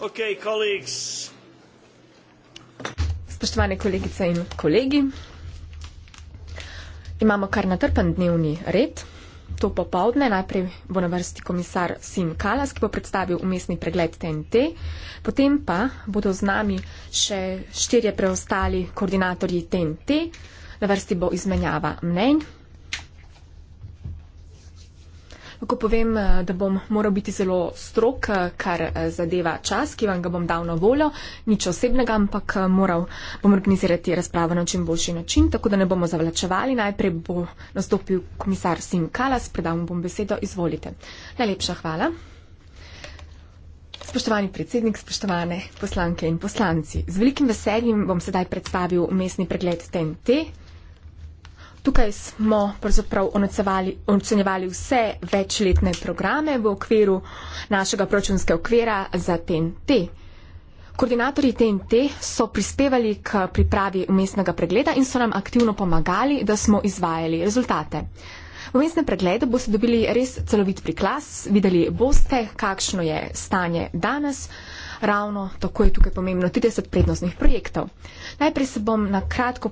Okay, Spoštovane kolegice in kolegi, imamo kar natrpen dnevni red. To popovdne najprej bo na vrsti komisar Sim Kalas, ki bo predstavil umestni pregled TNT, potem pa bodo z nami še štirje preostali koordinatorji TNT, na vrsti bo izmenjava mnenj, Lahko povem, eh, da bom moral biti zelo strok, eh, kar eh, zadeva čas, ki vam ga bom dal na voljo, nič osebnega, ampak moral bom organizirati razpravo na čim boljši način, tako da ne bomo zavlačevali. Najprej bo nastopil komisar Sim Kalas, predal mu bom besedo, izvolite. Najlepša hvala. Spoštovani predsednik, spoštovane poslanke in poslanci, z velikim veseljem bom sedaj predstavil mestni pregled TNT. Tukaj smo pravzaprav ocenjevali vse večletne programe v okviru našega proračunske okvira za TNT. Koordinatorji TNT so prispevali k pripravi umestnega pregleda in so nam aktivno pomagali, da smo izvajali rezultate. V umestnem pregledu boste dobili res celovit priklas, videli boste, kakšno je stanje danes. Ravno tako je tukaj pomembno 30 prednostnih projektov. Najprej se bom na kratko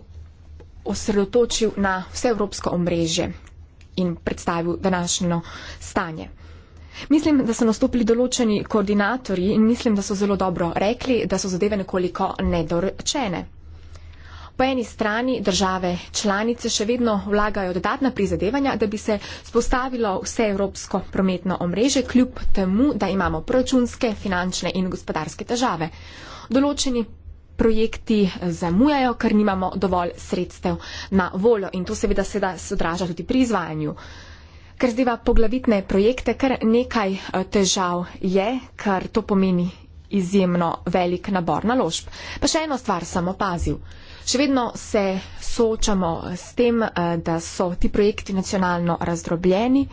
osredotočil na vseevropsko omrežje in predstavil današnjo stanje. Mislim, da so nastopili določeni koordinatorji in mislim, da so zelo dobro rekli, da so zadeve nekoliko nedorečene. Po eni strani države članice še vedno vlagajo dodatna prizadevanja, da bi se spostavilo vseevropsko prometno omrežje, kljub temu, da imamo proračunske, finančne in gospodarske težave. Določeni projekti zamujajo, ker nimamo dovolj sredstev na voljo in to seveda se odraža tudi pri izvajanju. Ker zdiva poglavitne projekte, kar nekaj eh, težav je, kar to pomeni izjemno velik nabor naložb. Pa še eno stvar sem opazil. Še vedno se soočamo s tem, eh, da so ti projekti nacionalno razdrobljeni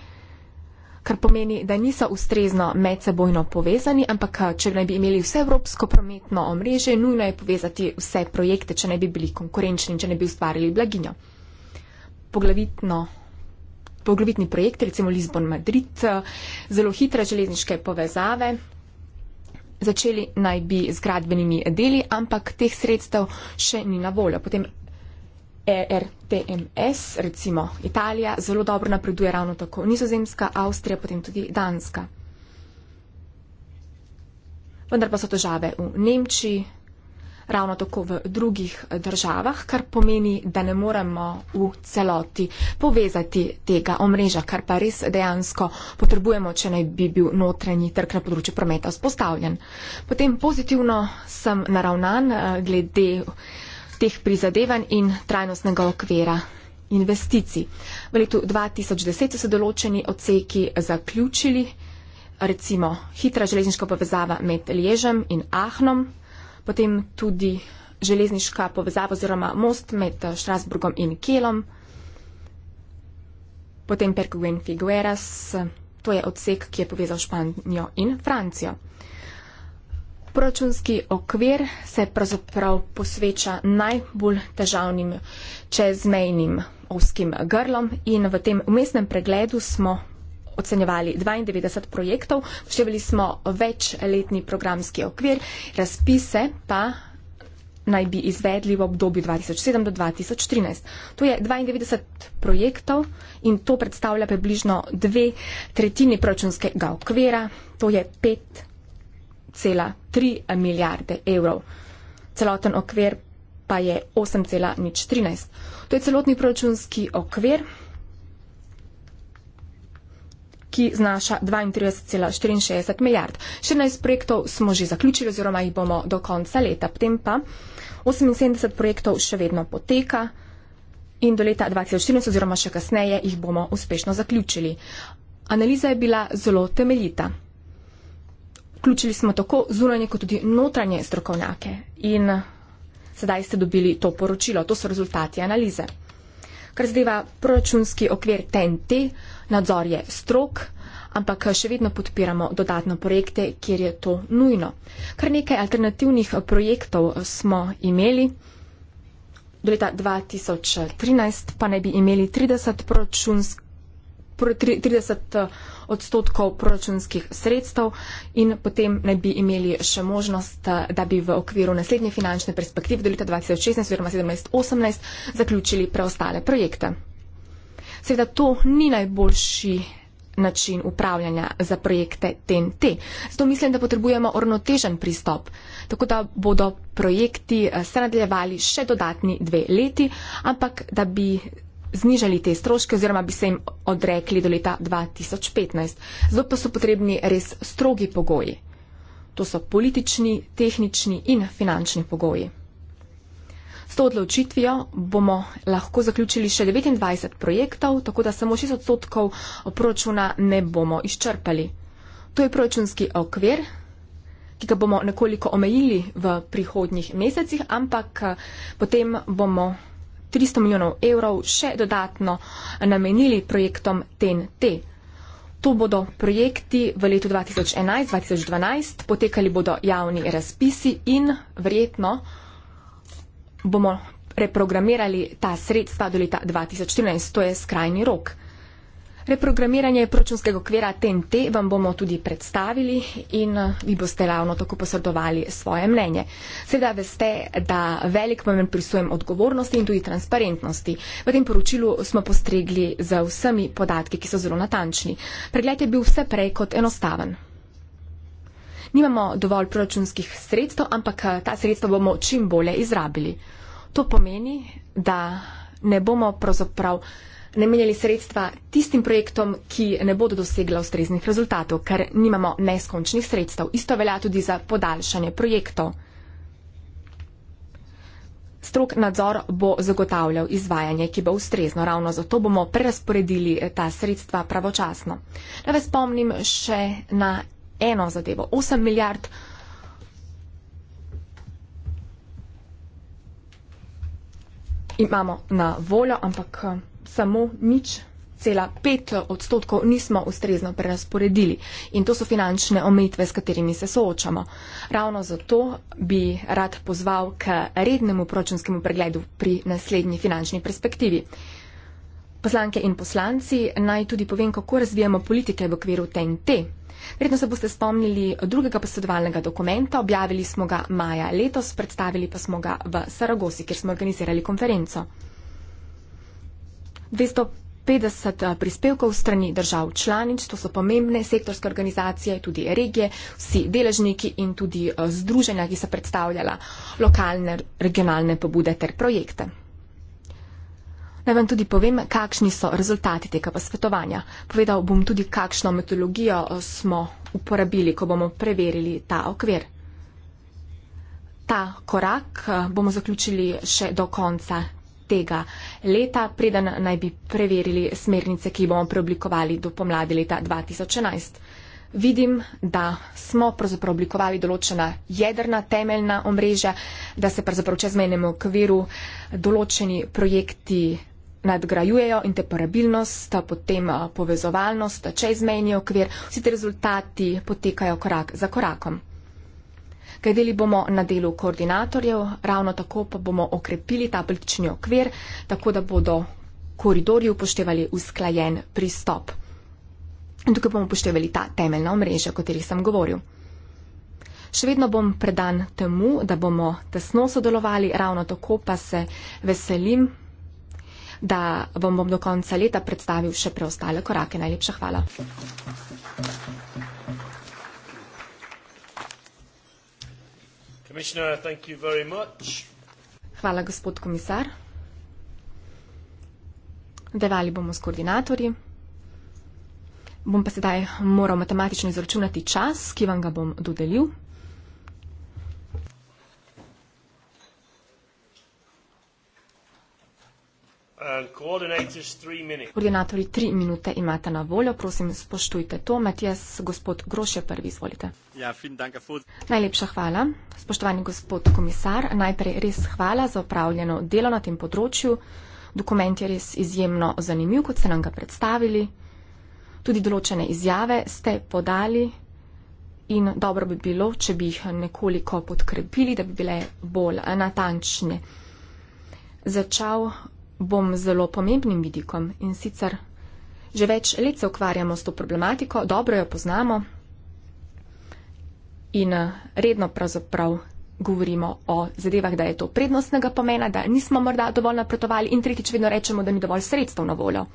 kar pomeni, da niso ustrezno medsebojno povezani, ampak eh, če naj bi imeli vse evropsko prometno omrežje, nujno je povezati vse projekte, če naj bi bili konkurenčni in če naj bi ustvarili blaginjo. Poglavitno. Poglavitni projekt, recimo Lizbon-Madrid, eh, zelo hitre železniške povezave, začeli naj bi z gradbenimi deli, ampak teh sredstev še ni na voljo. Potem ERTMS, recimo Italija, zelo dobro napreduje ravno tako. Nizozemska, Avstrija, potem tudi Danska. Vendar pa so težave v Nemčiji, ravno tako v drugih državah, kar pomeni, da ne moremo v celoti povezati tega omrežja, kar pa res dejansko potrebujemo, če naj bi bil notranji trg na področju prometa vzpostavljen. Potem pozitivno sem naravnan eh, glede teh prizadevanj in trajnostnega okvira investicij. V letu 2010 so se določeni odseki zaključili, recimo hitra železniška povezava med Ležem in Ahnom, potem tudi železniška povezava oziroma most med Štrasburgom in Kelom, potem Perkuven Figueras, to je odsek, ki je povezal Španijo in Francijo. Proračunski okvir se pravzaprav posveča najbolj težavnim čezmejnim ovskim grlom in v tem umestnem pregledu smo ocenjevali 92 projektov, števili smo večletni programski okvir, razpise pa naj bi izvedli v obdobju 2007 do 2013. To je 92 projektov in to predstavlja približno dve tretjini proračunskega okvira, to je pet projektov. 1,3 milijarde evrov. Celoten okvir pa je 8,013. To je celotni proračunski okvir, ki znaša 32,64 milijard. 14 projektov smo že zaključili oziroma jih bomo do konca leta. Potem pa 78 projektov še vedno poteka in do leta 2014 oziroma še kasneje jih bomo uspešno zaključili. Analiza je bila zelo temeljita vključili smo tako zunanje kot tudi notranje strokovnjake in sedaj ste dobili to poročilo, to so rezultati analize. Kar zdeva proračunski okvir TNT, nadzor je strok, ampak še vedno podpiramo dodatno projekte, kjer je to nujno. Kar nekaj alternativnih projektov smo imeli, do leta 2013 pa ne bi imeli 30, 30 odstotkov proračunskih sredstev in potem ne bi imeli še možnost, eh, da bi v okviru naslednje finančne perspektive do leta 2016 oziroma 2017 zaključili preostale projekte. Seveda to ni najboljši način upravljanja za projekte TNT. Zato mislim, da potrebujemo ornotežen pristop, tako da bodo projekti eh, se nadaljevali še dodatni dve leti, ampak da bi znižali te stroške oziroma bi se jim odrekli do leta 2015. Zato pa so potrebni res strogi pogoji. To so politični, tehnični in finančni pogoji. S to odločitvijo bomo lahko zaključili še 29 projektov, tako da samo 6 odstotkov proračuna ne bomo izčrpali. To je proračunski okvir, ki ga bomo nekoliko omejili v prihodnjih mesecih, ampak eh, potem bomo 300 milijonov evrov še dodatno namenili projektom TNT. To bodo projekti v letu 2011-2012, potekali bodo javni razpisi in verjetno bomo reprogramirali ta sredstva do leta 2014, to je skrajni rok. Reprogramiranje proračunskega okvira TNT vam bomo tudi predstavili in eh, vi boste ravno tako posredovali svoje mnenje. Seveda veste, da velik pomen prisujem odgovornosti in tudi transparentnosti. V tem poročilu smo postregli za vsemi podatki, ki so zelo natančni. Pregled je bil vse prej kot enostaven. Nimamo dovolj proračunskih sredstev, ampak eh, ta sredstva bomo čim bolje izrabili. To pomeni, da ne bomo pravzaprav namenjali sredstva tistim projektom, ki ne bodo dosegla ustreznih rezultatov, ker nimamo neskončnih sredstev. Isto velja tudi za podaljšanje projektov. Strok nadzor bo zagotavljal izvajanje, ki bo ustrezno. Ravno zato bomo prerasporedili eh, ta sredstva pravočasno. Da vas spomnim še na eno zadevo. 8 milijard. Imamo na voljo, ampak. Eh, samo nič cela pet odstotkov nismo ustrezno prerasporedili. In to so finančne omejitve, s katerimi se soočamo. Ravno zato bi rad pozval k rednemu proračunskemu pregledu pri naslednji finančni perspektivi. Poslanke in poslanci, naj tudi povem, kako razvijamo politike v okviru TNT. Verjetno se boste spomnili drugega posledovalnega dokumenta, objavili smo ga maja letos, predstavili pa smo ga v Saragosi, kjer smo organizirali konferenco. 250 eh, prispevkov strani držav članic, to so pomembne sektorske organizacije, tudi regije, vsi deležniki in tudi eh, združenja, ki so predstavljala lokalne, regionalne pobude ter projekte. Naj vam tudi povem, kakšni so rezultati tega posvetovanja. Povedal bom tudi, kakšno metodologijo eh, smo uporabili, ko bomo preverili ta okvir. Ta korak bomo zaključili še do konca tega leta, preden naj bi preverili smernice, ki jih bomo preoblikovali do pomladi leta 2011. Vidim, da smo pravzaprav oblikovali določena jedrna temeljna omrežja, da se pravzaprav čezmejnemu okviru določeni projekti nadgrajujejo, interoperabilnost, potem povezovalnost, čezmejni okvir, vsi ti rezultati potekajo korak za korakom. Kajdeli bomo na delu koordinatorjev, ravno tako pa bomo okrepili ta politični okvir, tako da bodo koridorji upoštevali usklajen pristop. In tukaj bomo upoštevali ta temeljna omrežja, o katerih sem govoril. Še vedno bom predan temu, da bomo tesno sodelovali, ravno tako pa se veselim, da vam bom do konca leta predstavil še preostale korake. Najlepša hvala. Thank you. Hvala, gospod komisar. Devali bomo s koordinatorji. Bom pa sedaj moral matematično izračunati čas, ki vam ga bom dodelil. Koordinatorji, tri minute imate na voljo, prosim, spoštujte to. Matijas, gospod Groš je prvi, izvolite. Ja, dank, Najlepša hvala. Spoštovani gospod komisar, najprej res hvala za opravljeno delo na tem področju. Dokument je res izjemno zanimiv, kot ste nam ga predstavili. Tudi določene izjave ste podali in dobro bi bilo, če bi jih nekoliko podkrepili, da bi bile bolj natančne. Začal bom zelo pomembnim vidikom in sicer že več let se ukvarjamo s to problematiko, dobro jo poznamo in eh, redno pravzaprav govorimo o zadevah, da je to prednostnega pomena, da nismo morda dovolj napredovali in tretjič vedno rečemo, da ni dovolj sredstev na voljo.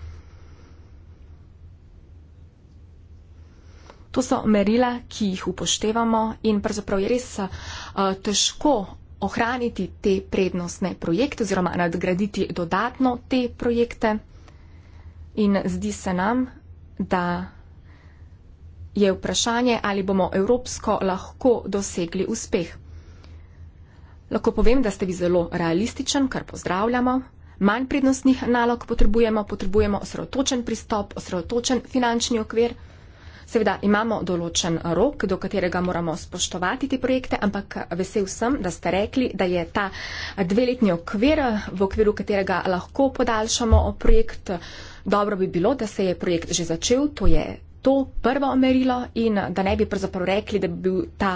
To so merila, ki jih upoštevamo in pravzaprav je res uh, težko ohraniti te prednostne projekte oziroma nadgraditi dodatno te projekte. In zdi se nam, da je vprašanje, ali bomo evropsko lahko dosegli uspeh. Lahko povem, da ste vi zelo realističen, kar pozdravljamo. Manj prednostnih nalog potrebujemo, potrebujemo osredotočen pristop, osredotočen finančni okvir. Seveda imamo določen rok, do katerega moramo spoštovati te projekte, ampak vesel sem, da ste rekli, da je ta dveletni okvir, v okviru katerega lahko podaljšamo projekt, dobro bi bilo, da se je projekt že začel, to je to prvo merilo in da ne bi pravzaprav rekli, da bi bil ta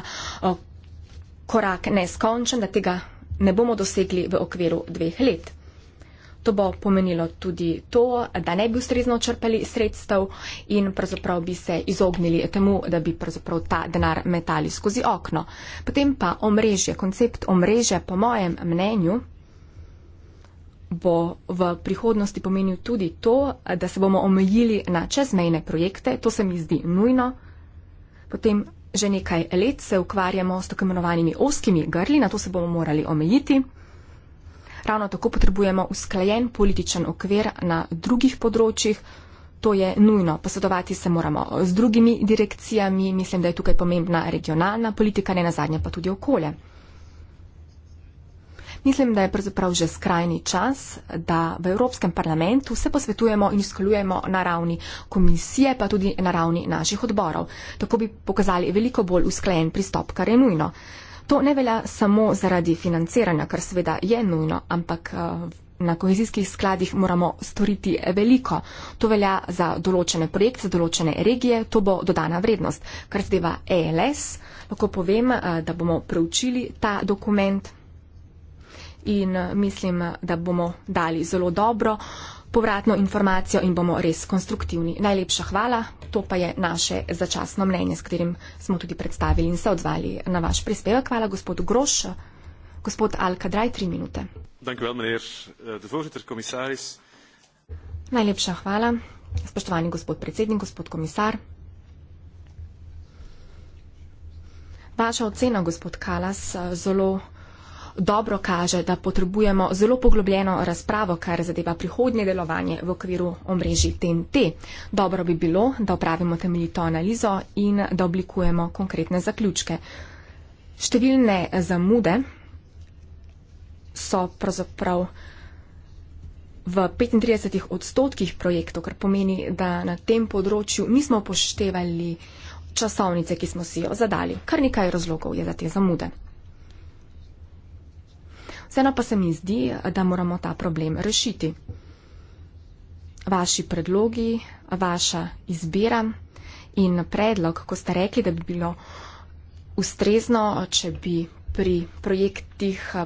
korak neskončen, da tega ne bomo dosegli v okviru dveh let. To bo pomenilo tudi to, da ne bi ustrezno črpali sredstev in pravzaprav bi se izognili temu, da bi pravzaprav ta denar metali skozi okno. Potem pa omrežje, koncept omrežja po mojem mnenju bo v prihodnosti pomenil tudi to, da se bomo omejili na čezmejne projekte, to se mi zdi nujno. Potem že nekaj let se ukvarjamo s tako imenovanimi oskimi grli, na to se bomo morali omejiti ravno tako potrebujemo usklajen političen okvir na drugih področjih. To je nujno. Posedovati se moramo z drugimi direkcijami. Mislim, da je tukaj pomembna regionalna politika, ne nazadnje pa tudi okolje. Mislim, da je pravzaprav že skrajni čas, da v Evropskem parlamentu se posvetujemo in izkoljujemo na ravni komisije, pa tudi na ravni naših odborov. Tako bi pokazali veliko bolj usklajen pristop, kar je nujno. To ne velja samo zaradi financiranja, kar seveda je nujno, ampak eh, na kohezijskih skladih moramo storiti veliko. To velja za določene projekte, za določene regije, to bo dodana vrednost. Kar zdeva ELS, lahko povem, eh, da bomo preučili ta dokument in eh, mislim, da bomo dali zelo dobro povratno informacijo in bomo res konstruktivni. Najlepša hvala, to pa je naše začasno mnenje, s katerim smo tudi predstavili in se odzvali na vaš prispevek. Hvala gospodu Groš. Gospod Alkadraj, tri minute. Eh, Najlepša hvala, spoštovani gospod predsednik, gospod komisar. Vaša ocena, gospod Kalas, eh, zelo dobro kaže, da potrebujemo zelo poglobljeno razpravo, kar zadeva prihodnje delovanje v okviru omrežji TNT. Dobro bi bilo, da opravimo temeljito analizo in da oblikujemo konkretne zaključke. Številne zamude so pravzaprav v 35 odstotkih projektov, kar pomeni, da na tem področju nismo upoštevali časovnice, ki smo si jo zadali. Kar nekaj razlogov je za te zamude. Vseeno pa se mi zdi, da moramo ta problem rešiti. Vaši predlogi, vaša izbira in predlog, ko ste rekli, da bi bilo ustrezno, če bi pri projektih eh,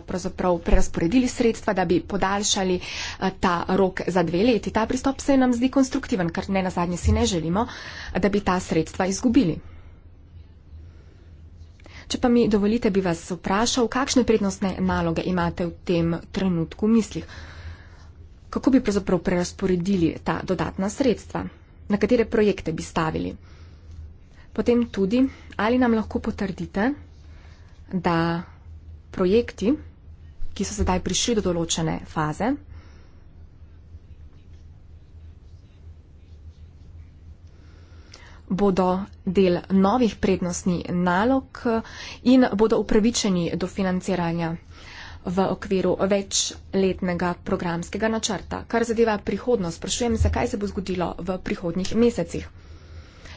prerasporedili sredstva, da bi podaljšali eh, ta rok za dve leti. Ta pristop se nam zdi konstruktiven, ker ne na zadnje si ne želimo, eh, da bi ta sredstva izgubili. Če pa mi dovolite, bi vas vprašal, kakšne prednostne naloge imate v tem trenutku v mislih? Kako bi pravzaprav prerasporedili ta dodatna sredstva? Na katere projekte bi stavili? Potem tudi, ali nam lahko potrdite, da projekti, ki so sedaj prišli do določene faze, bodo del novih prednostnih nalog eh, in bodo upravičeni do financiranja v okviru večletnega programskega načrta. Kar zadeva prihodnost, sprašujem se, kaj se bo zgodilo v prihodnjih mesecih.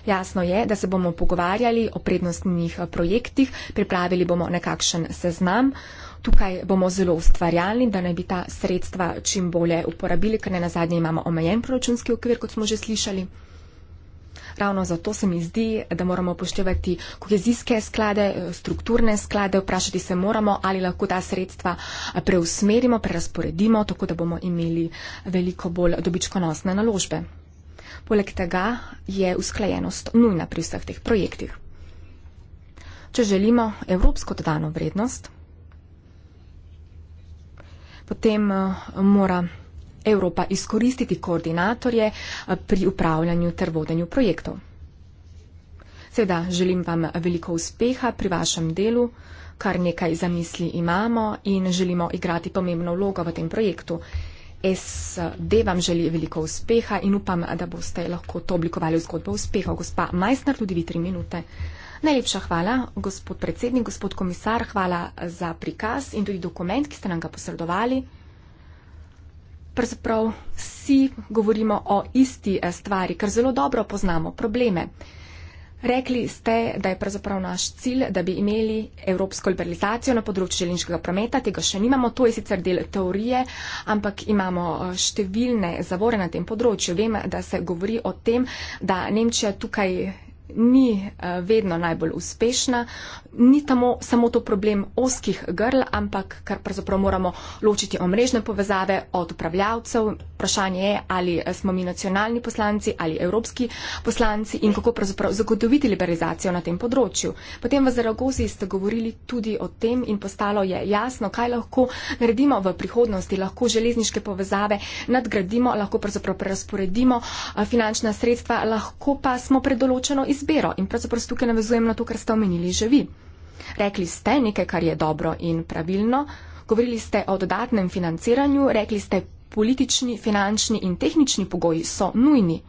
Jasno je, da se bomo pogovarjali o prednostnih eh, projektih, pripravili bomo nekakšen seznam. Tukaj bomo zelo ustvarjalni, da naj bi ta sredstva čim bolje uporabili, ker ne nazadnje imamo omejen proračunski okvir, kot smo že slišali ravno zato se mi zdi, da moramo poštevati kohezijske sklade, eh, strukturne sklade, vprašati se moramo, ali lahko ta sredstva eh, preusmerimo, prerasporedimo, tako da bomo imeli eh, veliko bolj dobičkonosne naložbe. Poleg tega je usklajenost nujna pri vseh teh projektih. Če želimo evropsko dodano vrednost, potem mora Evropa izkoristiti koordinatorje eh, pri upravljanju ter vodenju projektov. Seveda želim vam veliko uspeha pri vašem delu, kar nekaj zamisli imamo in želimo igrati pomembno vlogo v tem projektu. SD vam želi veliko uspeha in upam, da boste lahko to oblikovali v zgodbo uspeha. Gospa Majsner, tudi vi tri minute. Najlepša hvala, gospod predsednik, gospod komisar, hvala za prikaz in tudi dokument, ki ste nam ga posredovali pravzaprav vsi govorimo o isti stvari, ker zelo dobro poznamo probleme. Rekli ste, da je pravzaprav naš cilj, da bi imeli evropsko liberalizacijo na področju želinskega prometa. Tega še nimamo, to je sicer del teorije, ampak imamo eh, številne zavore na tem področju. Vem, da se govori o tem, da Nemčija tukaj ni eh, vedno najbolj uspešna ni tamo samo to problem oskih grl, ampak kar pravzaprav moramo ločiti omrežne povezave od upravljavcev. Vprašanje je, ali eh, smo mi nacionalni poslanci ali evropski poslanci in kako pravzaprav zagotoviti liberalizacijo na tem področju. Potem v Zaragozi ste govorili tudi o tem in postalo je jasno, kaj lahko naredimo v prihodnosti. Lahko železniške povezave nadgradimo, lahko pravzaprav prerasporedimo eh, finančna sredstva, lahko pa smo predoločeno izbero. In pravzaprav tukaj navezujem na to, kar ste omenili že vi. Rekli ste nekaj, kar je dobro in pravilno, govorili ste o dodatnem financiranju, rekli ste, politični, finančni in tehnični pogoji so nujni.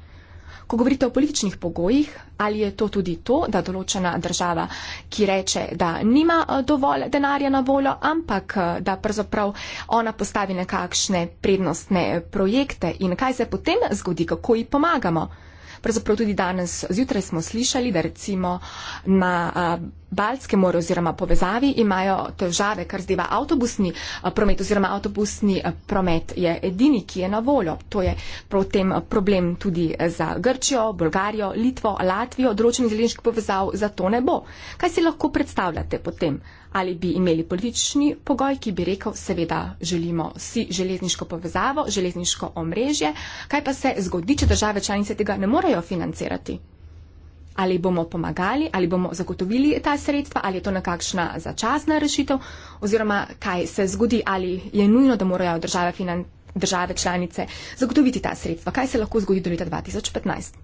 Ko govorite o političnih pogojih, ali je to tudi to, da določena država, ki reče, da nima eh, dovolj denarja na voljo, ampak eh, da pravzaprav ona postavi nekakšne prednostne projekte in kaj se potem zgodi, kako ji pomagamo? Pravzaprav tudi danes zjutraj smo slišali, da recimo na Baltskem morju oziroma povezavi imajo težave, kar zdeva avtobusni promet oziroma avtobusni promet je edini, ki je na voljo. To je potem problem tudi za Grčijo, Bolgarijo, Litvo, Latvijo, odročenih železniških povezav za to ne bo. Kaj si lahko predstavljate potem? ali bi imeli politični pogoj, ki bi rekel, seveda želimo si železniško povezavo, železniško omrežje, kaj pa se zgodi, če države članice tega ne morejo financirati. Ali bomo pomagali, ali bomo zagotovili ta sredstva, ali je to nekakšna začasna rešitev, oziroma kaj se zgodi, ali je nujno, da morajo države, finan, države članice zagotoviti ta sredstva, kaj se lahko zgodi do leta 2015.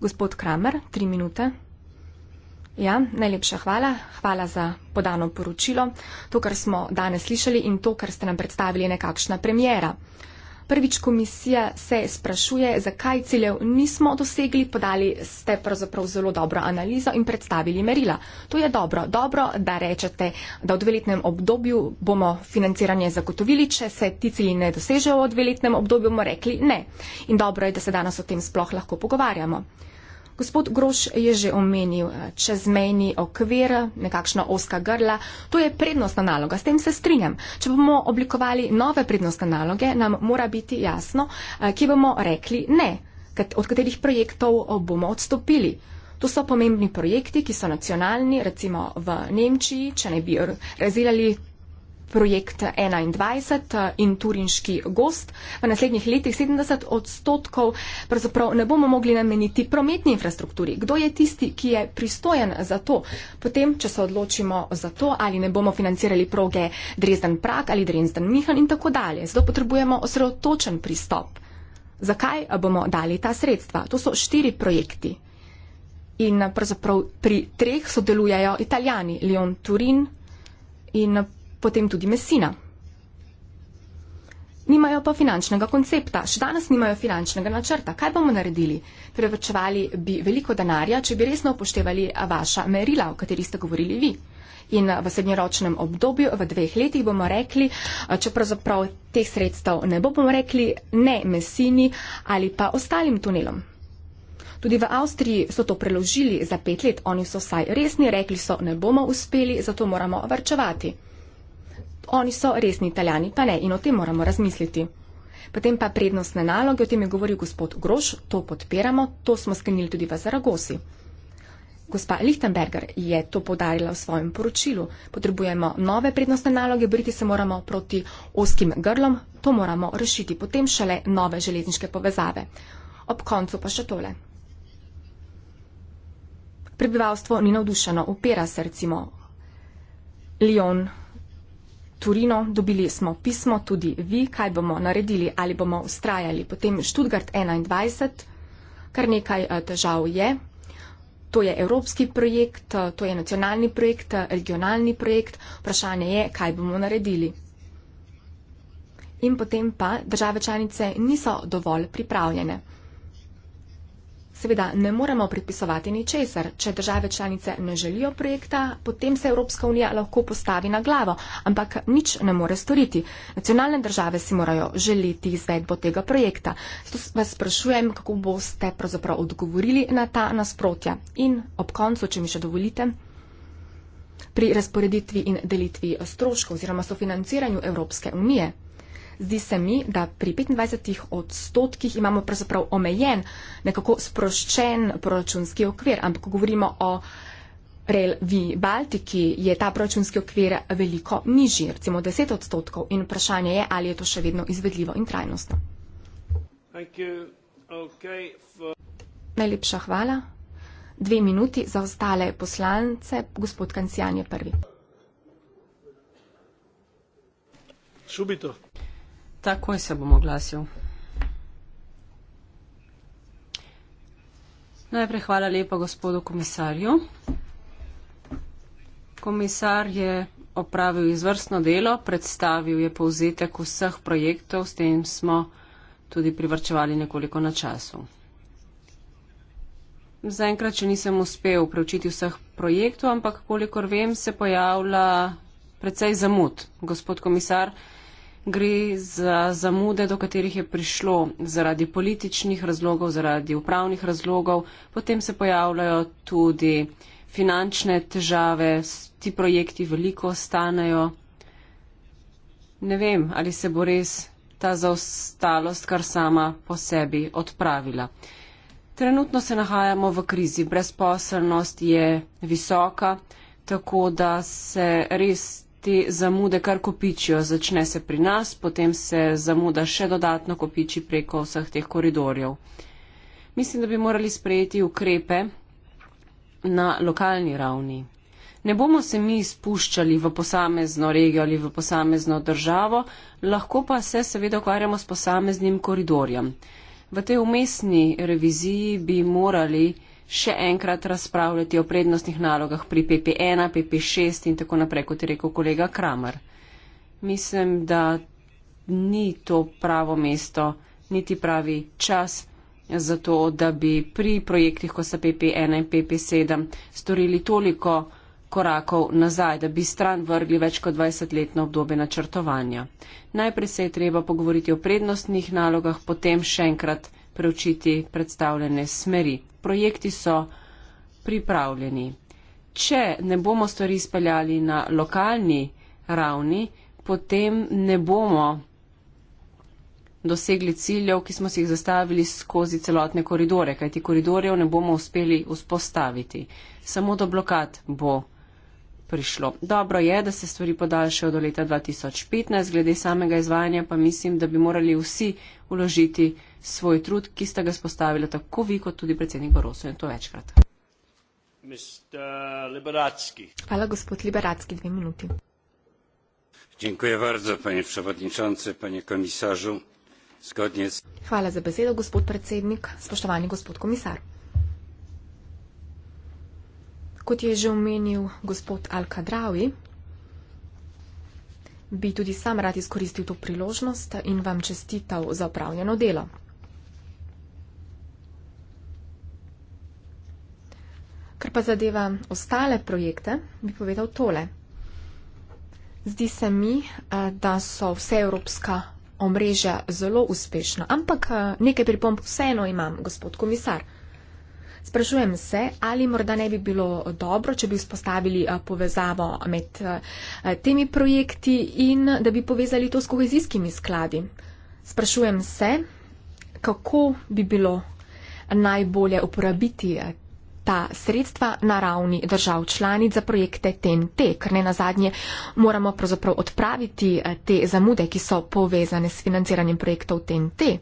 Gospod Kramer, tri minute. Ja, najlepša hvala. Hvala za podano poročilo. To, kar smo danes slišali in to, kar ste nam predstavili, je nekakšna premjera. Prvič komisija se sprašuje, zakaj ciljev nismo dosegli, podali ste pravzaprav zelo dobro analizo in predstavili merila. To je dobro. Dobro, da rečete, da v dveletnem obdobju bomo financiranje zagotovili, če se ti cilji ne dosežejo v dveletnem obdobju, bomo rekli ne. In dobro je, da se danes o tem sploh lahko pogovarjamo. Gospod Groš je že omenil eh, čezmejni okvir, nekakšna oska grla. To je prednostna naloga, s tem se strinjam. Če bomo oblikovali nove prednostne naloge, nam mora biti jasno, eh, ki bomo rekli ne, od katerih projektov eh, bomo odstopili. To so pomembni projekti, ki so nacionalni, recimo v Nemčiji, če ne bi razvijali projekt 21 eh, in turinški gost. V naslednjih letih 70 odstotkov pravzaprav ne bomo mogli nameniti prometni infrastrukturi. Kdo je tisti, ki je pristojen za to? Potem, če se odločimo za to, ali ne bomo financirali proge Drezden Prak ali Drezden Mihan in tako dalje. Zato potrebujemo osredotočen pristop. Zakaj bomo dali ta sredstva? To so štiri projekti. In eh, pravzaprav pri treh sodelujejo Italijani, Lyon, Turin in potem tudi Messina. Nimajo pa finančnega koncepta, še danes nimajo finančnega načrta. Kaj bomo naredili? Prevečevali bi veliko denarja, če bi resno upoštevali vaša merila, o katerih ste govorili vi. In v srednjeročnem obdobju, v dveh letih, bomo rekli, če pravzaprav teh sredstev ne bo, bomo rekli ne Messini ali pa ostalim tunelom. Tudi v Avstriji so to preložili za pet let, oni so vsaj resni, rekli so, ne bomo uspeli, zato moramo varčevati oni so resni italijani, pa ne in o tem moramo razmisliti. Potem pa prednostne naloge, o tem je govoril gospod Groš, to podpiramo, to smo sklenili tudi v Zaragosi. Gospa Lichtenberger je to podarila v svojem poročilu. Potrebujemo nove prednostne naloge, briti se moramo proti oskim grlom, to moramo rešiti, potem šele nove železniške povezave. Ob koncu pa še tole. Prebivalstvo ni navdušeno, upira se recimo Lyon. Torino, dobili smo pismo, tudi vi, kaj bomo naredili, ali bomo ustrajali. Potem Študgard 21, kar nekaj eh, težav je. To je evropski projekt, eh, to je nacionalni projekt, eh, regionalni projekt. Vprašanje je, kaj bomo naredili. In potem pa države članice niso dovolj pripravljene seveda ne moremo predpisovati ničesar. Če države članice ne želijo projekta, potem se Evropska unija lahko postavi na glavo, ampak nič ne more storiti. Nacionalne države si morajo želiti izvedbo tega projekta. Zato vas sprašujem, kako boste pravzaprav odgovorili na ta nasprotja. In ob koncu, če mi še dovolite. Pri razporeditvi in delitvi stroškov oziroma sofinanciranju Evropske unije zdi se mi, da pri 25 odstotkih imamo pravzaprav omejen, nekako sproščen proračunski okvir, ampak ko govorimo o rel v Baltiki, je ta proračunski okvir veliko nižji, recimo 10 odstotkov in vprašanje je, ali je to še vedno izvedljivo in trajnostno. Okay, for... Najlepša hvala. Dve minuti za ostale poslance. Gospod Kancijan je prvi. Subito. Takoj se bom oglasil. Najprej hvala lepa gospodu komisarju. Komisar je opravil izvrstno delo, predstavil je povzetek vseh projektov, s tem smo tudi privrčevali nekoliko na času. Zaenkrat še nisem uspel preučiti vseh projektov, ampak kolikor vem, se pojavlja precej zamud. Gospod komisar, gre za zamude, do katerih je prišlo zaradi političnih razlogov, zaradi upravnih razlogov, potem se pojavljajo tudi finančne težave, ti projekti veliko stanejo. Ne vem, ali se bo res ta zaostalost kar sama po sebi odpravila. Trenutno se nahajamo v krizi, brezposelnost je visoka, tako da se res te zamude kar kopičijo. Začne se pri nas, potem se zamuda še dodatno kopiči preko vseh teh koridorjev. Mislim, da bi morali sprejeti ukrepe na lokalni ravni. Ne bomo se mi spuščali v posamezno regijo ali v posamezno državo, lahko pa se seveda ukvarjamo s posameznim koridorjem. V tej umestni reviziji bi morali še enkrat razpravljati o prednostnih nalogah pri PP1, PP6 in tako naprej, kot je rekel kolega Kramer. Mislim, da ni to pravo mesto, niti pravi čas za to, da bi pri projektih, ko so PP1 in PP7, storili toliko korakov nazaj, da bi stran vrgli več kot 20-letno obdobje načrtovanja. Najprej se je treba pogovoriti o prednostnih nalogah, potem še enkrat razpravljati preučiti predstavljene smeri. Projekti so pripravljeni. Če ne bomo stvari speljali na lokalni ravni, potem ne bomo dosegli ciljev, ki smo si jih zastavili skozi celotne koridore, kajti koridorjev ne bomo uspeli vzpostaviti. Samo do blokad bo prišlo. Dobro je, da se stvari podaljšajo do leta 2015, glede samega izvajanja pa mislim, da bi morali vsi uložiti svoj trud, ki sta ga spostavili tako vi kot tudi predsednik Boroso in to večkrat. Hvala, gospod Liberacki, dve minuti. Bardzo, Hvala za besedo, gospod predsednik. Spoštovani gospod komisar. Kot je že omenil gospod Al-Kadravi, bi tudi sam rad izkoristil to priložnost in vam čestital za upravljeno delo. Kar pa zadeva ostale projekte, bi povedal tole. Zdi se mi, da so vse evropska omrežja zelo uspešna, ampak nekaj pripomb vseeno imam, gospod komisar. Sprašujem se, ali morda ne bi bilo dobro, če bi vzpostavili eh, povezavo med eh, temi projekti in da bi povezali to s kohezijskimi skladi. Sprašujem se, kako bi bilo najbolje uporabiti eh, ta sredstva na ravni držav članic za projekte TNT, ker ne na zadnje moramo pravzaprav odpraviti te zamude, ki so povezane s financiranjem projektov TNT.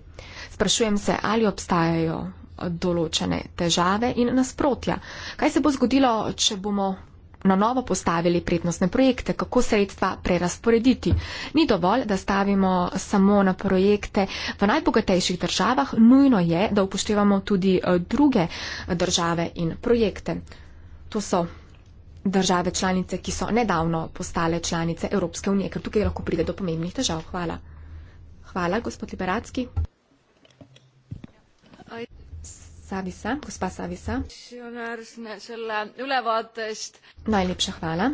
Sprašujem se, ali obstajajo določene težave in nasprotja. Kaj se bo zgodilo, če bomo na novo postavili prednostne projekte, kako sredstva prerasporediti. Ni dovolj, da stavimo samo na projekte v najbogatejših državah, nujno je, da upoštevamo tudi eh, druge države in projekte. To so države članice, ki so nedavno postale članice Evropske unije, ker tukaj lahko pride do pomembnih težav. Hvala. Hvala, gospod Liberacki. Savisa, gospa Savisa. Najlepša hvala.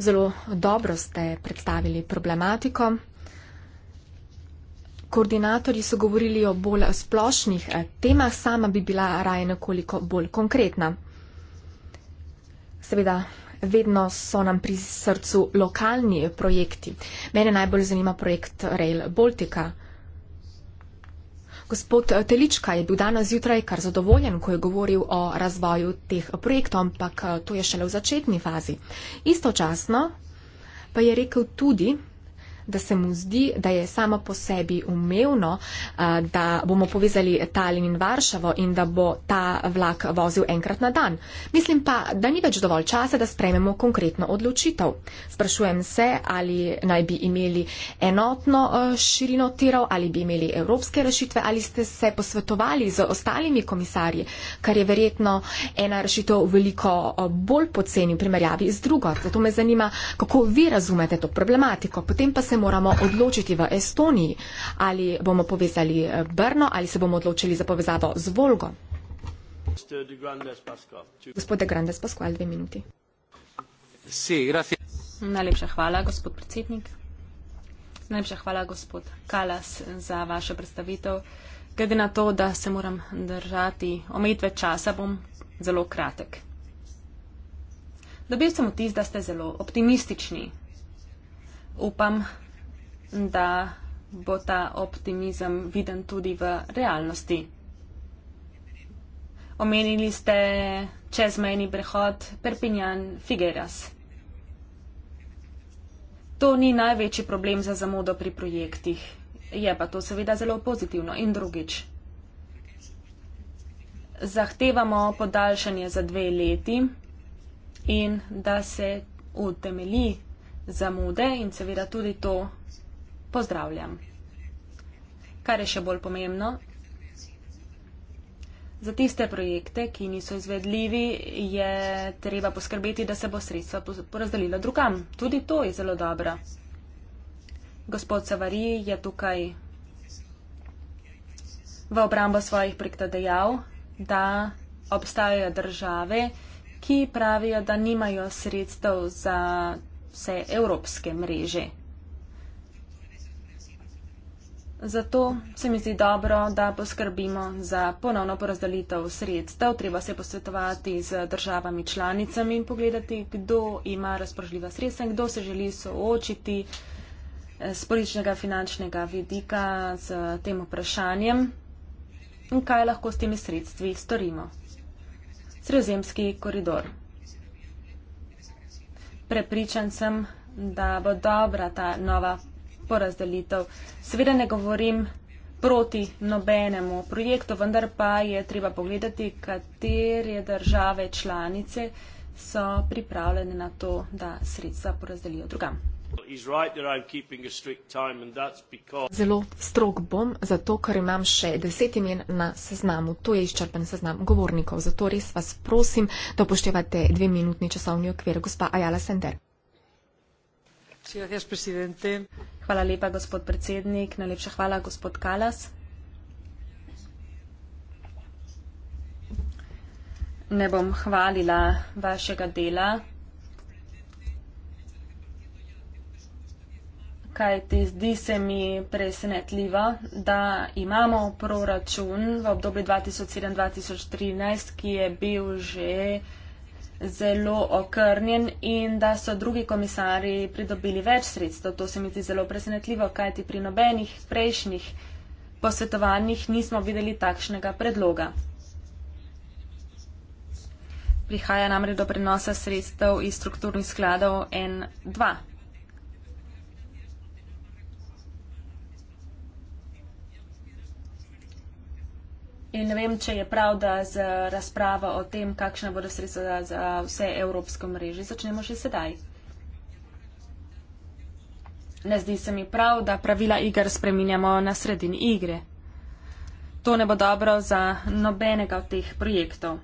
Zelo dobro ste predstavili problematiko. Koordinatorji so govorili o bolj splošnih eh, temah, sama bi bila raje nekoliko bolj konkretna. Seveda, vedno so nam pri srcu lokalni projekti. Mene najbolj zanima projekt Rail Baltica. Gospod eh, Telička je bil danes zjutraj kar zadovoljen, ko je govoril o razvoju teh projektov, ampak eh, to je šele v začetni fazi. Istočasno pa je rekel tudi, da se mu zdi, da je samo po sebi umevno, da bomo povezali Talin in Varšavo in da bo ta vlak vozil enkrat na dan. Mislim pa, da ni več dovolj časa, da sprejmemo konkretno odločitev. Sprašujem se, ali naj bi imeli enotno širino tirov, ali bi imeli evropske rešitve, ali ste se posvetovali z ostalimi komisarji, kar je verjetno ena rešitev veliko bolj poceni v primerjavi z drugo. Zato me zanima, kako vi razumete to problematiko. Potem pa se moramo odločiti v Estoniji, ali bomo povezali eh, Brno ali se bomo odločili za povezavo z Volgo. Gospod Grandes Pascual, dve minuti. Najlepša hvala, gospod predsednik. Najlepša hvala, gospod Kalas, za vašo predstavitev. Glede na to, da se moram držati omejitve časa, bom zelo kratek. Dobil sem vtis, da ste zelo optimistični. Upam, da bo ta optimizem viden tudi v realnosti. Omenili ste čezmejni prehod Perpignan-Figueras. To ni največji problem za zamudo pri projektih. Je pa to seveda zelo pozitivno. In drugič. Zahtevamo podaljšanje za dve leti in da se utemeli zamude in seveda tudi to pozdravljam. Kar je še bolj pomembno, za tiste projekte, ki niso izvedljivi, je treba poskrbeti, da se bo sredstva porazdelila drugam. Tudi to je zelo dobro. Gospod Savari je tukaj v obrambo svojih projekta dejal, da obstajajo države, ki pravijo, da nimajo sredstev za vse evropske mreže. Zato se mi zdi dobro, da poskrbimo za ponovno porazdelitev sredstev. Treba se posvetovati z državami članicami in pogledati, kdo ima razpoložljiva sredstva in kdo se želi soočiti z eh, političnega finančnega vidika z tem vprašanjem in kaj lahko s temi sredstvi storimo. Sredozemski koridor. Prepričan sem, da bo dobra ta nova porazdelitev. Seveda ne govorim proti nobenemu projektu, vendar pa je treba pogledati, katere države članice so pripravljene na to, da sredstva porazdelijo drugam. Zelo strog bom, zato ker imam še deset imen na seznamu. To je izčrpen seznam govornikov, zato res vas prosim, da upoštevate dve minutni časovni okvir. Gospa Ajala Sender. Hvala lepa, gospod predsednik. Najlepša hvala, gospod Kalas. Ne bom hvalila vašega dela, kajti zdi se mi presenetljivo, da imamo proračun v obdobju 2007-2013, ki je bil že zelo okrnjen in da so drugi komisari pridobili več sredstev. To se mi zdi zelo presenetljivo, kajti pri nobenih prejšnjih posvetovanjih nismo videli takšnega predloga. Prihaja namreč do prenosa sredstev iz strukturnih skladov N2. In ne vem, če je prav, da z razpravo o tem, kakšna bodo sredstva za vse evropsko mreže, začnemo še sedaj. Ne zdi se mi prav, da pravila igr spreminjamo na sredini igre. To ne bo dobro za nobenega od teh projektov.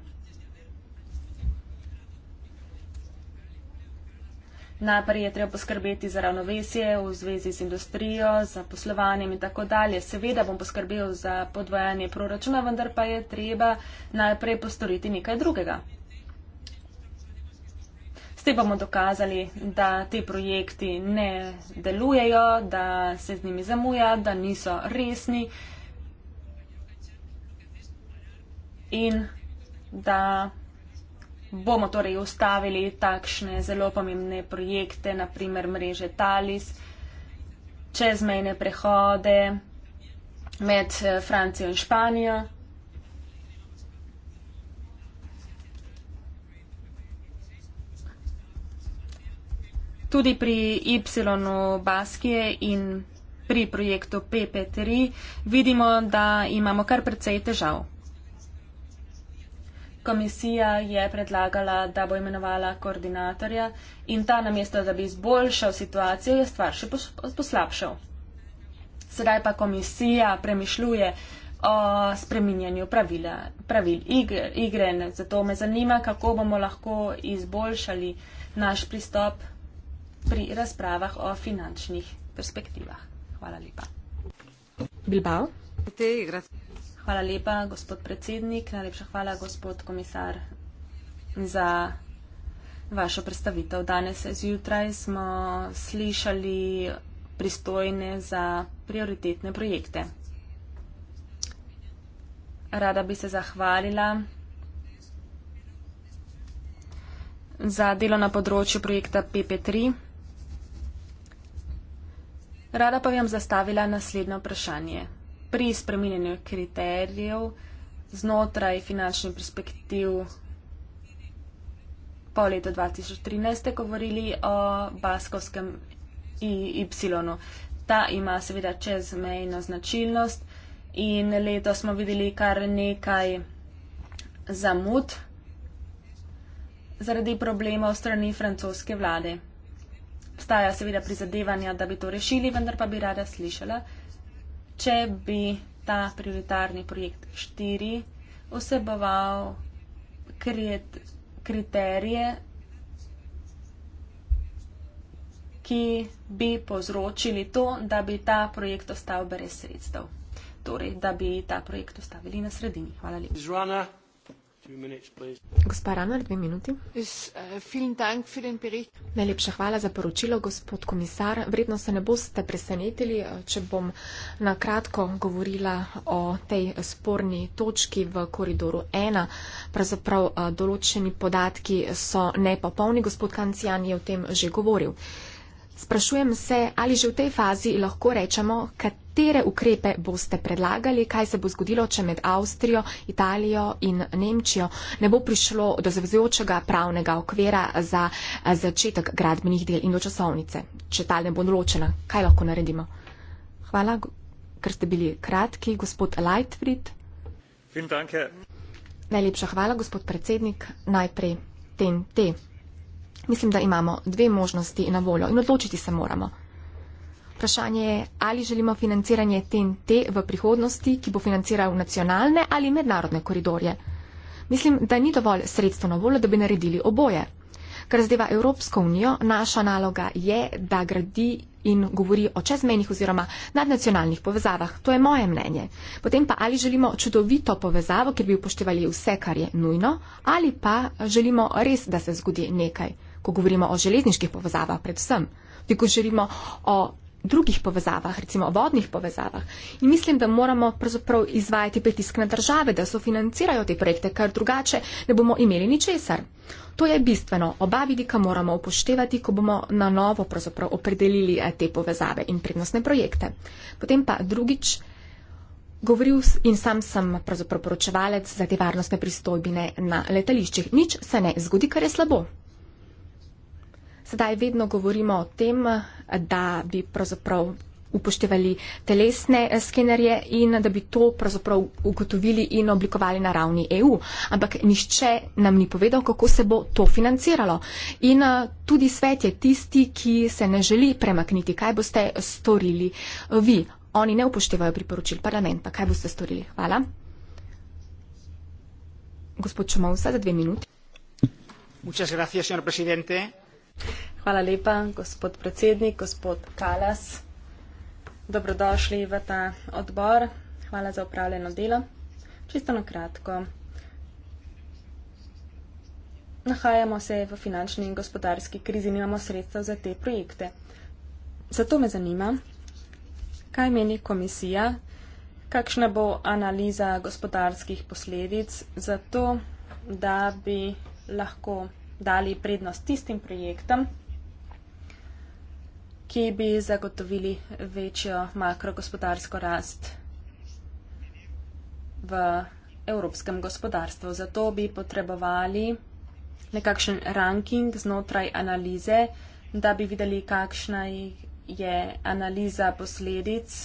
Najprej je treba poskrbeti za ravnovesje v zvezi z industrijo, za poslovanjem in tako dalje. Seveda bom poskrbel za podvajanje proračuna, vendar pa je treba najprej postoriti nekaj drugega. S tem bomo dokazali, da te projekti ne delujejo, da se z njimi zamuja, da niso resni in da bomo torej ustavili takšne zelo pomembne projekte, naprimer mreže Talis, čezmejne prehode med eh, Francijo in Španijo. Tudi pri Ypsilonu Baskije in pri projektu PP3 vidimo, da imamo kar precej težav. Komisija je predlagala, da bo imenovala koordinatorja in ta namesto, da bi izboljšal situacijo, je stvar še poslabšal. Sedaj pa komisija premišljuje o spreminjanju pravila, pravil igre. Zato me zanima, kako bomo lahko izboljšali naš pristop pri razpravah o finančnih perspektivah. Hvala lepa. Bilbao. Hvala lepa, gospod predsednik. Najlepša hvala, gospod komisar, za vašo predstavitev. Danes zjutraj smo slišali pristojne za prioritetne projekte. Rada bi se zahvalila za delo na področju projekta PP3. Rada pa bi vam zastavila naslednje vprašanje pri spreminjanju kriterijev znotraj finančnih perspektiv po letu 2013 ste govorili o baskovskem IY. Ta ima seveda čezmejno značilnost in leto smo videli kar nekaj zamud zaradi problemov strani francoske vlade. Staja seveda prizadevanja, da bi to rešili, vendar pa bi rada slišala, če bi ta prioritarni projekt 4 vseboval krit kriterije, ki bi povzročili to, da bi ta projekt ostal brez sredstev. Torej, da bi ta projekt ostavili na sredini. Hvala lepa. Gospa Ranar, dve minuti. Uh, Najlepša hvala za poročilo, gospod komisar. Vredno se ne boste presenetili, eh, če bom na kratko govorila o tej sporni točki v koridoru 1. Pravzaprav eh, določeni podatki so nepopolni, gospod Kancijan je o tem že govoril. Sprašujem se, ali že v tej fazi lahko rečemo, katere ukrepe boste predlagali, kaj se bo zgodilo, če med Avstrijo, Italijo in Nemčijo ne bo prišlo do zavezujočega pravnega okvira za eh, začetek gradbenih del in do časovnice, če ta ne bo določena. Kaj lahko naredimo? Hvala, ker ste bili kratki. Gospod Lightfried. Najlepša hvala, gospod predsednik. Najprej TNT. Mislim, da imamo dve možnosti na voljo in odločiti se moramo. Vprašanje je, ali želimo financiranje TNT v prihodnosti, ki bo financiral nacionalne ali mednarodne koridorje. Mislim, da ni dovolj sredstva na voljo, da bi naredili oboje. Kar zdeva Evropsko unijo, naša naloga je, da gradi in govori o čezmenih oziroma nadnacionalnih povezavah. To je moje mnenje. Potem pa ali želimo čudovito povezavo, ker bi upoštevali vse, kar je nujno, ali pa želimo res, da se zgodi nekaj ko govorimo o železniških povezavah predvsem, tudi ko želimo o drugih povezavah, recimo o vodnih povezavah. In mislim, da moramo pravzaprav izvajati pritisk na države, da so financirajo te projekte, ker drugače ne bomo imeli ničesar. To je bistveno. Oba vidika moramo upoštevati, ko bomo na novo pravzaprav opredelili eh, te povezave in prednostne projekte. Potem pa drugič. Govoril in sam sem pravzaprav poročevalec za te varnostne pristojbine na letališčih. Nič se ne zgodi, kar je slabo. Sedaj vedno govorimo o tem, da bi pravzaprav upoštevali telesne eh, skenerje in da bi to pravzaprav ugotovili in oblikovali na ravni EU. Ampak nišče nam ni povedal, kako se bo to financiralo. In eh, tudi svet je tisti, ki se ne želi premakniti. Kaj boste storili eh, vi? Oni ne upoštevajo priporočil parlamenta. Kaj boste storili? Hvala. Gospod Čomovsa, za dve minuti. Hvala lepa, gospod predsednik, gospod Kalas. Dobrodošli v ta odbor. Hvala za upravljeno delo. Čisto na kratko. Nahajamo se v finančni in gospodarski krizi, nimamo sredstev za te projekte. Zato me zanima, kaj meni komisija, kakšna bo analiza gospodarskih posledic za to, da bi lahko dali prednost tistim projektom, ki bi zagotovili večjo makrogospodarsko rast v evropskem gospodarstvu. Zato bi potrebovali nekakšen ranking znotraj analize, da bi videli, kakšna je analiza posledic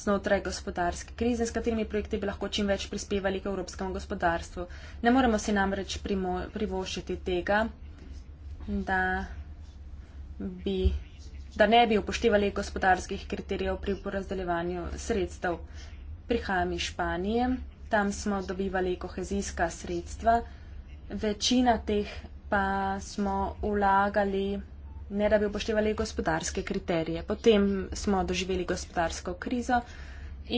znotraj gospodarske krize, s katerimi projekti bi lahko čim več prispevali k evropskemu gospodarstvu. Ne moremo si namreč privoščiti tega, da bi, da ne bi upoštevali gospodarskih kriterijev pri porazdeljevanju sredstev. Prihajam iz Španije, tam smo dobivali kohezijska sredstva, večina teh pa smo vlagali, ne da bi upoštevali gospodarske kriterije. Potem smo doživeli gospodarsko krizo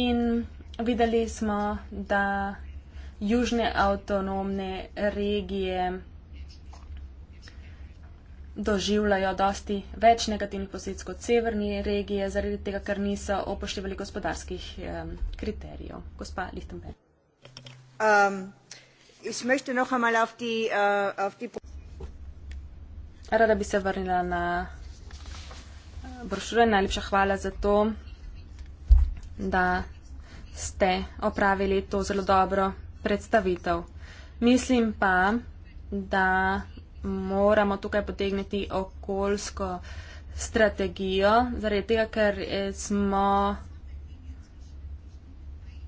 in videli smo, da južne avtonomne regije doživljajo dosti več negativnih posledic kot severni regije, zaradi tega, ker niso opoštevali gospodarskih um, kriterijev. Gospa Lichtenberg. Um. Äh, Rada bi se vrnila na eh, brošure. Najlepša hvala za to, da ste opravili to zelo dobro predstavitev. Mislim pa, da moramo tukaj potegniti okoljsko strategijo, zaradi tega, ker eh, smo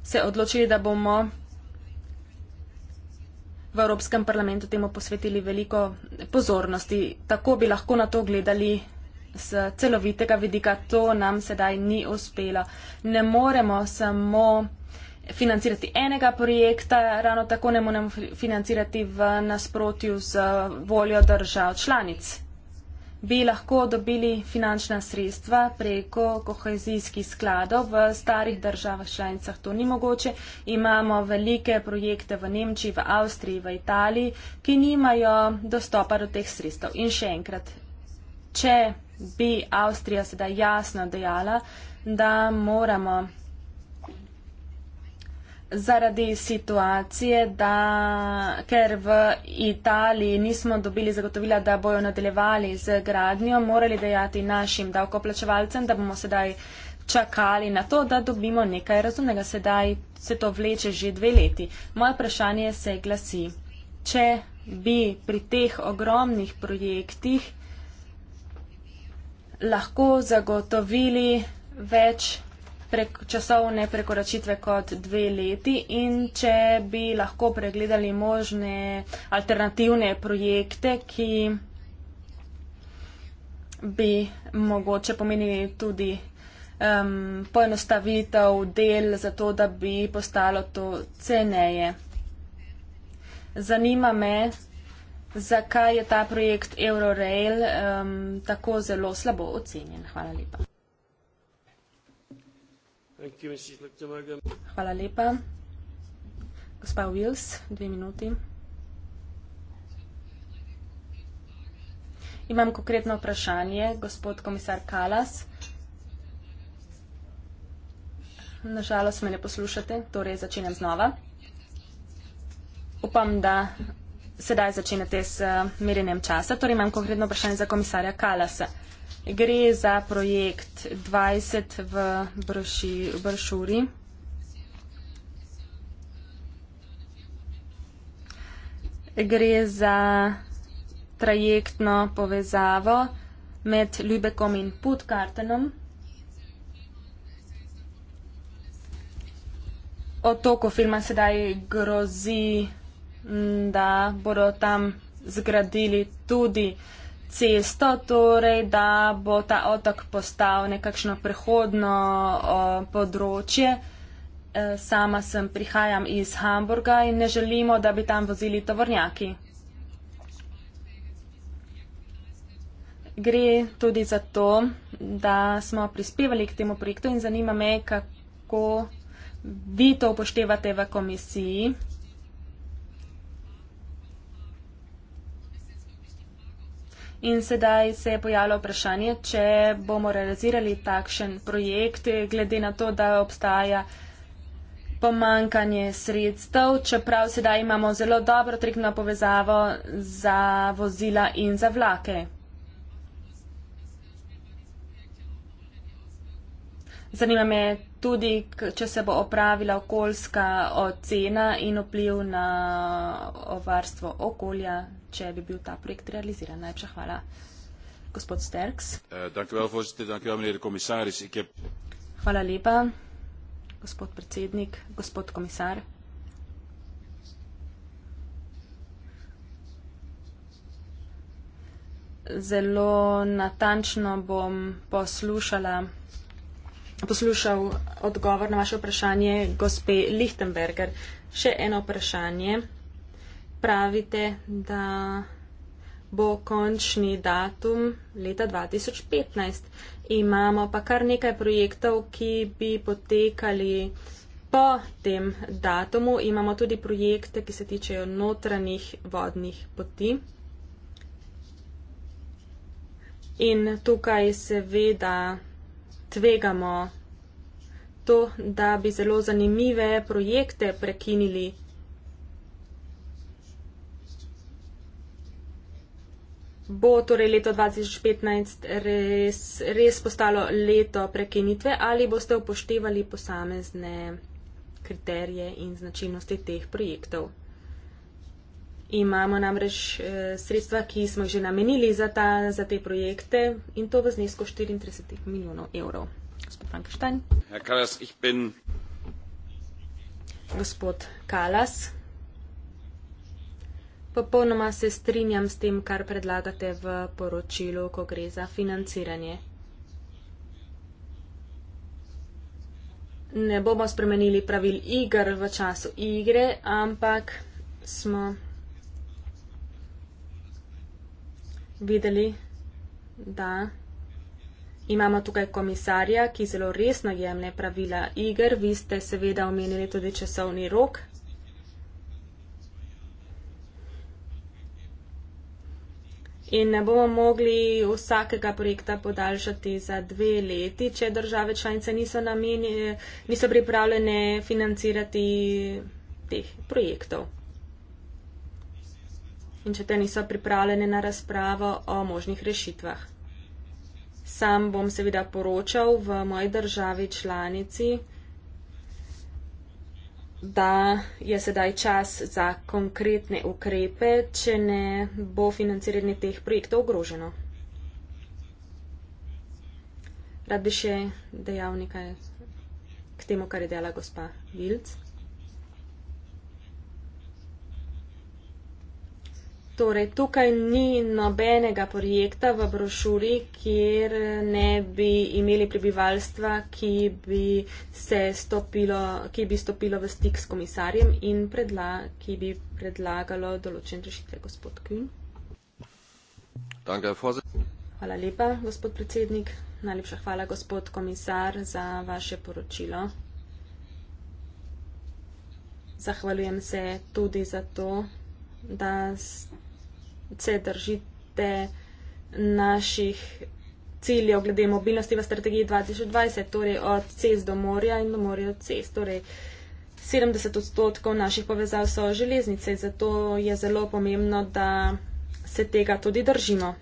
se odločili, da bomo v Evropskem parlamentu temu posvetili veliko pozornosti. Tako bi lahko na to gledali z celovitega vidika. To nam sedaj ni uspelo. Ne moremo samo financirati enega projekta, ravno tako ne moremo financirati v nasprotju z voljo držav članic. Bi lahko dobili finančna sredstva preko kohezijskih skladov, v starih državah članicah to ni mogoče. Imamo velike projekte v Nemčiji, v Avstriji, v Italiji, ki nimajo dostopa do teh sredstev. In še enkrat, če bi Avstrija sedaj jasno dejala, da moramo zaradi situacije, da, ker v Italiji nismo dobili zagotovila, da bojo nadaljevali z gradnjo, morali dejati našim davkoplačevalcem, da bomo sedaj čakali na to, da dobimo nekaj razumnega. Sedaj se to vleče že dve leti. Moje vprašanje se glasi, če bi pri teh ogromnih projektih lahko zagotovili več prek, časovne prekoračitve kot dve leti in če bi lahko pregledali možne alternativne projekte, ki bi mogoče pomenili tudi um, poenostavitev del za to, da bi postalo to ceneje. Zanima me, zakaj je ta projekt Eurorail um, tako zelo slabo ocenjen. Hvala lepa. Hvala lepa. Gospa Wills, dve minuti. Imam konkretno vprašanje, gospod komisar Kalas. Nažalost me ne poslušate, torej začenjam znova. Upam, da sedaj začenjate s eh, merjenjem časa, torej imam konkretno vprašanje za komisarja Kalasa. Gre za projekt 20 v brošuri. Gre za trajektno povezavo med Ljubekom in Putkartenom. Otoku filma sedaj grozi, da bodo tam zgradili tudi cesto, torej da bo ta otok postal nekakšno prehodno področje. E, sama sem prihajam iz Hamburga in ne želimo, da bi tam vozili tovornjaki. Gre tudi za to, da smo prispevali k temu projektu in zanima me, kako vi to upoštevate v komisiji. In sedaj se je pojavilo vprašanje, če bomo realizirali takšen projekt, glede na to, da obstaja pomankanje sredstev, čeprav sedaj imamo zelo dobro trikno povezavo za vozila in za vlake. Zanima me tudi, če se bo opravila okoljska ocena in vpliv na varstvo okolja, če bi bil ta projekt realiziran. Najlepša hvala. Gospod Sterks. Eh, hvala lepa. Gospod predsednik, gospod komisar. Zelo natančno bom poslušala poslušal odgovor na vaše vprašanje gospe Lichtenberger. Še eno vprašanje. Pravite, da bo končni datum leta 2015. Imamo pa kar nekaj projektov, ki bi potekali po tem datumu. Imamo tudi projekte, ki se tičejo notranjih vodnih poti. In tukaj seveda tvegamo to, da bi zelo zanimive projekte prekinili. Bo torej leto 2015 res, res postalo leto prekinitve ali boste upoštevali posamezne kriterije in značilnosti teh projektov? Imamo namreč eh, sredstva, ki smo jih že namenili za, ta, za te projekte in to v znesku 34 milijonov evrov. Gospod Frankenstein. Bin... Gospod Kalas, popolnoma se strinjam s tem, kar predlagate v poročilu, ko gre za financiranje. Ne bomo spremenili pravil igr v času igre, ampak smo videli, da imamo tukaj komisarja, ki zelo resno jemlje pravila igr. Vi ste seveda omenili tudi časovni rok. In ne bomo mogli vsakega projekta podaljšati za dve leti, če države članice niso, namenje, niso pripravljene financirati teh projektov in če te niso pripravljene na razpravo o možnih rešitvah. Sam bom seveda poročal v moji državi članici, da je sedaj čas za konkretne ukrepe, če ne bo financiranje teh projektov ogroženo. Rad bi še dejal nekaj k temu, kar je dela gospa Vilc. Torej, tukaj ni nobenega projekta v brošuri, kjer ne bi imeli prebivalstva, ki bi, stopilo, ki bi stopilo v stik s komisarjem in predla, ki bi predlagalo določen rešitve, gospod Kün. Hvala lepa, gospod predsednik. Najlepša hvala, gospod komisar, za vaše poročilo. Zahvaljujem se tudi za to, da ste se držite naših ciljev glede mobilnosti v strategiji 2020, torej od cest do morja in do morja od cest. Torej 70 odstotkov naših povezav so železnice, zato je zelo pomembno, da se tega tudi držimo.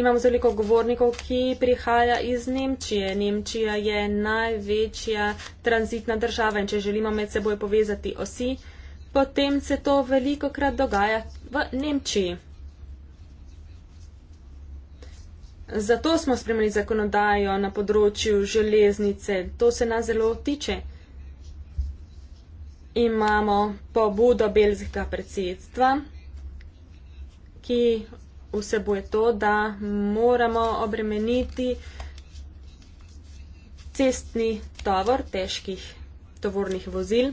imamo zelo veliko govornikov, ki prihaja iz Nemčije. Nemčija je največja tranzitna država in če želimo med seboj povezati osi, potem se to veliko krat dogaja v Nemčiji. Zato smo spremljali zakonodajo na področju železnice. To se nas zelo tiče. Imamo pobudo belzika predsedstva, ki vsebuje to, da moramo obremeniti cestni tovor težkih tovornih vozil.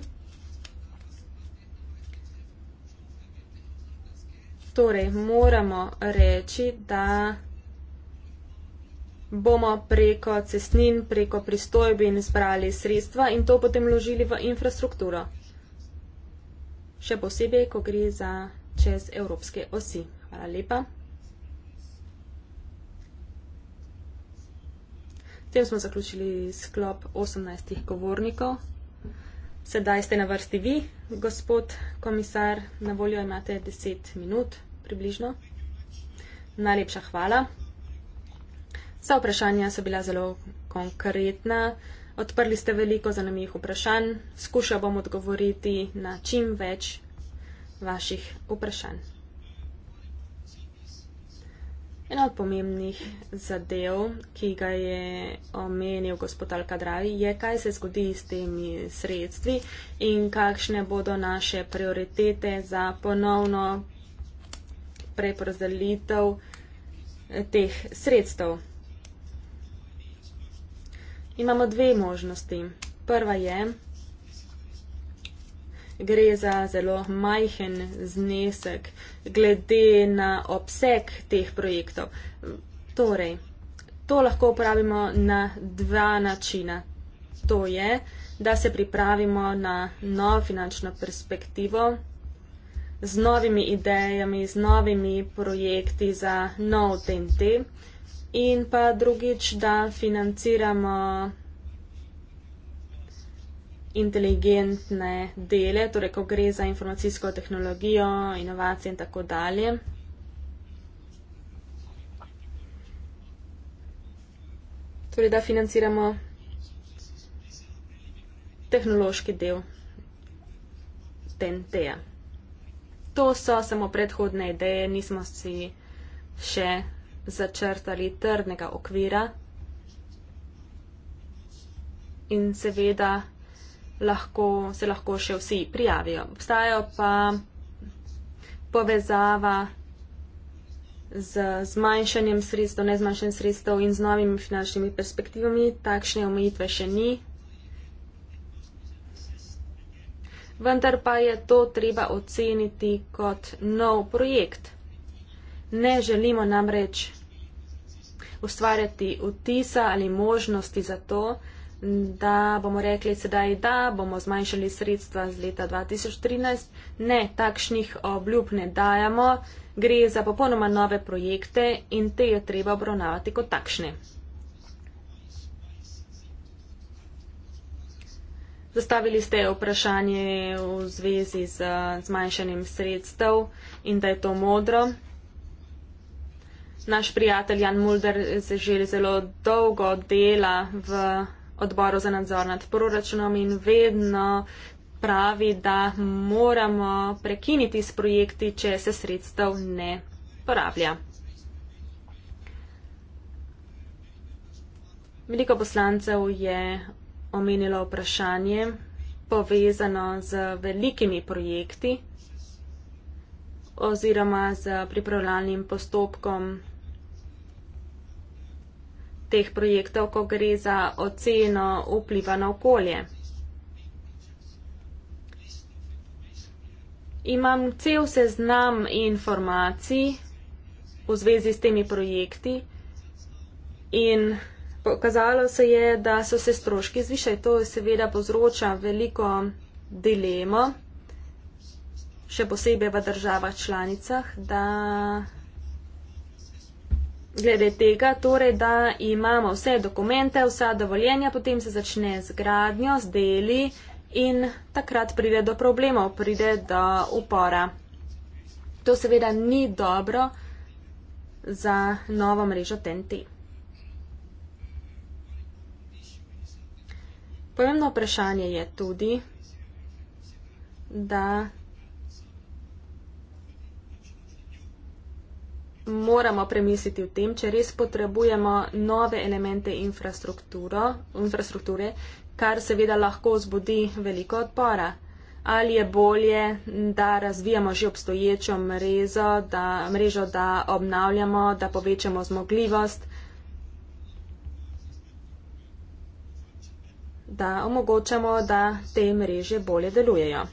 Torej, moramo reči, da bomo preko cestnin, preko pristojbin zbrali sredstva in to potem vložili v infrastrukturo. Še posebej, ko gre za čez evropske osi. Hvala lepa. tem smo zaključili sklop 18 govornikov. Sedaj ste na vrsti vi, gospod komisar. Na voljo imate 10 minut, približno. Najlepša hvala. Vsa vprašanja so bila zelo konkretna. Odprli ste veliko zanimivih vprašanj. Skušal bom odgovoriti na čim več vaših vprašanj. Ena od pomembnih zadev, ki ga je omenil gospod Alkadravi, je, kaj se zgodi s temi sredstvi in kakšne bodo naše prioritete za ponovno preprozdelitev teh sredstev. Imamo dve možnosti. Prva je, gre za zelo majhen znesek glede na obseg teh projektov. Torej, to lahko uporabimo na dva načina. To je, da se pripravimo na novo finančno perspektivo z novimi idejami, z novimi projekti za nov TNT in pa drugič, da financiramo inteligentne dele, torej ko gre za informacijsko tehnologijo, inovacije in tako dalje. Torej, da financiramo tehnološki del TNT-ja. To so samo predhodne ideje, nismo si še začrtali trdnega okvira. In seveda lahko, se lahko še vsi prijavijo. Obstajajo pa povezava z zmanjšanjem sredstev, nezmanjšanjem sredstev in z novimi finančnimi perspektivami. Takšne omejitve še ni. Vendar pa je to treba oceniti kot nov projekt. Ne želimo namreč ustvarjati vtisa ali možnosti za to, da bomo rekli sedaj, da bomo zmanjšali sredstva z leta 2013. Ne, takšnih obljub ne dajamo, gre za popolnoma nove projekte in te je treba obravnavati kot takšne. Zastavili ste vprašanje v zvezi z zmanjšanjem sredstev in da je to modro. Naš prijatelj Jan Mulder se že zelo dolgo dela v odboru za nadzor nad proračunom in vedno pravi, da moramo prekiniti s projekti, če se sredstev ne porablja. Veliko poslancev je omenilo vprašanje povezano z velikimi projekti oziroma z pripravljalnim postopkom teh projektov, ko gre za oceno vpliva na okolje. Imam cel seznam informacij v zvezi s temi projekti in pokazalo se je, da so se stroški zvišali. To seveda povzroča veliko dilemo, še posebej v državah članicah, da glede tega, torej, da imamo vse dokumente, vsa dovoljenja, potem se začne z gradnjo, z deli in takrat pride do problemov, pride do upora. To seveda ni dobro za novo mrežo TNT. Pomembno vprašanje je tudi, da moramo premisliti o tem, če res potrebujemo nove elemente infrastrukture, kar seveda lahko zbudi veliko odpora. Ali je bolje, da razvijamo že obstoječo mrezo, da, mrežo, da obnavljamo, da povečamo zmogljivost, da omogočamo, da te mreže bolje delujejo.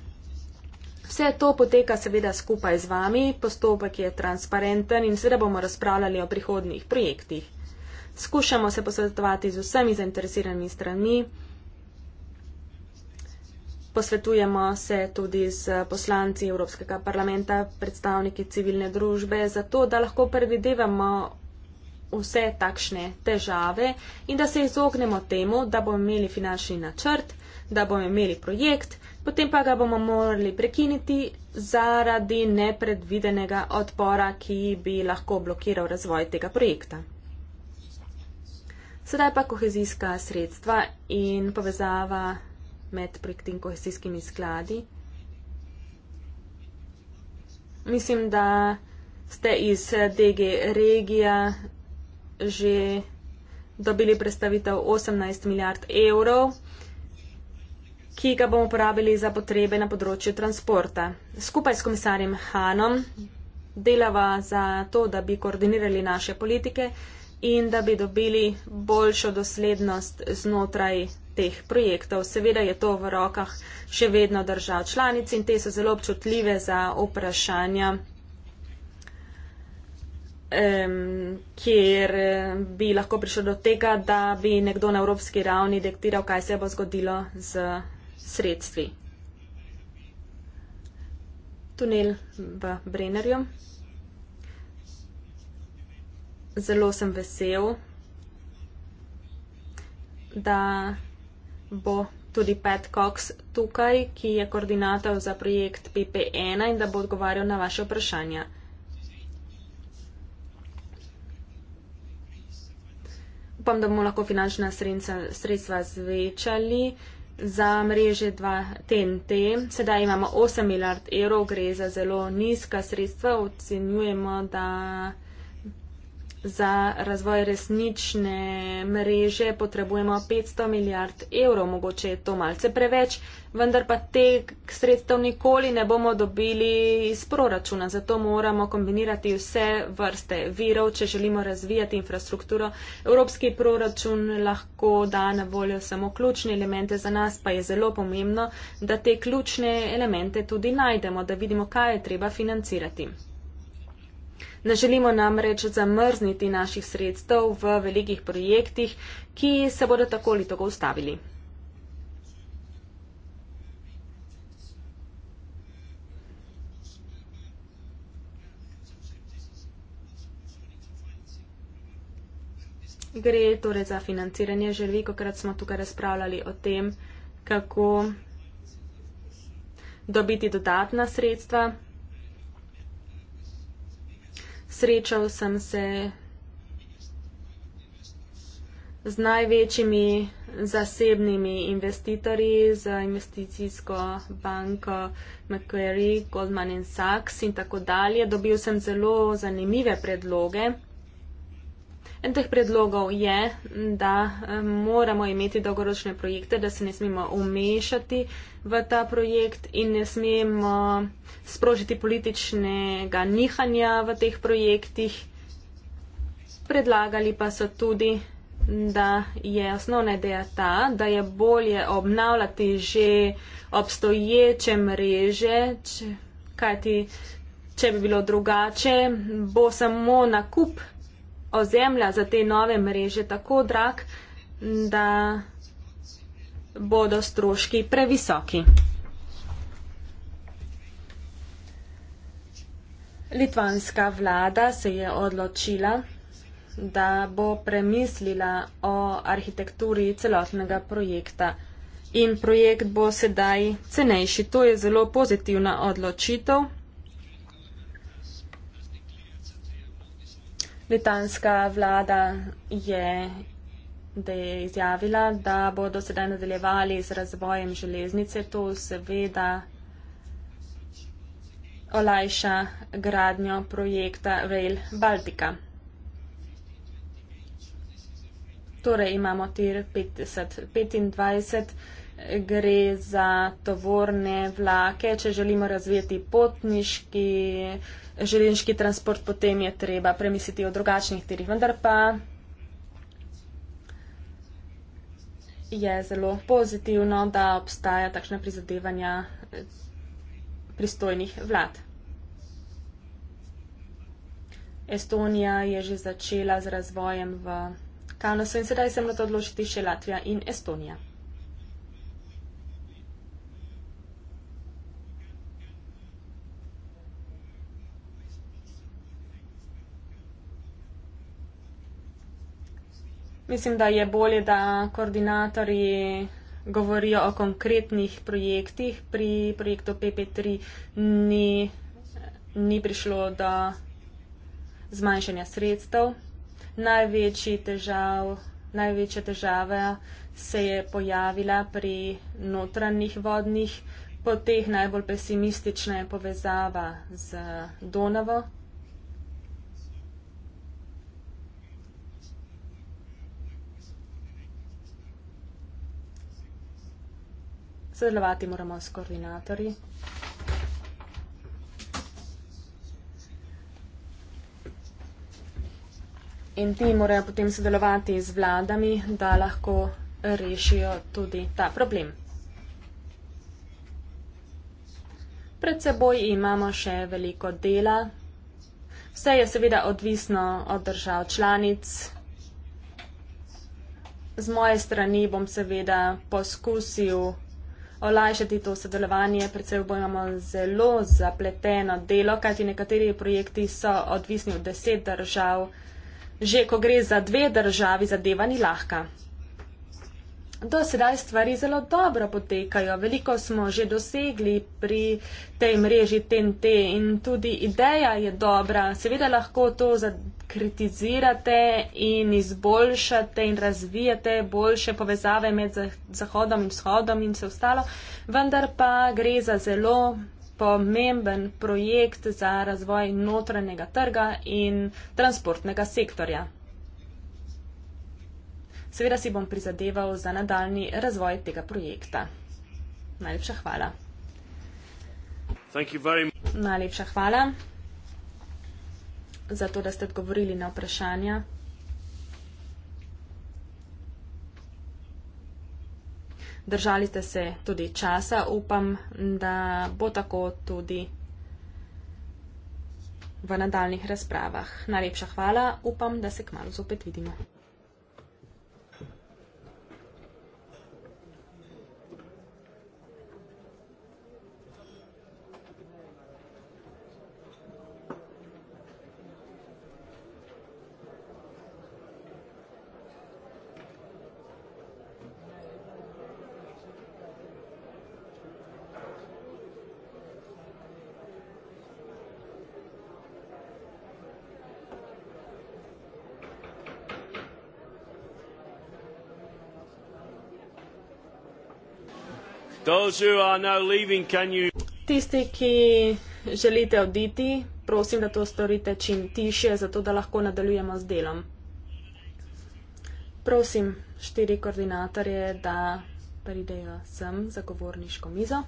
Vse to poteka seveda skupaj z vami, postopek je transparenten in seveda bomo razpravljali o prihodnih projektih. Skušamo se posvetovati z vsemi zainteresiranimi strani. Posvetujemo se tudi z poslanci Evropskega parlamenta, predstavniki civilne družbe, zato da lahko predvidevamo vse takšne težave in da se izognemo temu, da bomo imeli finančni načrt, da bomo imeli projekt potem pa ga bomo morali prekiniti zaradi nepredvidenega odpora, ki bi lahko blokiral razvoj tega projekta. Sedaj pa kohezijska sredstva in povezava med projekti in kohezijskimi skladi. Mislim, da ste iz DG regija že dobili predstavitev 18 milijard evrov ki ga bomo uporabili za potrebe na področju transporta. Skupaj s komisarjem Hanom delava za to, da bi koordinirali naše politike in da bi dobili boljšo doslednost znotraj teh projektov. Seveda je to v rokah še vedno držav članic in te so zelo občutljive za vprašanja, kjer eh, bi lahko prišlo do tega, da bi nekdo na evropski ravni dektiral, kaj se bo zgodilo z sredstvi. Tunel v Brennerju. Zelo sem vesel, da bo tudi Pat Cox tukaj, ki je koordinator za projekt PP1 in da bo odgovarjal na vaše vprašanja. Upam, da bomo lahko finančna sredstva zvečali za mreže 2TNT. Sedaj imamo 8 milijard evrov, gre za zelo nizka sredstva. Ocenjujemo, da Za razvoj resnične mreže potrebujemo 500 milijard evrov, mogoče je to malce preveč, vendar pa teh sredstev nikoli ne bomo dobili iz proračuna. Zato moramo kombinirati vse vrste virov, če želimo razvijati infrastrukturo. Evropski proračun lahko da na voljo samo ključne elemente, za nas pa je zelo pomembno, da te ključne elemente tudi najdemo, da vidimo, kaj je treba financirati. Ne želimo namreč zamrzniti naših sredstev v velikih projektih, ki se bodo tako ali tako ustavili. Gre torej za financiranje. Že velikokrat smo tukaj razpravljali o tem, kako dobiti dodatna sredstva srečal sem se z največjimi zasebnimi investitorji, z investicijsko banko Macquarie, Goldman Sachs in tako dalje. Dobil sem zelo zanimive predloge. En teh predlogov je, da eh, moramo imeti dolgoročne projekte, da se ne smemo umešati v ta projekt in ne smemo sprožiti političnega nihanja v teh projektih. Predlagali pa so tudi, da je osnovna ideja ta, da je bolje obnavljati že obstoječe mreže, kajti če bi bilo drugače, bo samo nakup ozemlja za te nove mreže tako drag, da bodo stroški previsoki. Litvanska vlada se je odločila, da bo premislila o arhitekturi celotnega projekta in projekt bo sedaj cenejši. To je zelo pozitivna odločitev. Litanska vlada je, da je izjavila, da bodo sedaj nadaljevali z razvojem železnice. To seveda olajša gradnjo projekta Rail Baltica. Torej imamo tir 25. Gre za tovorne vlake, če želimo razvijeti potniški železniški transport potem je treba premisliti o drugačnih tirih, vendar pa je zelo pozitivno, da obstaja takšna prizadevanja eh, pristojnih vlad. Estonija je že začela z razvojem v Kanosu in sedaj se morata odločiti še Latvija in Estonija. mislim, da je bolje, da koordinatorji govorijo o konkretnih projektih. Pri projektu PP3 ni, ni prišlo do zmanjšanja sredstev. Težav, največja težava se je pojavila pri notranjih vodnih poteh. Najbolj pesimistična je povezava z Donavo. Sodelovati moramo s koordinatorji. In ti morajo potem sodelovati z vladami, da lahko rešijo tudi ta problem. Pred seboj imamo še veliko dela. Vse je seveda odvisno od držav članic. Z moje strani bom seveda poskusil olajšati to sodelovanje. Predvsej bomo zelo zapleteno delo, kajti nekateri projekti so odvisni od deset držav. Že ko gre za dve državi, zadeva ni lahka. Do sedaj stvari zelo dobro potekajo, veliko smo že dosegli pri tej mreži TNT in tudi ideja je dobra. Seveda lahko to kritizirate in izboljšate in razvijate boljše povezave med Zahodom in Vzhodom in vse ostalo, vendar pa gre za zelo pomemben projekt za razvoj notranjega trga in transportnega sektorja. Seveda si bom prizadeval za nadaljni razvoj tega projekta. Najlepša hvala. Najlepša hvala za to, da ste odgovorili na vprašanja. Držali ste se tudi časa, upam, da bo tako tudi v nadaljnih razpravah. Najlepša hvala, upam, da se kmalo zopet vidimo. Tisti, ki želite oditi, prosim, da to storite čim tiše, zato da lahko nadaljujemo z delom. Prosim štiri koordinatorje, da pridejo sem za govorniško mizo.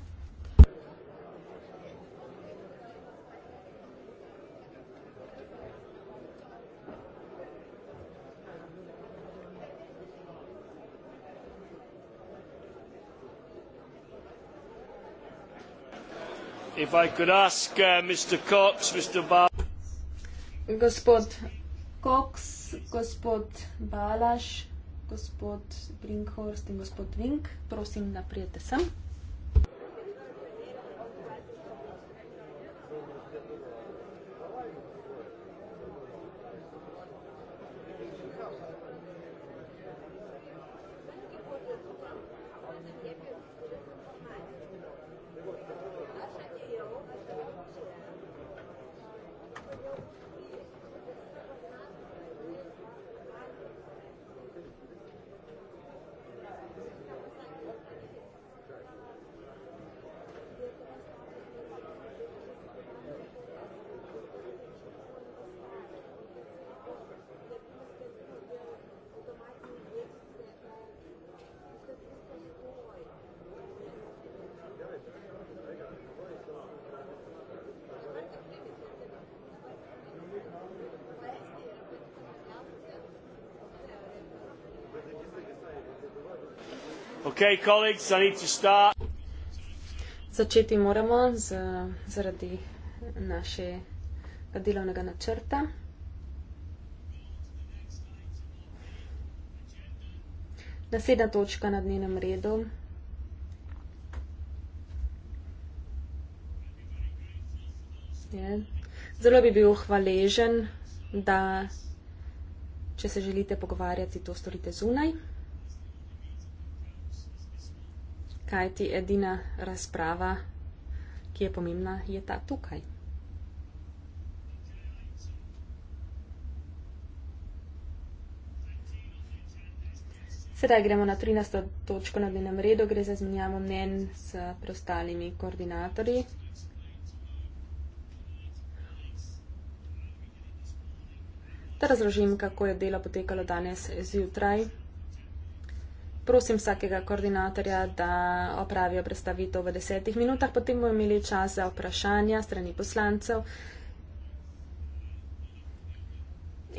if I could ask uh, Mr. Cox, Mr. Bar Gospod Cox, gospod Balaš, gospod Brinkhorst in gospod Vink, prosim, naprijete sem. Okay, colleagues, I need to start. Začeti moramo z, zaradi naše delovnega načrta. Naslednja točka na dnevnem redu. Je. Zelo bi bil hvaležen, da če se želite pogovarjati, to storite zunaj. kaj ti edina razprava, ki je pomembna, je ta tukaj. Sedaj gremo na 13. točko na dnevnem redu, gre za izmenjavo mnen s preostalimi koordinatorji. Da razložim, kako je delo potekalo danes zjutraj prosim vsakega koordinatorja, da opravijo predstavitev v desetih minutah, potem bomo imeli čas za vprašanja strani poslancev.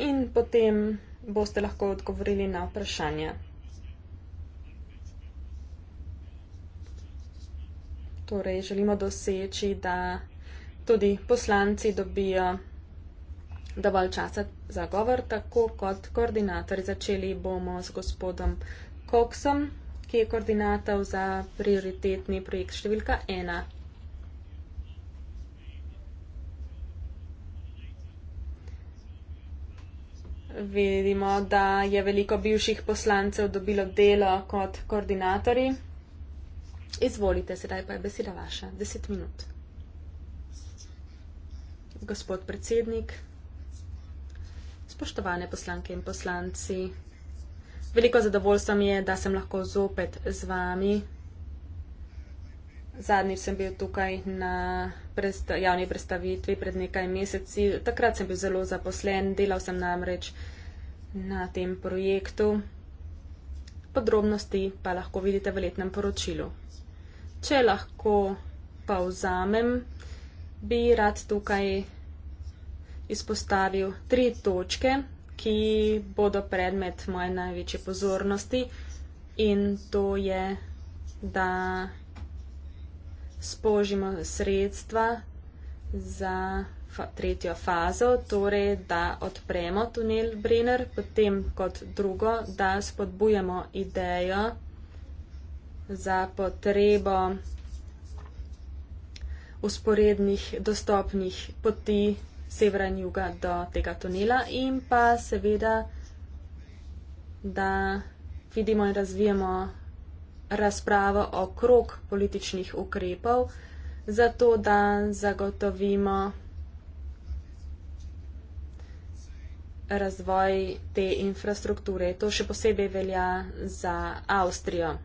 In potem boste lahko odgovorili na vprašanje. Torej, želimo doseči, da tudi poslanci dobijo dovolj časa za govor, tako kot koordinatorji. Začeli bomo s gospodom. Coxom, ki je koordinator za prioritetni projekt številka ena. Vidimo, da je veliko bivših poslancev dobilo delo kot koordinatorji. Izvolite, sedaj pa je beseda vaša. Deset minut. Gospod predsednik, spoštovane poslanke in poslanci. Veliko zadovoljstva mi je, da sem lahko zopet z vami. Zadnjič sem bil tukaj na predst javni predstavitvi pred nekaj meseci. Takrat sem bil zelo zaposlen, delal sem namreč na tem projektu. Podrobnosti pa lahko vidite v letnem poročilu. Če lahko pa vzamem, bi rad tukaj izpostavil tri točke, ki bodo predmet moje največje pozornosti in to je, da spožimo sredstva za fa tretjo fazo, torej da odpremo tunel Brenner, potem kot drugo, da spodbujamo idejo za potrebo usporednih dostopnih poti severa in juga do tega tunela in pa seveda, da vidimo in razvijemo razpravo okrog političnih ukrepov, zato da zagotovimo razvoj te infrastrukture. To še posebej velja za Avstrijo.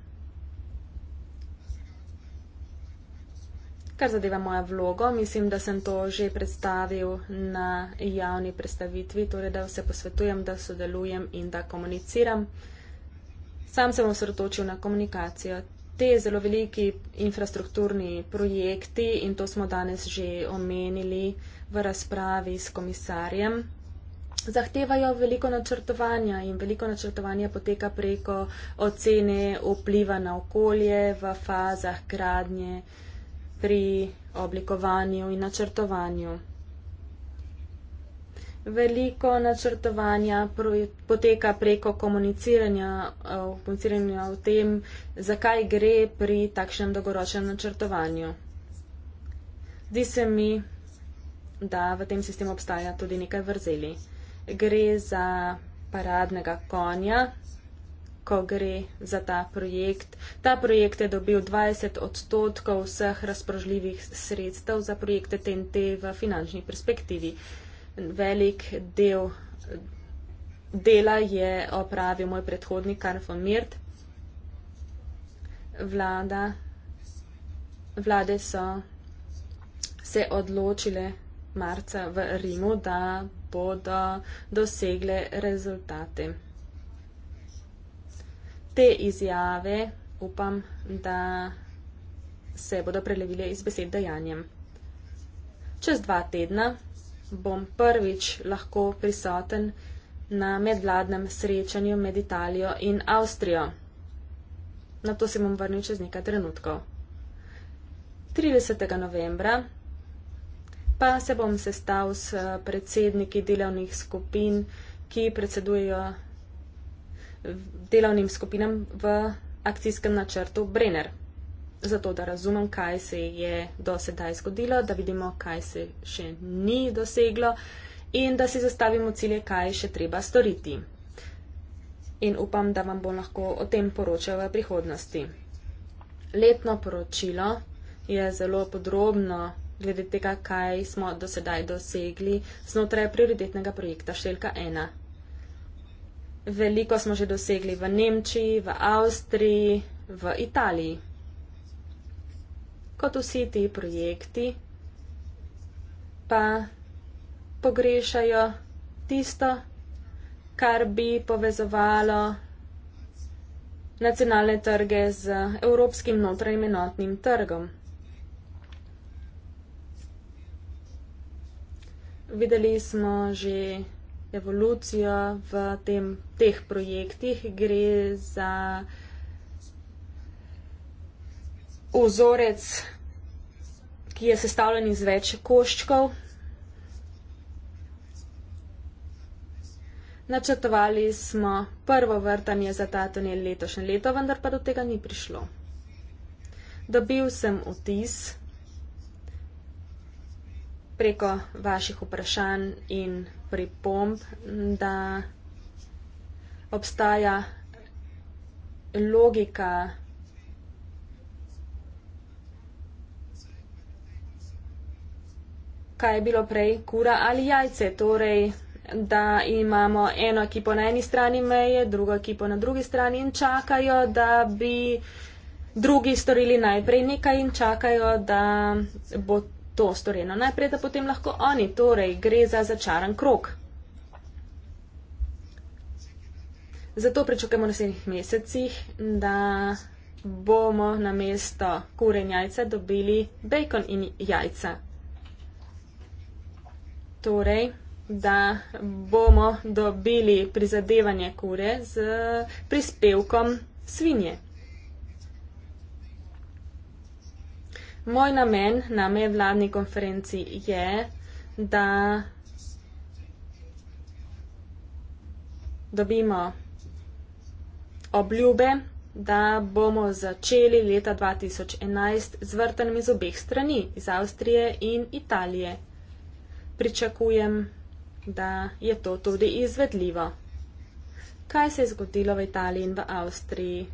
Kar zadeva mojo vlogo, mislim, da sem to že predstavil na javni predstavitvi, torej da se posvetujem, da sodelujem in da komuniciram. Sam sem osredotočil na komunikacijo. Te zelo veliki infrastrukturni projekti, in to smo danes že omenili v razpravi s komisarjem, zahtevajo veliko načrtovanja in veliko načrtovanja poteka preko ocene vpliva na okolje v fazah gradnje pri oblikovanju in načrtovanju. Veliko načrtovanja poteka preko komuniciranja, eh, komuniciranja o tem, zakaj gre pri takšnem dolgoročnem načrtovanju. Zdi se mi, da v tem sistemu obstaja tudi nekaj vrzeli. Gre za paradnega konja, ko gre za ta projekt. Ta projekt je dobil 20 odstotkov vseh razpožljivih sredstev za projekte TNT v finančni perspektivi. Velik del dela je opravil moj predhodnik Karfo Mirt. Vlada, vlade so se odločile marca v Rimu, da bodo dosegle rezultate te izjave upam, da se bodo prelevile iz besed dejanjem. Čez dva tedna bom prvič lahko prisoten na medvladnem srečanju med Italijo in Avstrijo. Na to se bom vrnil čez nekaj trenutkov. 30. novembra pa se bom sestal s predsedniki delovnih skupin, ki predsedujejo delovnim skupinam v akcijskem načrtu Brenner. Zato, da razumem, kaj se je do sedaj zgodilo, da vidimo, kaj se še ni doseglo in da si zastavimo cilje, kaj še treba storiti. In upam, da vam bo lahko o tem poročal v prihodnosti. Letno poročilo je zelo podrobno glede tega, kaj smo do sedaj dosegli znotraj prioritetnega projekta Šelka 1 veliko smo že dosegli v Nemčiji, v Avstriji, v Italiji. Kot vsi ti projekti, pa pogrešajo tisto, kar bi povezovalo nacionalne trge z evropskim notranjim enotnim trgom. Videli smo že evolucijo v tem, teh projektih. Gre za vzorec, ki je sestavljen iz več koščkov. Načrtovali smo prvo vrtanje za ta tunel letošnje leto, vendar pa do tega ni prišlo. Dobil sem vtis preko vaših vprašanj in pripomb, da obstaja logika kaj je bilo prej, kura ali jajce. Torej, da imamo eno ekipo na eni strani meje, drugo ekipo na drugi strani in čakajo, da bi drugi storili najprej nekaj in čakajo, da bo to storjeno najprej, da potem lahko oni. Torej, gre za začaran krok. Zato pričakujemo v naslednjih mesecih, da bomo na mesto kuren jajca dobili bacon in jajca. Torej, da bomo dobili prizadevanje kure z prispevkom svinje. Moj namen na medvladni konferenci je, da dobimo obljube, da bomo začeli leta 2011 z vrtanjem iz obeh strani, iz Avstrije in Italije. Pričakujem, da je to tudi izvedljivo. Kaj se je zgodilo v Italiji in v Avstriji?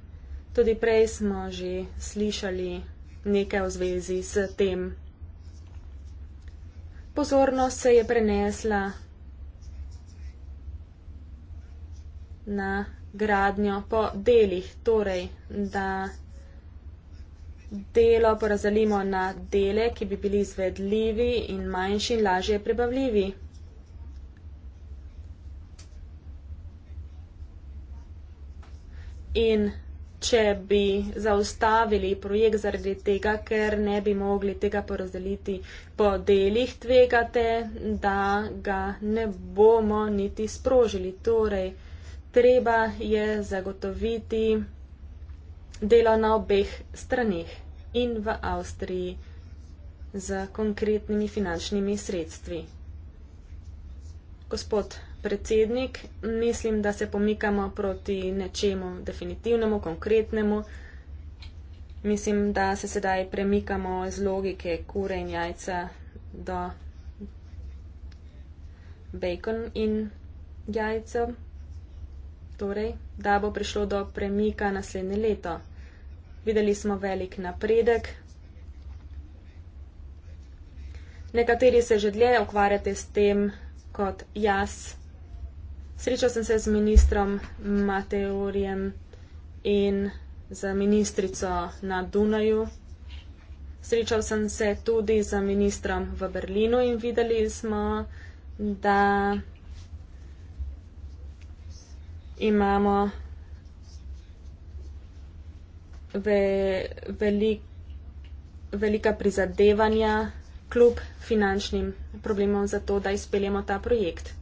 Tudi prej smo že slišali nekaj v zvezi s tem. Pozornost se je prenesla na gradnjo po delih, torej da delo porazdelimo na dele, ki bi bili izvedljivi in manjši in lažje prebavljivi. In če bi zaustavili projekt zaradi tega, ker ne bi mogli tega porazdeliti po delih, tvegate, da ga ne bomo niti sprožili. Torej, treba je zagotoviti delo na obeh stranih in v Avstriji z konkretnimi finančnimi sredstvi. Gospod predsednik, mislim, da se pomikamo proti nečemu definitivnemu, konkretnemu. Mislim, da se sedaj premikamo iz logike kure in jajca do bacon in jajca. Torej, da bo prišlo do premika naslednje leto. Videli smo velik napredek. Nekateri se že dlje ukvarjate s tem kot jaz. Srečal sem se z ministrom Mateorjem in z ministrico na Dunaju. Srečal sem se tudi z ministrom v Berlinu in videli smo, da imamo ve, velik, velika prizadevanja kljub finančnim problemom za to, da izpeljemo ta projekt.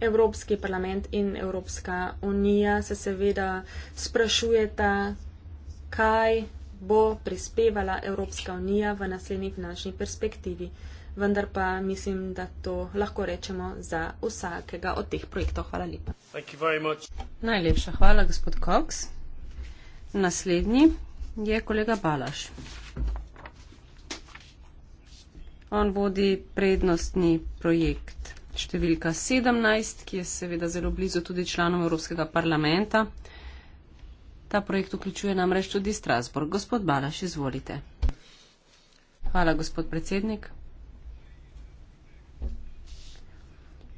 Evropski parlament in Evropska unija se seveda sprašujeta, kaj bo prispevala Evropska unija v naslednji finančni perspektivi. Vendar pa mislim, da to lahko rečemo za vsakega od teh projektov. Hvala lepa. Najlepša hvala, gospod Cox. Naslednji je kolega Balaš. On vodi prednostni projekt številka 17, ki je seveda zelo blizu tudi članom Evropskega parlamenta. Ta projekt vključuje namreč tudi Strasburg. Gospod Balaš, izvolite. Hvala, gospod predsednik.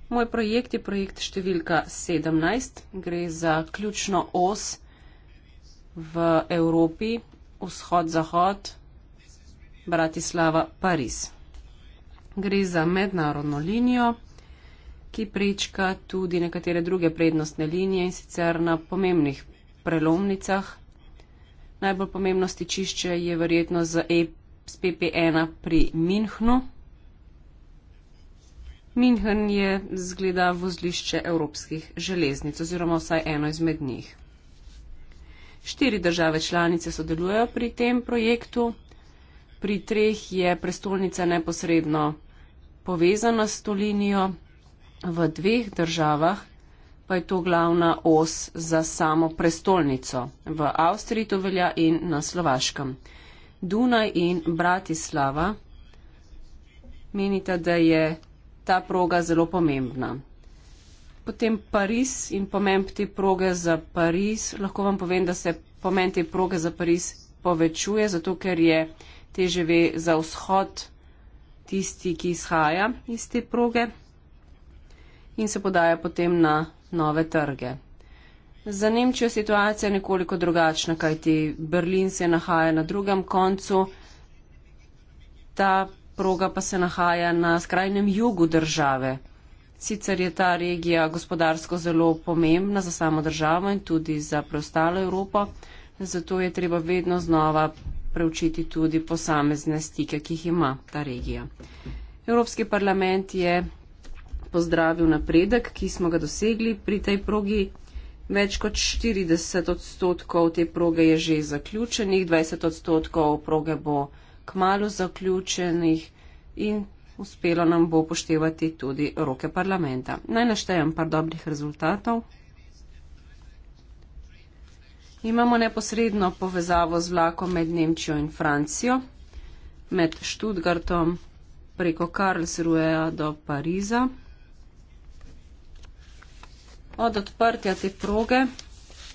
Moj projekt je projekt številka 17. Gre za ključno os v Evropi, vzhod-zahod, Bratislava-Pariz. Gre za mednarodno linijo ki prečka tudi nekatere druge prednostne linije in sicer na pomembnih prelomnicah. Najbolj pomembno stičišče je verjetno z EPP1 pri Minhnu. Minhen je zgleda vozlišče evropskih železnic oziroma vsaj eno izmed njih. Štiri države članice sodelujejo pri tem projektu, pri treh je prestolnica neposredno povezana s to linijo v dveh državah pa je to glavna os za samo prestolnico. V Avstriji to velja in na Slovaškem. Dunaj in Bratislava menita, da je ta proga zelo pomembna. Potem Pariz in pomen te proge za Pariz. Lahko vam povem, da se pomen te proge za Pariz povečuje, zato ker je teže ve za vzhod tisti, ki izhaja iz te proge in se podaja potem na nove trge. Za Nemčijo situacija je nekoliko drugačna, kajti Berlin se nahaja na drugem koncu, ta proga pa se nahaja na skrajnem jugu države. Sicer je ta regija gospodarsko zelo pomembna za samo državo in tudi za preostalo Evropo, zato je treba vedno znova preučiti tudi posamezne stike, ki jih ima ta regija. Evropski parlament je pozdravil napredek, ki smo ga dosegli pri tej progi. Več kot 40 odstotkov te proge je že zaključenih, 20 odstotkov proge bo kmalo zaključenih in uspelo nam bo poštevati tudi roke parlamenta. Naj naštejem par dobrih rezultatov. Imamo neposredno povezavo z vlakom med Nemčijo in Francijo, med Študgartom preko Karlsruhe do Pariza od odprtja te proge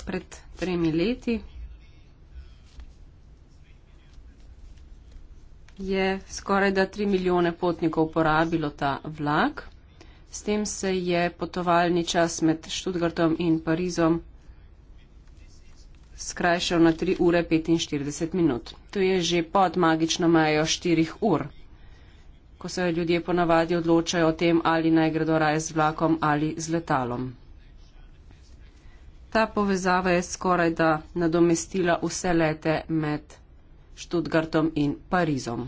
pred tremi leti je skoraj da tri milijone potnikov porabilo ta vlak. S tem se je potovalni čas med Študgartom in Parizom skrajšal na 3 ure 45 minut. To je že pod magično mejo 4 ur, ko se ljudje ponavadi odločajo o tem, ali naj gredo raje z vlakom ali z letalom ta povezava je skoraj da nadomestila vse lete med Študgartom in Parizom.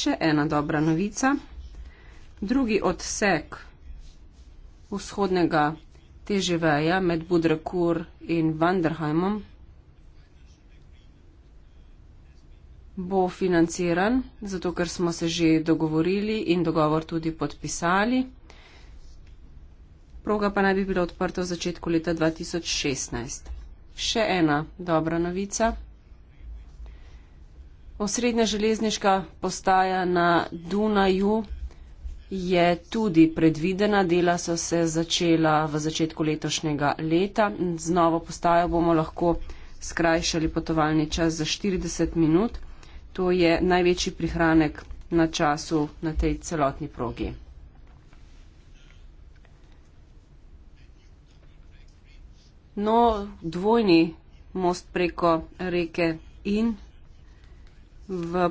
Še ena dobra novica. Drugi odsek vzhodnega teževeja med Budrakur in Vanderheimom bo financiran, zato ker smo se že dogovorili in dogovor tudi podpisali proga pa naj bi bila odprta v začetku leta 2016. Še ena dobra novica. Osrednja železniška postaja na Dunaju je tudi predvidena. Dela so se začela v začetku letošnjega leta. Z novo postajo bomo lahko skrajšali potovalni čas za 40 minut. To je največji prihranek na času na tej celotni progi. No, dvojni most preko reke in v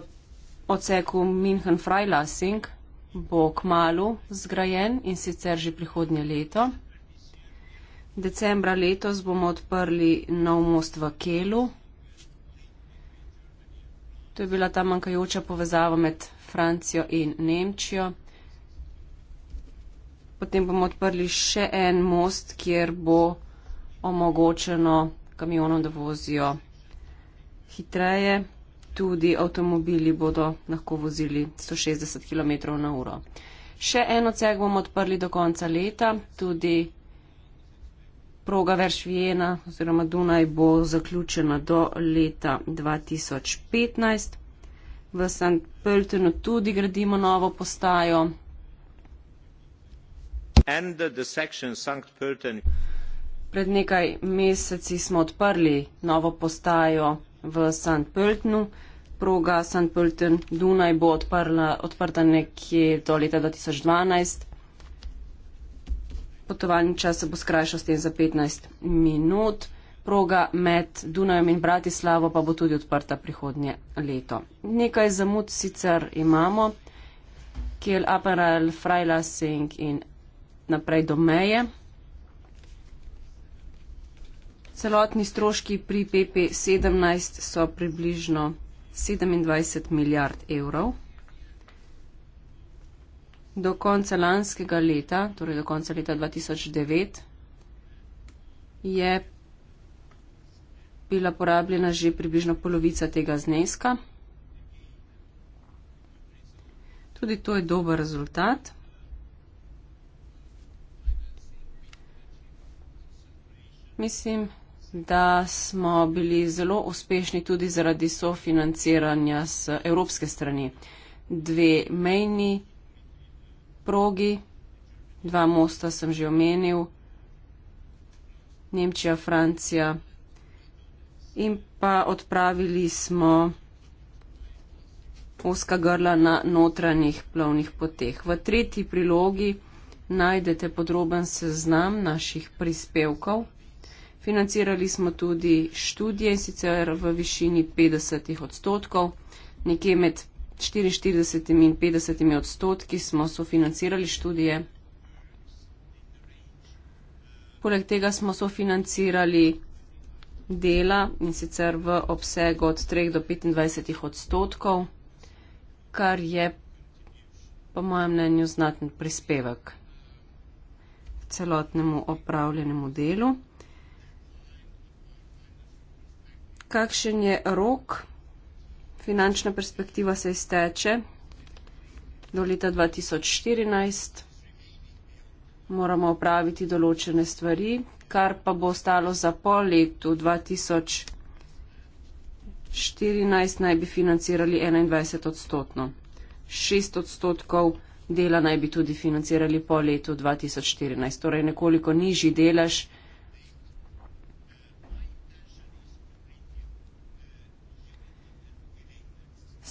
odseku München-Freilassing bo k malu zgrajen in sicer že prihodnje leto. Decembra letos bomo odprli nov most v Kelu. To je bila ta manjkajoča povezava med Francijo in Nemčijo. Potem bomo odprli še en most, kjer bo omogočeno kamionom, da vozijo hitreje, tudi avtomobili bodo lahko vozili 160 km na uro. Še eno ceg bomo odprli do konca leta, tudi proga Veršvijena oziroma Dunaj bo zaključena do leta 2015. V St. Pöltenu tudi gradimo novo postajo. And the, the section Sankt Pölten. Pred nekaj meseci smo odprli novo postajo v St. Pöltnu. Proga St. Pölten Dunaj bo odprla, odprta nekje do leta 2012. Potovalni čas se bo skrajšal s tem za 15 minut. Proga med Dunajem in Bratislavo pa bo tudi odprta prihodnje leto. Nekaj zamud sicer imamo, kjer Aperal, Freilassing in naprej do meje celotni stroški pri PP17 so približno 27 milijard evrov. Do konca lanskega leta, torej do konca leta 2009, je bila porabljena že približno polovica tega zneska. Tudi to je dober rezultat. Mislim, da smo bili zelo uspešni tudi zaradi sofinanciranja z evropske strani. Dve mejni progi, dva mosta sem že omenil, Nemčija, Francija in pa odpravili smo oska grla na notranjih plovnih poteh. V tretji prilogi najdete podroben seznam naših prispevkov. Financirali smo tudi študije in sicer v višini 50 odstotkov. Nekje med 44 in 50 odstotki smo sofinancirali študije. Poleg tega smo sofinancirali dela in sicer v obsegu od 3 do 25 odstotkov, kar je po mojem mnenju znaten prispevek celotnemu opravljenemu delu. kakšen je rok, finančna perspektiva se izteče do leta 2014, moramo opraviti določene stvari, kar pa bo ostalo za pol letu 2014 naj bi financirali 21 odstotno. 6 odstotkov dela naj bi tudi financirali po letu 2014, torej nekoliko nižji delež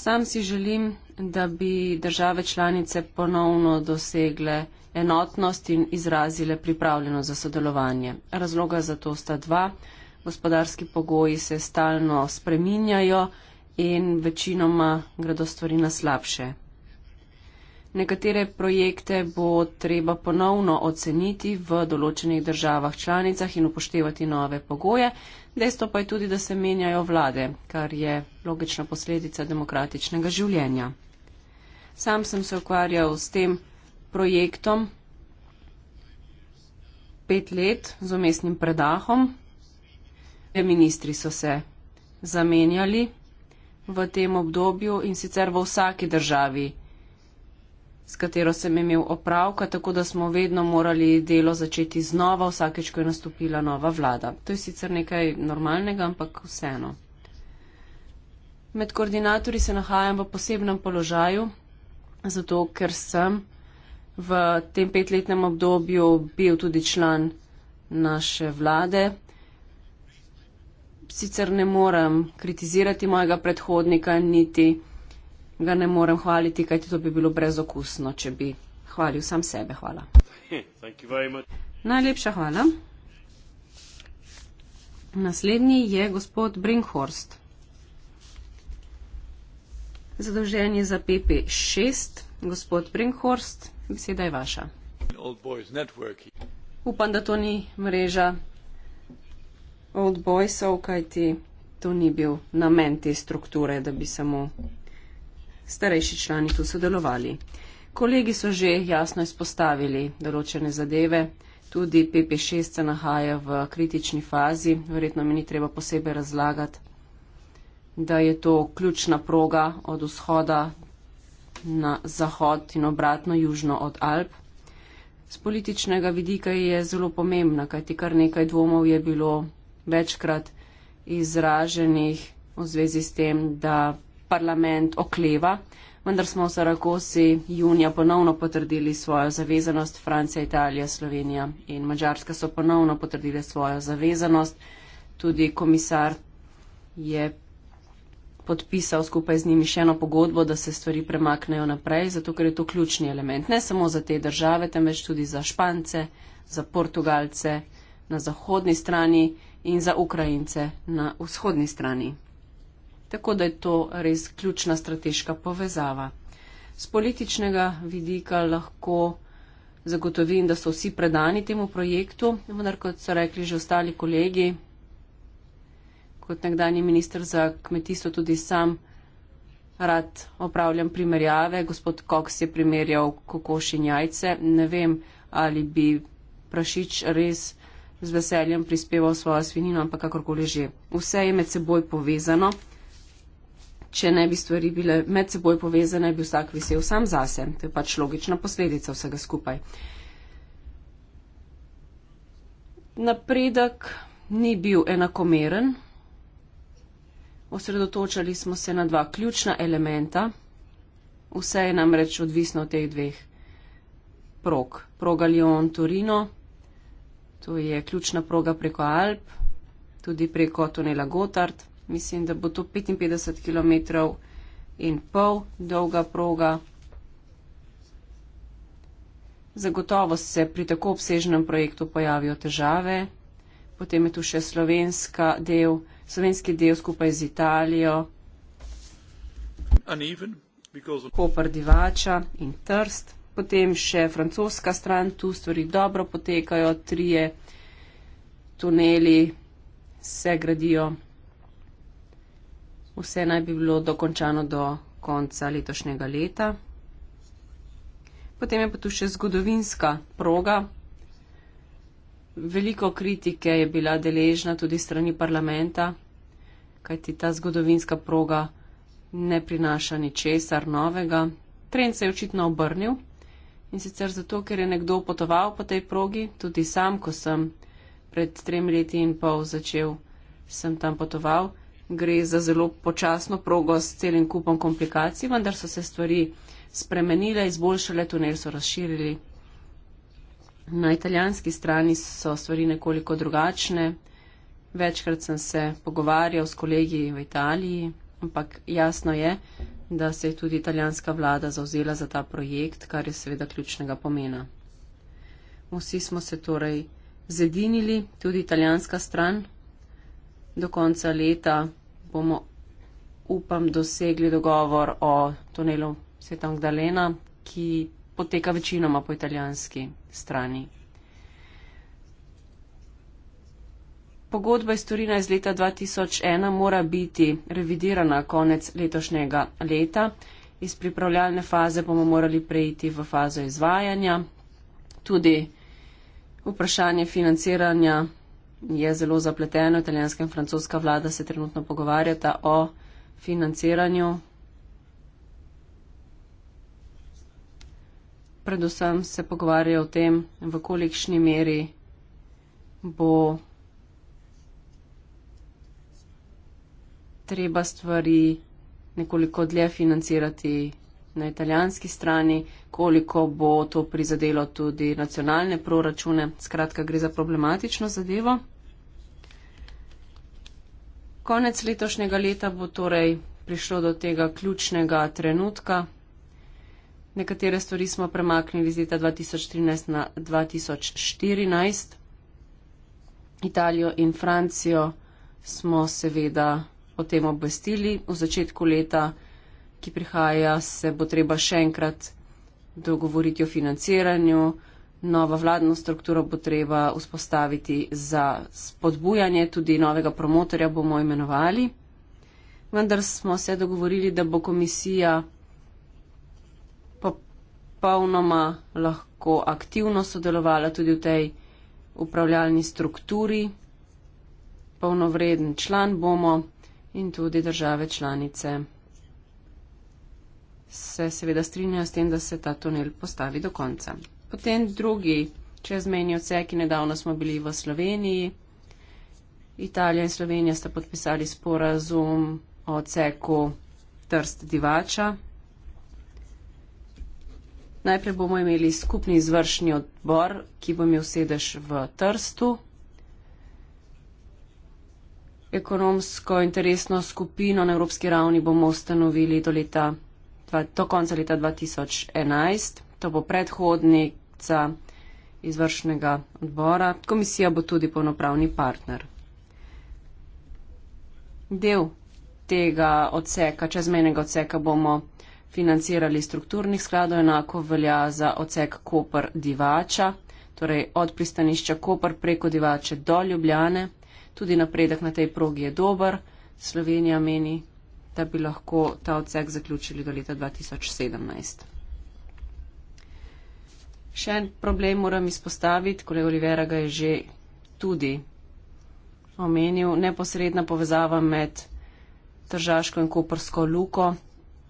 Sam si želim, da bi države članice ponovno dosegle enotnost in izrazile pripravljenost za sodelovanje. Razloga za to sta dva. Gospodarski pogoji se stalno spreminjajo in večinoma gredo stvari na slabše. Nekatere projekte bo treba ponovno oceniti v določenih državah članicah in upoštevati nove pogoje. Dejstvo pa je tudi, da se menjajo vlade, kar je logična posledica demokratičnega življenja. Sam sem se ukvarjal s tem projektom pet let z umestnim predahom. Ministri so se zamenjali v tem obdobju in sicer v vsaki državi s katero sem imel opravka, tako da smo vedno morali delo začeti znova, vsakeč, ko je nastopila nova vlada. To je sicer nekaj normalnega, ampak vseeno. Med koordinatorji se nahajam v posebnem položaju, zato ker sem v tem petletnem obdobju bil tudi član naše vlade. Sicer ne morem kritizirati mojega predhodnika, niti ga ne morem hvaliti, kajti to bi bilo brezokusno, če bi hvalil sam sebe. Hvala. Najlepša hvala. Naslednji je gospod Brinkhorst. Zadolžen je za PP6. Gospod Brinkhorst, beseda je vaša. Upam, da to ni mreža Old Boysov, kajti to ni bil namen te strukture, da bi samo starejši člani tu sodelovali. Kolegi so že jasno izpostavili določene zadeve, tudi PP6 se nahaja v kritični fazi, verjetno mi ni treba posebej razlagati, da je to ključna proga od vzhoda na zahod in obratno južno od Alp. Z političnega vidika je zelo pomembna, kajti kar nekaj dvomov je bilo večkrat izraženih v zvezi s tem, da parlament okleva, vendar smo v Saragosi junija ponovno potrdili svojo zavezanost. Francija, Italija, Slovenija in Mačarska so ponovno potrdili svojo zavezanost. Tudi komisar je podpisal skupaj z njimi še eno pogodbo, da se stvari premaknejo naprej, zato ker je to ključni element ne samo za te države, temveč tudi za Špance, za Portugalce na zahodni strani in za Ukrajince na vzhodni strani tako da je to res ključna strateška povezava. Z političnega vidika lahko zagotovim, da so vsi predani temu projektu, vendar kot so rekli že ostali kolegi, kot nekdani minister za kmetijstvo tudi sam rad opravljam primerjave. Gospod Koks je primerjal kokoš in jajce. Ne vem, ali bi prašič res z veseljem prispeval svojo svinino, ampak kakorkoli že. Vse je med seboj povezano. Če ne bi stvari bile med seboj povezane, bi vsak vesel sam zase. To je pač logična posledica vsega skupaj. Napredek ni bil enakomeren. Osredotočali smo se na dva ključna elementa. Vse je namreč odvisno od teh dveh prog. Proga Lyon-Torino, to je ključna proga preko Alp, tudi preko tunela Gotthard mislim, da bo to 55 km in pol dolga proga. Zagotovo se pri tako obsežnem projektu pojavijo težave. Potem je tu še slovenska del, slovenski del skupaj z Italijo. Uneven, of... Koper divača in trst. Potem še francoska stran, tu stvari dobro potekajo, trije tuneli se gradijo. Vse naj bi bilo dokončano do konca letošnjega leta. Potem je pa tu še zgodovinska proga. Veliko kritike je bila deležna tudi strani parlamenta, kajti ta zgodovinska proga ne prinaša ničesar novega. Trend se je očitno obrnil in sicer zato, ker je nekdo potoval po tej progi, tudi sam, ko sem pred trem leti in pol začel, sem tam potoval gre za zelo počasno progo s celim kupom komplikacij, vendar so se stvari spremenile, izboljšale, tunel so razširili. Na italijanski strani so stvari nekoliko drugačne. Večkrat sem se pogovarjal s kolegi v Italiji, ampak jasno je, da se je tudi italijanska vlada zauzela za ta projekt, kar je seveda ključnega pomena. Vsi smo se torej zedinili, tudi italijanska stran, do konca leta bomo, upam, dosegli dogovor o tunelu Sveta Magdalena, ki poteka večinoma po italijanski strani. Pogodba iz Turina iz leta 2001 mora biti revidirana konec letošnjega leta. Iz pripravljalne faze bomo morali preiti v fazo izvajanja. Tudi vprašanje financiranja je zelo zapleteno. Italijanska in francoska vlada se trenutno pogovarjata o financiranju. Predvsem se pogovarjajo o tem, v kolikšni meri bo treba stvari nekoliko dlje financirati na italijanski strani, koliko bo to prizadelo tudi nacionalne proračune. Skratka, gre za problematično zadevo. Konec letošnjega leta bo torej prišlo do tega ključnega trenutka. Nekatere stvari smo premaknili iz leta 2013 na 2014. Italijo in Francijo smo seveda o tem obvestili. V začetku leta, ki prihaja, se bo treba še enkrat dogovoriti o financiranju novo vladno strukturo bo treba vzpostaviti za spodbujanje, tudi novega promotorja bomo imenovali. Vendar smo se dogovorili, da bo komisija popolnoma lahko aktivno sodelovala tudi v tej upravljalni strukturi. Polnovreden član bomo in tudi države članice se seveda strinjajo s tem, da se ta tunel postavi do konca potem drugi čezmejni odseki, nedavno smo bili v Sloveniji. Italija in Slovenija sta podpisali sporazum o odseku Trst Divača. Najprej bomo imeli skupni izvršni odbor, ki bo imel sedež v Trstu. Ekonomsko interesno skupino na evropski ravni bomo ustanovili do, leta, do konca leta 2011. To bo predhodnik predsednica izvršnega odbora. Komisija bo tudi polnopravni partner. Del tega odseka, čezmenega odseka bomo financirali strukturnih skladov, enako velja za odsek Koper Divača, torej od pristanišča Koper preko Divače do Ljubljane. Tudi napredek na tej progi je dober. Slovenija meni, da bi lahko ta odsek zaključili do leta 2017. Še en problem moram izpostaviti, kolega Olivera ga je že tudi omenil, neposredna povezava med Tržaško in Koprsko luko.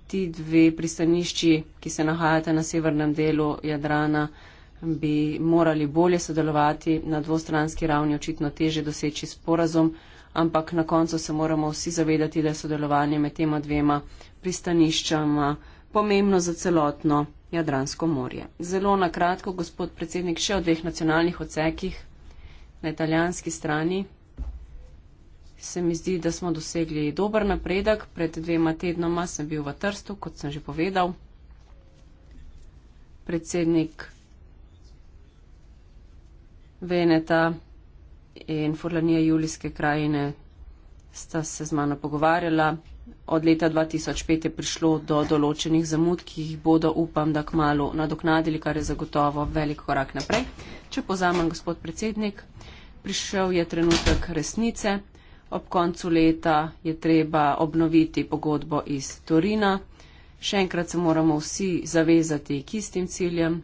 Ti dve pristanišči, ki se nahajate na severnem delu Jadrana, bi morali bolje sodelovati, na dvostranski ravni očitno teže doseči sporazum, ampak na koncu se moramo vsi zavedati, da je sodelovanje med tema dvema pristaniščama pomembno za celotno Jadransko morje. Zelo na kratko, gospod predsednik, še o dveh nacionalnih ocekih na italijanski strani. Se mi zdi, da smo dosegli dober napredek. Pred dvema tednoma sem bil v Trstu, kot sem že povedal. Predsednik Veneta in Furlanije Julijske krajine sta se z mano pogovarjala, od leta 2005 je prišlo do določenih zamud, ki jih bodo, upam, da kmalo nadoknadili, kar je zagotovo velik korak naprej. Če pozamem, gospod predsednik, prišel je trenutek resnice. Ob koncu leta je treba obnoviti pogodbo iz Torina. Še enkrat se moramo vsi zavezati k istim ciljem.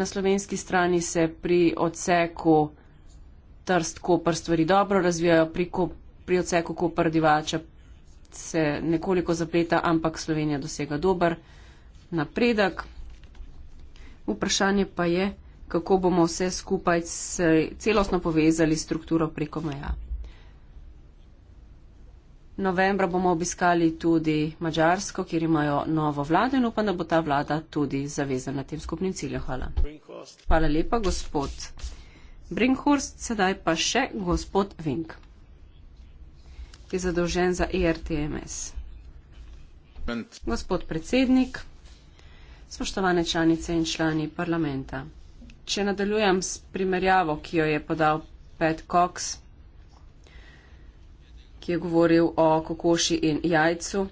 Na slovenski strani se pri odseku Trst, Koper stvari dobro razvijajo, pri, pri odseku Koper divača se nekoliko zapleta, ampak Slovenija dosega dober napredek. Vprašanje pa je, kako bomo vse skupaj celostno povezali strukturo preko meja. Novembra bomo obiskali tudi Mačarsko, kjer imajo novo vlado in upam, da bo ta vlada tudi zavezana tem skupnim ciljem. Hvala. Hvala lepa, gospod. Brinkhorst, sedaj pa še gospod Vink, ki je zadolžen za ERTMS. Gospod predsednik, spoštovane članice in člani parlamenta. Če nadaljujem s primerjavo, ki jo je podal Pat Cox, ki je govoril o kokoši in jajcu,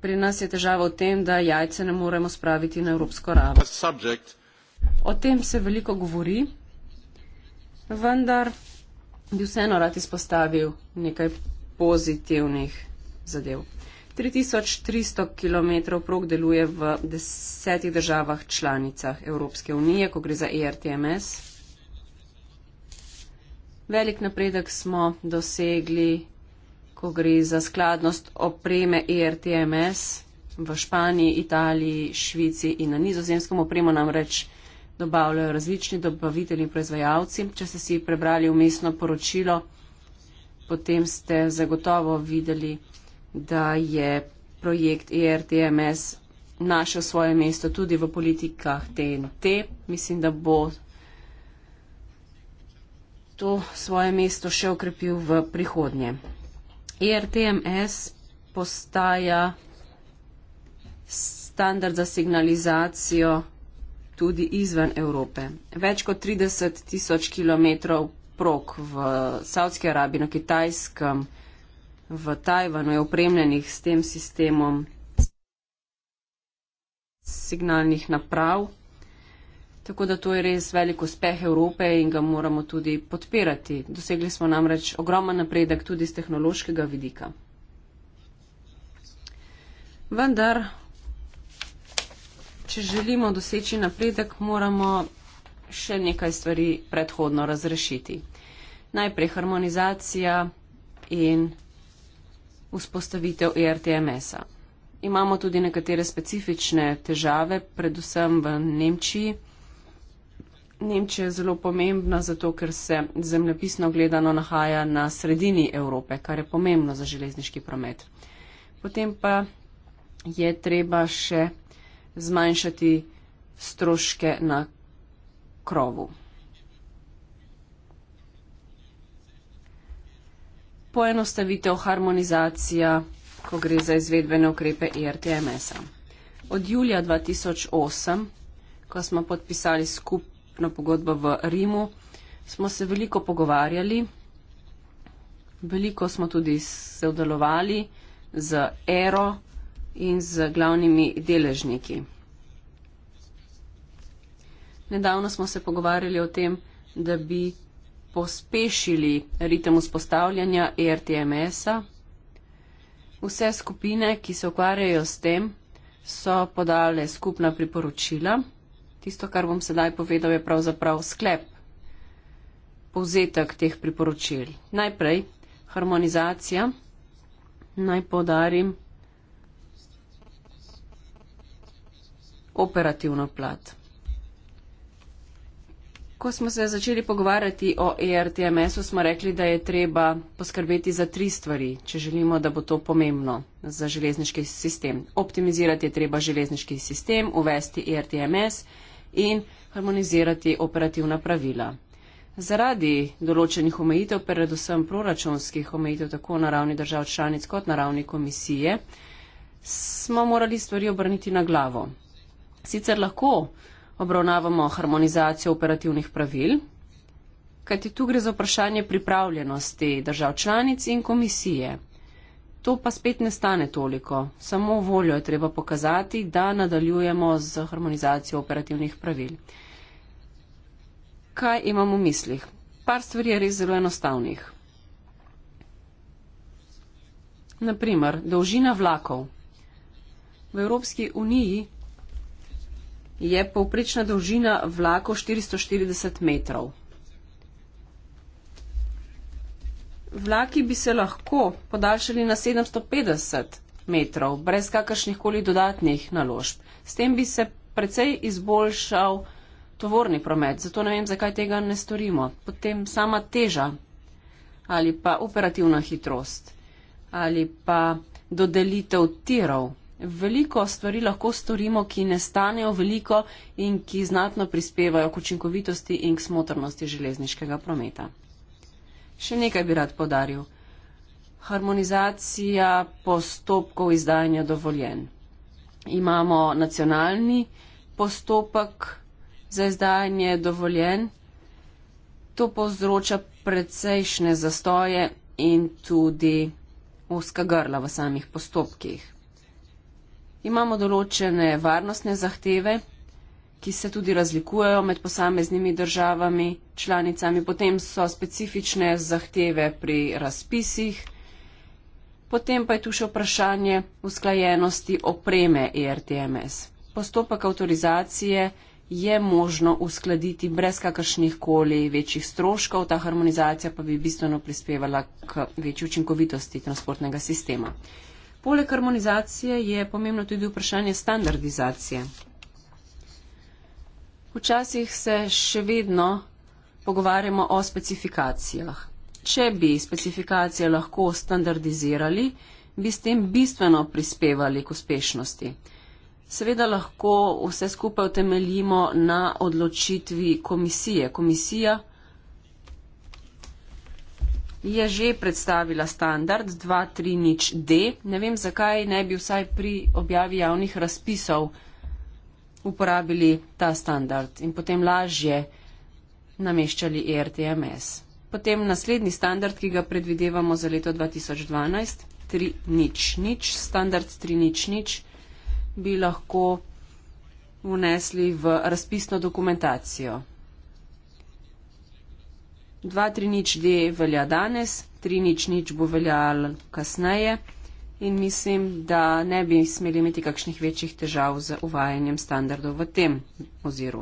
pri nas je težava v tem, da jajce ne moremo spraviti na evropsko raven. O tem se veliko govori vendar bi vseeno rad izpostavil nekaj pozitivnih zadev. 3300 km prog deluje v desetih državah članicah Evropske unije, ko gre za ERTMS. Velik napredek smo dosegli, ko gre za skladnost opreme ERTMS v Španiji, Italiji, Švici in na nizozemskem opremo namreč dobavljajo različni dobavitelji in proizvajalci. Če ste si prebrali umestno poročilo, potem ste zagotovo videli, da je projekt ERTMS našel svoje mesto tudi v politikah TNT. Mislim, da bo to svoje mesto še okrepil v prihodnje. ERTMS postaja standard za signalizacijo tudi izven Evrope. Več kot 30 tisoč kilometrov prok v Saudski Arabiji, na Kitajskem, v Tajvanu je opremljenih s tem sistemom signalnih naprav. Tako da to je res velik uspeh Evrope in ga moramo tudi podpirati. Dosegli smo namreč ogromen napredek tudi z tehnološkega vidika. Vendar če želimo doseči napredek, moramo še nekaj stvari predhodno razrešiti. Najprej harmonizacija in vzpostavitev ERTMS-a. Imamo tudi nekatere specifične težave, predvsem v Nemčiji. Nemčija je zelo pomembna, zato ker se zemljopisno gledano nahaja na sredini Evrope, kar je pomembno za železniški promet. Potem pa je treba še zmanjšati stroške na krovu. Poenostavitev harmonizacija, ko gre za izvedbene ukrepe IRTMS-a. E Od julija 2008, ko smo podpisali skupno pogodbo v Rimu, smo se veliko pogovarjali, veliko smo tudi sodelovali z ERO, in z glavnimi deležniki. Nedavno smo se pogovarjali o tem, da bi pospešili ritem vzpostavljanja ERTMS-a. Vse skupine, ki se ukvarjajo s tem, so podale skupna priporočila. Tisto, kar bom sedaj povedal, je pravzaprav sklep, povzetek teh priporočil. Najprej harmonizacija. Naj podarim, operativno plat. Ko smo se začeli pogovarjati o ERTMS-u, smo rekli, da je treba poskrbeti za tri stvari, če želimo, da bo to pomembno za železniški sistem. Optimizirati je treba železniški sistem, uvesti ERTMS in harmonizirati operativna pravila. Zaradi določenih omejitev, predvsem proračunskih omejitev tako na ravni držav članic kot na ravni komisije, smo morali stvari obrniti na glavo sicer lahko obravnavamo harmonizacijo operativnih pravil, kajti tu gre za vprašanje pripravljenosti držav članic in komisije. To pa spet ne stane toliko, samo voljo je treba pokazati, da nadaljujemo z harmonizacijo operativnih pravil. Kaj imamo v mislih? Par stvari je res zelo enostavnih. Naprimer, dolžina vlakov. V Evropski uniji je povprečna dolžina vlakov 440 metrov. Vlaki bi se lahko podaljšali na 750 metrov, brez kakršnih koli dodatnih naložb. S tem bi se precej izboljšal tovorni promet, zato ne vem, zakaj tega ne storimo. Potem sama teža ali pa operativna hitrost ali pa dodelitev tirov veliko stvari lahko storimo, ki ne stanejo veliko in ki znatno prispevajo k učinkovitosti in k smotrnosti železniškega prometa. Še nekaj bi rad podaril. Harmonizacija postopkov izdajanja dovoljen. Imamo nacionalni postopek za izdajanje dovoljen. To povzroča precejšne zastoje in tudi oska grla v samih postopkih. Imamo določene varnostne zahteve, ki se tudi razlikujejo med posameznimi državami, članicami. Potem so specifične zahteve pri razpisih. Potem pa je tu še vprašanje usklajenosti opreme ERTMS. Postopek avtorizacije je možno uskladiti brez kakršnih koli večjih stroškov, ta harmonizacija pa bi bistveno prispevala k večji učinkovitosti transportnega sistema. Poleg harmonizacije je pomembno tudi vprašanje standardizacije. Včasih se še vedno pogovarjamo o specifikacijah. Če bi specifikacije lahko standardizirali, bi s tem bistveno prispevali k uspešnosti. Seveda lahko vse skupaj utemeljimo na odločitvi komisije. Komisija je že predstavila standard 230D. Ne vem, zakaj ne bi vsaj pri objavi javnih razpisov uporabili ta standard in potem lažje nameščali ERTMS. Potem naslednji standard, ki ga predvidevamo za leto 2012, 3 nič nič, standard 3 nič nič, bi lahko vnesli v razpisno dokumentacijo. 2-3-0-D velja danes, 3-0-0 bo veljalo kasneje in mislim, da ne bi smeli imeti kakšnih večjih težav z uvajanjem standardov v tem oziru.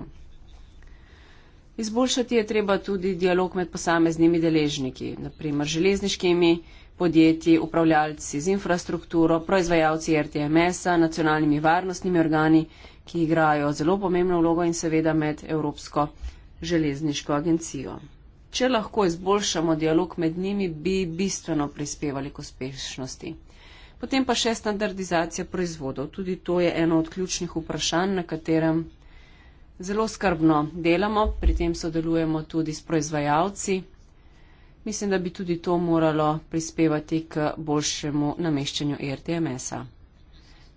Izboljšati je treba tudi dialog med posameznimi deležniki, naprimer železniškimi podjetji, upravljalci z infrastrukturo, proizvajalci RTMS-a, nacionalnimi varnostnimi organi, ki igrajo zelo pomembno vlogo in seveda med Evropsko železniško agencijo. Če lahko izboljšamo dialog med njimi, bi bistveno prispevali k uspešnosti. Potem pa še standardizacija proizvodov. Tudi to je eno od ključnih vprašanj, na katerem zelo skrbno delamo, pri tem sodelujemo tudi s proizvajalci. Mislim, da bi tudi to moralo prispevati k boljšemu nameščanju e RTMS-a.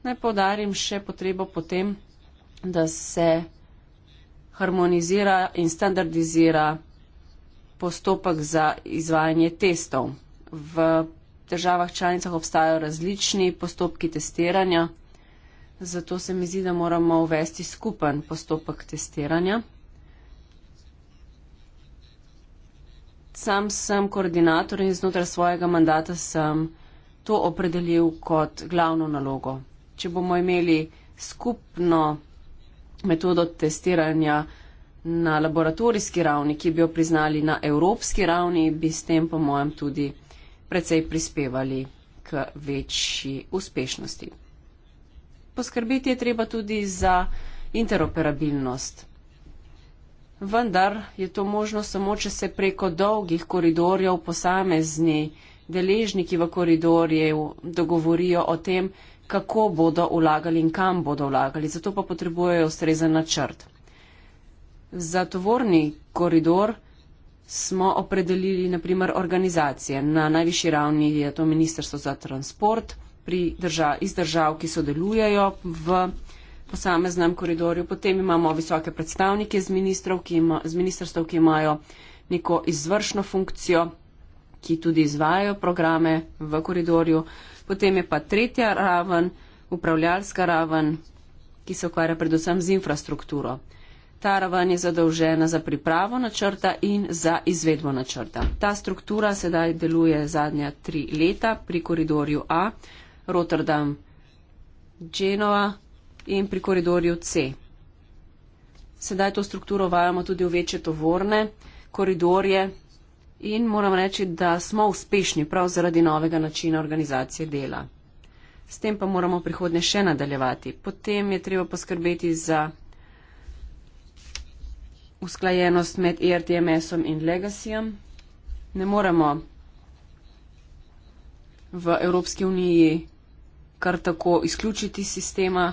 Naj povdarim še potrebo potem, da se harmonizira in standardizira postopek za izvajanje testov. V državah članicah obstajajo različni postopki testiranja, zato se mi zdi, da moramo uvesti skupen postopek testiranja. Sam sem koordinator in znotraj svojega mandata sem to opredelil kot glavno nalogo. Če bomo imeli skupno metodo testiranja, na laboratorijski ravni, ki bi jo priznali na evropski ravni, bi s tem, po mojem, tudi precej prispevali k večji uspešnosti. Poskrbiti je treba tudi za interoperabilnost. Vendar je to možno samo, če se preko dolgih koridorjev posamezni deležniki v koridorje dogovorijo o tem, kako bodo vlagali in kam bodo vlagali. Zato pa potrebujejo ustrezen načrt. Za tovorni koridor smo opredelili naprimer organizacije. Na najvišji ravni je to Ministrstvo za transport držav, iz držav, ki sodelujejo v posameznem koridorju. Potem imamo visoke predstavnike z, ima, z ministrstv, ki imajo neko izvršno funkcijo, ki tudi izvajajo programe v koridorju. Potem je pa tretja raven, upravljalska raven, ki se ukvarja predvsem z infrastrukturo. Taravan je zadolžena za pripravo načrta in za izvedbo načrta. Ta struktura sedaj deluje zadnja tri leta pri koridorju A, Rotterdam, Genova in pri koridorju C. Sedaj to strukturo vajamo tudi v večje tovorne koridorje in moram reči, da smo uspešni prav zaradi novega načina organizacije dela. S tem pa moramo prihodnje še nadaljevati. Potem je treba poskrbeti za usklajenost med ERTMS-om in Legacyjem. Ne moremo v Evropski uniji kar tako izključiti sistema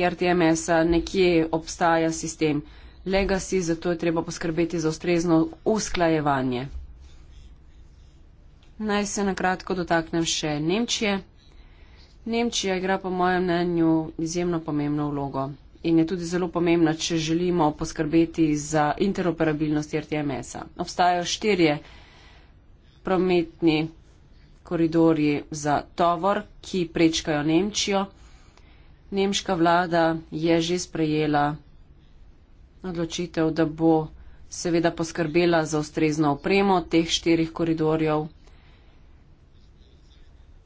ERTMS-a. Nekje obstaja sistem Legacy, zato je treba poskrbeti za ustrezno usklajevanje. Naj se nakratko dotaknem še Nemčije. Nemčija igra po mojem mnenju izjemno pomembno vlogo in je tudi zelo pomembna, če želimo poskrbeti za interoperabilnost RTMS-a. Obstajajo štirje prometni koridorji za tovor, ki prečkajo Nemčijo. Nemška vlada je že sprejela odločitev, da bo seveda poskrbela za ustrezno opremo teh štirih koridorjev.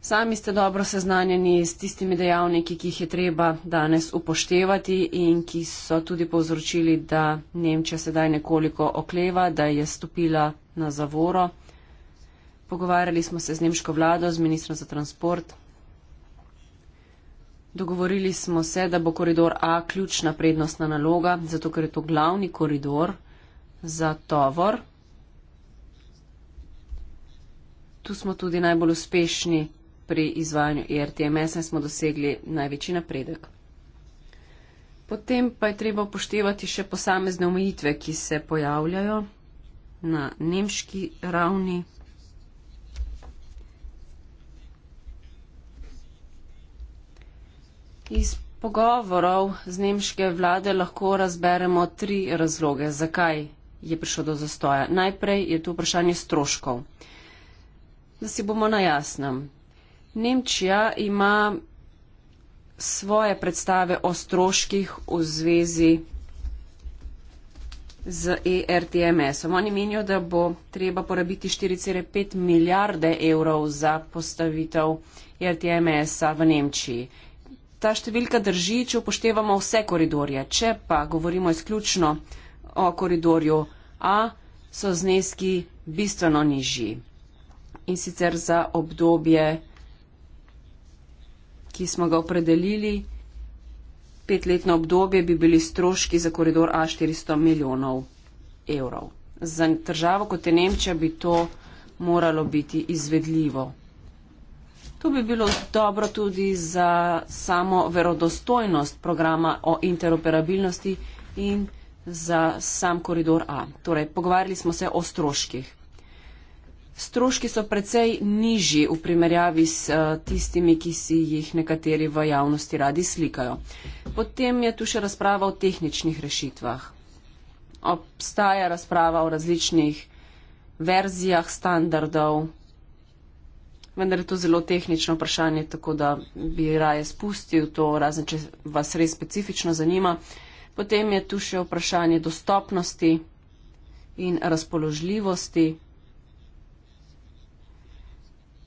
Sami ste dobro seznanjeni s tistimi dejavniki, ki jih je treba danes upoštevati in ki so tudi povzročili, da Nemčija sedaj nekoliko okleva, da je stopila na zavoro. Pogovarjali smo se z nemško vlado, z ministrom za transport. Dogovorili smo se, da bo koridor A ključna prednostna naloga, zato ker je to glavni koridor za tovor. Tu smo tudi najbolj uspešni pri izvajanju IRTMS-a e smo dosegli največji napredek. Potem pa je treba upoštevati še posamezne omejitve, ki se pojavljajo na nemški ravni. Iz pogovorov z nemške vlade lahko razberemo tri razloge, zakaj je prišlo do zastoja. Najprej je to vprašanje stroškov. Da si bomo na jasnem, Nemčija ima svoje predstave o stroških v zvezi z ERTMS-om. Oni menijo, da bo treba porabiti 4,5 milijarde evrov za postavitev ERTMS-a v Nemčiji. Ta številka drži, če upoštevamo vse koridorje. Če pa govorimo izključno o koridorju A, so zneski bistveno nižji. In sicer za obdobje ki smo ga opredelili, petletno obdobje bi bili stroški za koridor A 400 milijonov evrov. Za državo kot je Nemčija bi to moralo biti izvedljivo. To bi bilo dobro tudi za samo verodostojnost programa o interoperabilnosti in za sam koridor A. Torej, pogovarjali smo se o stroških. Stroški so precej nižji v primerjavi s eh, tistimi, ki si jih nekateri v javnosti radi slikajo. Potem je tu še razprava o tehničnih rešitvah. Obstaja razprava o različnih verzijah standardov, vendar je to zelo tehnično vprašanje, tako da bi raje spustil to, razen če vas res specifično zanima. Potem je tu še vprašanje dostopnosti in razpoložljivosti.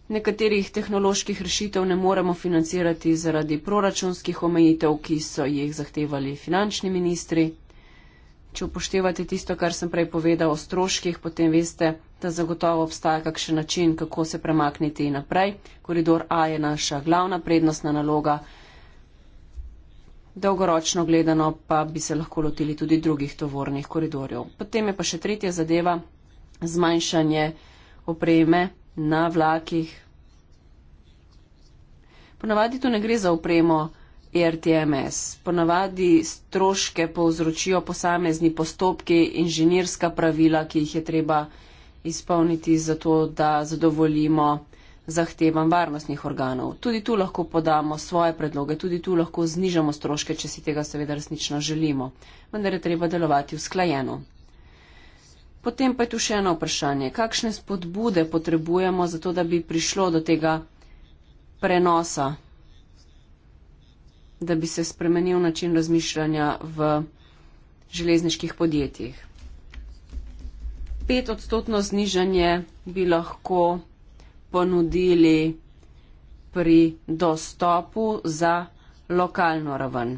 Nekaterih tehnoloških rešitev ne moremo financirati zaradi proračunskih omejitev, ki so jih zahtevali finančni ministri. Če upoštevate tisto, kar sem prej povedal o stroških, potem veste, da zagotovo obstaja kakšen način, kako se premakniti naprej. Koridor A je naša glavna prednostna naloga. Dolgoročno gledano pa bi se lahko lotili tudi drugih tovornih koridorjev. Potem je pa še tretja zadeva, zmanjšanje opreme na vlakih. Ponavadi tu ne gre za upremo ERTMS, ponavadi stroške povzročijo posamezni postopki, inženirska pravila, ki jih je treba izpolniti za to, da zadovoljimo zahtevam varnostnih organov. Tudi tu lahko podamo svoje predloge, tudi tu lahko znižamo stroške, če si tega seveda resnično želimo. Vendar je treba delovati usklajeno. Potem pa je tu še eno vprašanje. Kakšne spodbude potrebujemo za to, da bi prišlo do tega prenosa, da bi se spremenil način razmišljanja v železniških podjetjih? Pet odstotno znižanje bi lahko ponudili pri dostopu za lokalno raven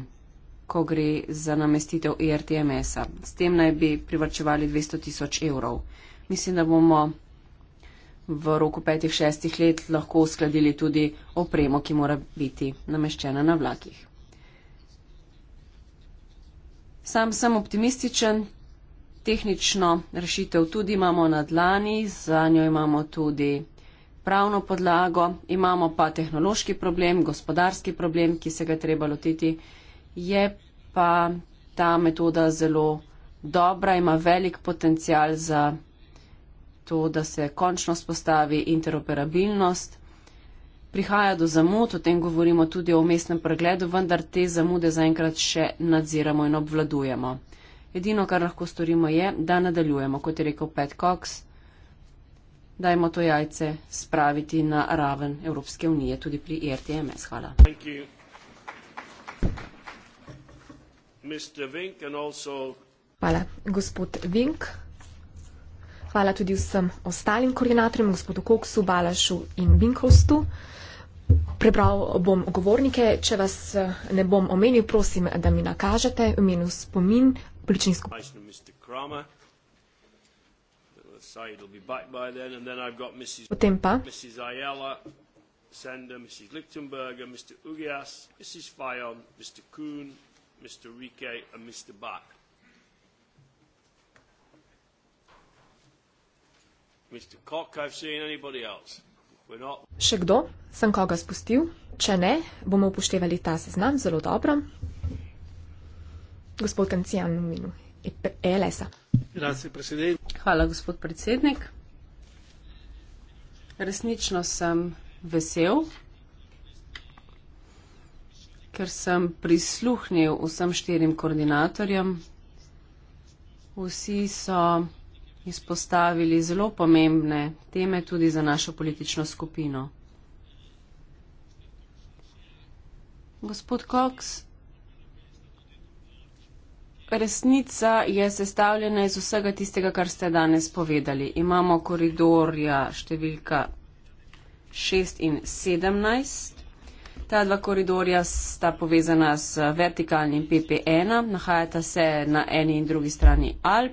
ko gre za namestitev IRTMS-a. E S tem naj bi privrčevali 200 tisoč evrov. Mislim, da bomo v roku petih, šestih let lahko uskladili tudi opremo, ki mora biti nameščena na vlakih. Sam sem optimističen, tehnično rešitev tudi imamo na dlani, za njo imamo tudi pravno podlago, imamo pa tehnološki problem, gospodarski problem, ki se ga treba lotiti je pa ta metoda zelo dobra, ima velik potencial za to, da se končno spostavi interoperabilnost. Prihaja do zamud, o tem govorimo tudi o mestnem pregledu, vendar te zamude zaenkrat še nadziramo in obvladujemo. Edino, kar lahko storimo, je, da nadaljujemo, kot je rekel Pat Cox, dajmo to jajce spraviti na raven Evropske unije, tudi pri e RTMS. Hvala. Thank you. Hvala, gospod Vink. Hvala tudi vsem ostalim koordinatorjem, gospodu Koksu, Balašu in Vinkovstu. Prebral bom govornike. Če vas eh, ne bom omenil, prosim, da mi nakažete v imenu spomin politični skupini. Potem pa. Sender, Mrs. Lichtenberger, Mr. Ugias, Mrs. Fayon, Mr. Kuhn, Mr. Rike and Mr. Bach. Mr. Cock, I've seen anybody else. We're not... Še kdo? Sem koga spustil? Če ne, bomo upoštevali ta seznam zelo dobro. Gospod Kancijan, minu. ELS-a. Hvala, gospod predsednik. Resnično sem vesel, ker sem prisluhnil vsem štirim koordinatorjem. Vsi so izpostavili zelo pomembne teme tudi za našo politično skupino. Gospod Cox, resnica je sestavljena iz vsega tistega, kar ste danes povedali. Imamo koridorja številka 6 in 17. Ta dva koridorja sta povezana z vertikalnim PP1, nahajata se na eni in drugi strani Alp.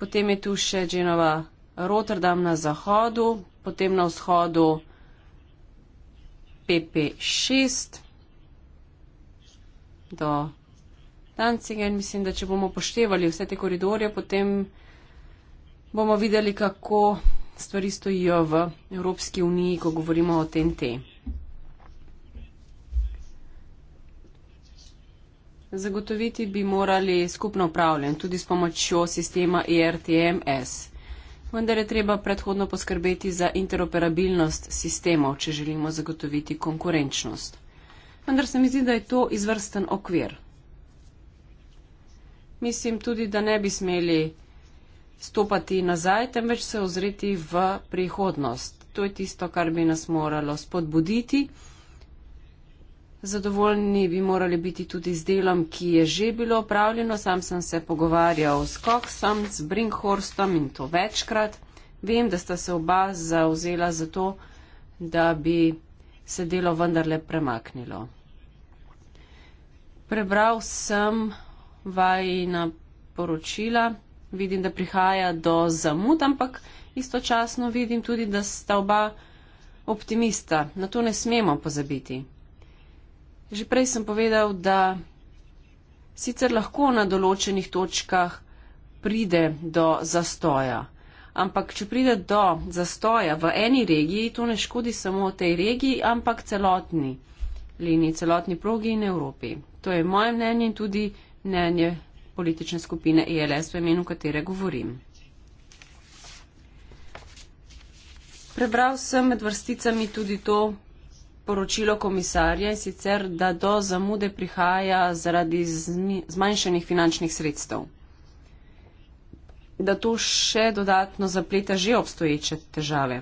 Potem je tu še Genova Rotterdam na zahodu, potem na vzhodu PP6 do Danzigen. Mislim, da če bomo poštevali vse te koridorje, potem bomo videli, kako stvari stojijo v Evropski uniji, ko govorimo o TNT. Zagotoviti bi morali skupno upravljanje tudi s pomočjo sistema ERTMS. Vendar je treba predhodno poskrbeti za interoperabilnost sistemov, če želimo zagotoviti konkurenčnost. Vendar se mi zdi, da je to izvrsten okvir. Mislim tudi, da ne bi smeli stopati nazaj, temveč se ozreti v prihodnost. To je tisto, kar bi nas moralo spodbuditi. Zadovoljni bi morali biti tudi z delom, ki je že bilo opravljeno. Sam sem se pogovarjal s Coxom, s Brinkhorstom in to večkrat. Vem, da sta se oba zauzela za to, da bi se delo vendarle premaknilo. Prebral sem vajina poročila, vidim, da prihaja do zamud, ampak istočasno vidim tudi, da sta oba optimista. Na to ne smemo pozabiti. Že prej sem povedal, da sicer lahko na določenih točkah pride do zastoja, ampak če pride do zastoja v eni regiji, to ne škodi samo tej regiji, ampak celotni liniji, celotni progi in Evropi. To je moje mnenje in tudi mnenje politične skupine ELS, v imenu katere govorim. Prebral sem med vrsticami tudi to, poročilo komisarja in sicer, da do zamude prihaja zaradi zmanjšanih finančnih sredstev. Da to še dodatno zapleta že obstoječe težave.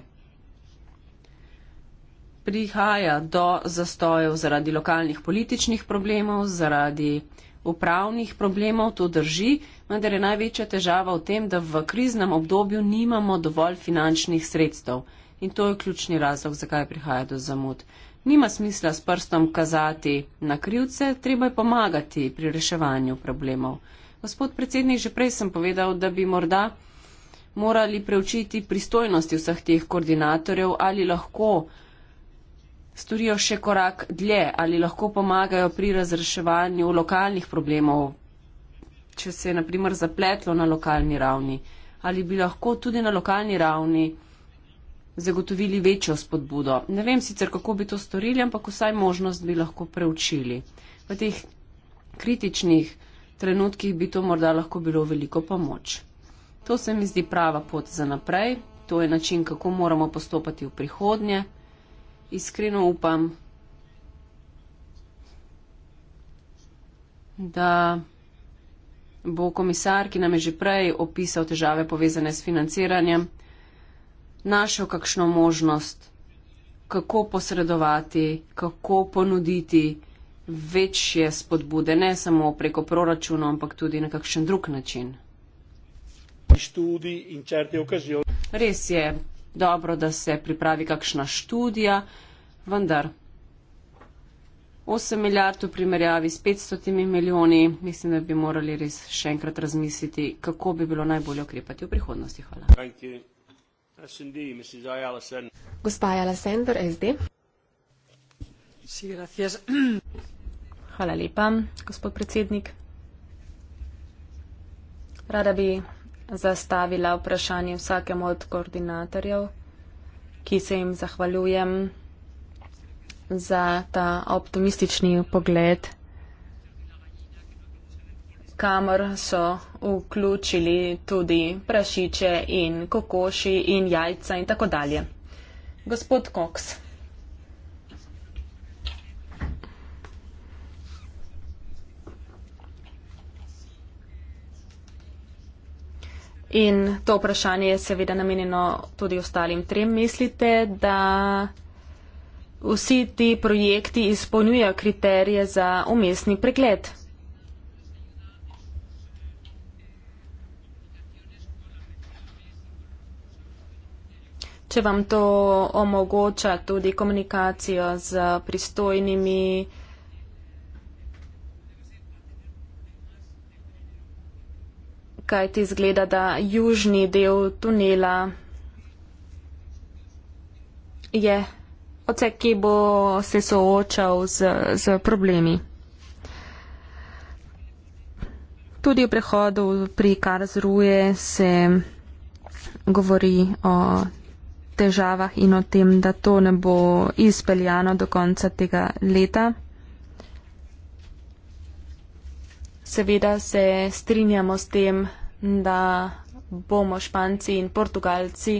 Prihaja do zastojev zaradi lokalnih političnih problemov, zaradi upravnih problemov, to drži, vendar je največja težava v tem, da v kriznem obdobju nimamo dovolj finančnih sredstev. In to je ključni razlog, zakaj prihaja do zamud. Nima smisla s prstom kazati na krivce, treba je pomagati pri reševanju problemov. Gospod predsednik, že prej sem povedal, da bi morda morali preučiti pristojnosti vseh teh koordinatorjev, ali lahko storijo še korak dlje, ali lahko pomagajo pri razreševanju lokalnih problemov, če se je naprimer zapletlo na lokalni ravni, ali bi lahko tudi na lokalni ravni zagotovili večjo spodbudo. Ne vem sicer, kako bi to storili, ampak vsaj možnost bi lahko preučili. V teh kritičnih trenutkih bi to morda lahko bilo veliko pomoč. To se mi zdi prava pot za naprej, to je način, kako moramo postopati v prihodnje. Iskreno upam, da bo komisar, ki nam je že prej opisal težave povezane s financiranjem, našel kakšno možnost, kako posredovati, kako ponuditi večje spodbude, ne samo preko proračuna, ampak tudi na kakšen drug način. Res je dobro, da se pripravi kakšna študija, vendar 8 milijard v primerjavi s 500 milijoni, mislim, da bi morali res še enkrat razmisliti, kako bi bilo najbolje ukrepati v prihodnosti. Hvala. Thank you. Gospa Jala Sender, SD. Hvala lepa, gospod predsednik. Rada bi zastavila vprašanje vsakemu od koordinatorjev, ki se jim zahvaljujem za ta optimistični pogled kamor so vključili tudi prašiče in kokoši in jajca in tako dalje. Gospod Koks. In to vprašanje je seveda namenjeno tudi ostalim trem. Mislite, da vsi ti projekti izpolnjujejo kriterije za umestni pregled? če vam to omogoča tudi komunikacijo z pristojnimi. Kaj ti zgleda, da južni del tunela je odsek, ki bo se soočal z, z problemi. Tudi v prehodu pri Karzruje se govori o težavah in o tem, da to ne bo izpeljano do konca tega leta. Seveda se strinjamo s tem, da bomo Španci in Portugalci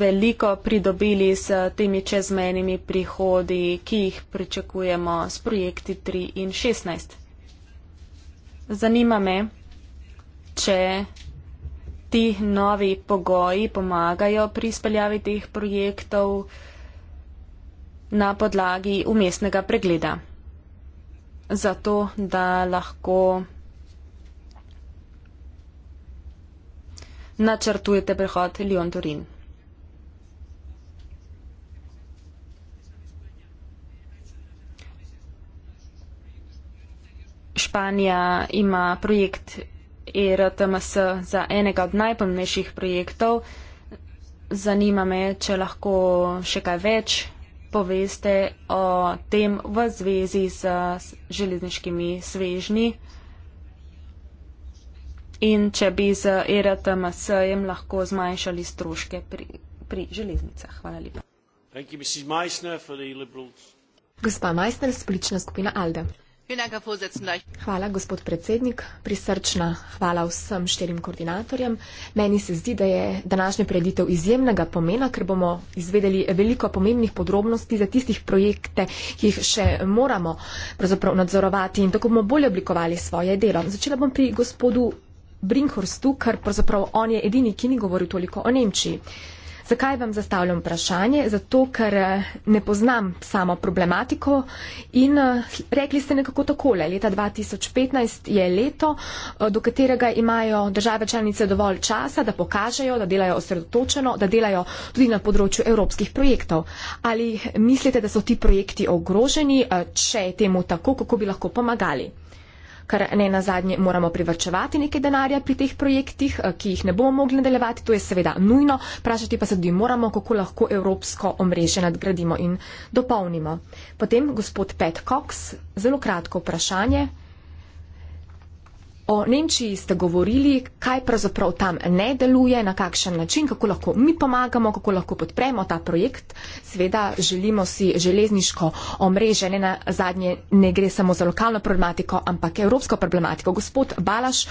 veliko pridobili s temi čezmenimi prihodi, ki jih pričakujemo s projekti 3 in 16. Zanima me, če ti novi pogoji pomagajo pri speljavi teh projektov na podlagi umestnega pregleda. Zato, da lahko načrtujete prehod Lyon-Turin. Španija ima projekt ERTMS za enega od najpomembnejših projektov. Zanima me, če lahko še kaj več poveste o tem v zvezi z železniškimi svežnji in če bi z ERTMS-jem lahko zmanjšali stroške pri, pri železnicah. Hvala lepa. Gospa Majsner, splična skupina Alde. Hvala, gospod predsednik. Prisrčna hvala vsem štirim koordinatorjem. Meni se zdi, da je današnja preditev izjemnega pomena, ker bomo izvedeli veliko pomembnih podrobnosti za tistih projekte, ki jih še moramo nadzorovati in tako bomo bolje oblikovali svoje delo. Začela bom pri gospodu Brinkhorstu, ker pravzaprav on je edini, ki ni govoril toliko o Nemčiji. Zakaj vam zastavljam vprašanje? Zato, ker eh, ne poznam samo problematiko in eh, rekli ste nekako takole. Leta 2015 je leto, eh, do katerega imajo države članice dovolj časa, da pokažejo, da delajo osredotočeno, da delajo tudi na področju evropskih projektov. Ali mislite, da so ti projekti ogroženi, če je temu tako, kako bi lahko pomagali? ker ne na zadnje moramo privrčevati nekaj denarja pri teh projektih, eh, ki jih ne bomo mogli nadaljevati. To je seveda nujno, vprašati pa se tudi moramo, kako lahko evropsko omrežje nadgradimo in dopolnimo. Potem gospod Pet Cox, zelo kratko vprašanje, O Nemčiji ste govorili, kaj pravzaprav tam ne deluje, na kakšen način, kako lahko mi pomagamo, kako lahko podpremo ta projekt. Sveda želimo si železniško omrežje, ne na zadnje, ne gre samo za lokalno problematiko, ampak evropsko problematiko. Gospod Balaš,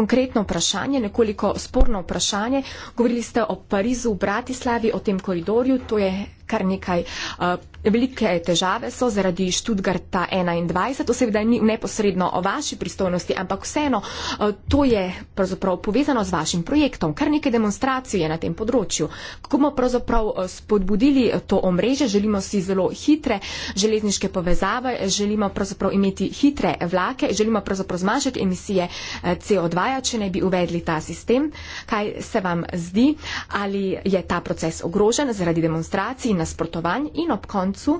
konkretno vprašanje, nekoliko sporno vprašanje. Govorili ste o Parizu v Bratislavi, o tem koridorju, to je kar nekaj uh, velike težave so zaradi Študgarta 21. To seveda ni neposredno o vaši pristojnosti, ampak vseeno uh, to je pravzaprav povezano z vašim projektom. Kar nekaj demonstracij je na tem področju. Kako bomo pravzaprav eh, spodbudili to omrežje? Želimo si zelo hitre železniške povezave, želimo pravzaprav imeti hitre vlake, želimo pravzaprav zmanjšati emisije CO2, če ne bi uvedli ta sistem. Kaj se vam zdi? Ali je ta proces ogrožen zaradi demonstracij? in nasprotovanj. In ob koncu,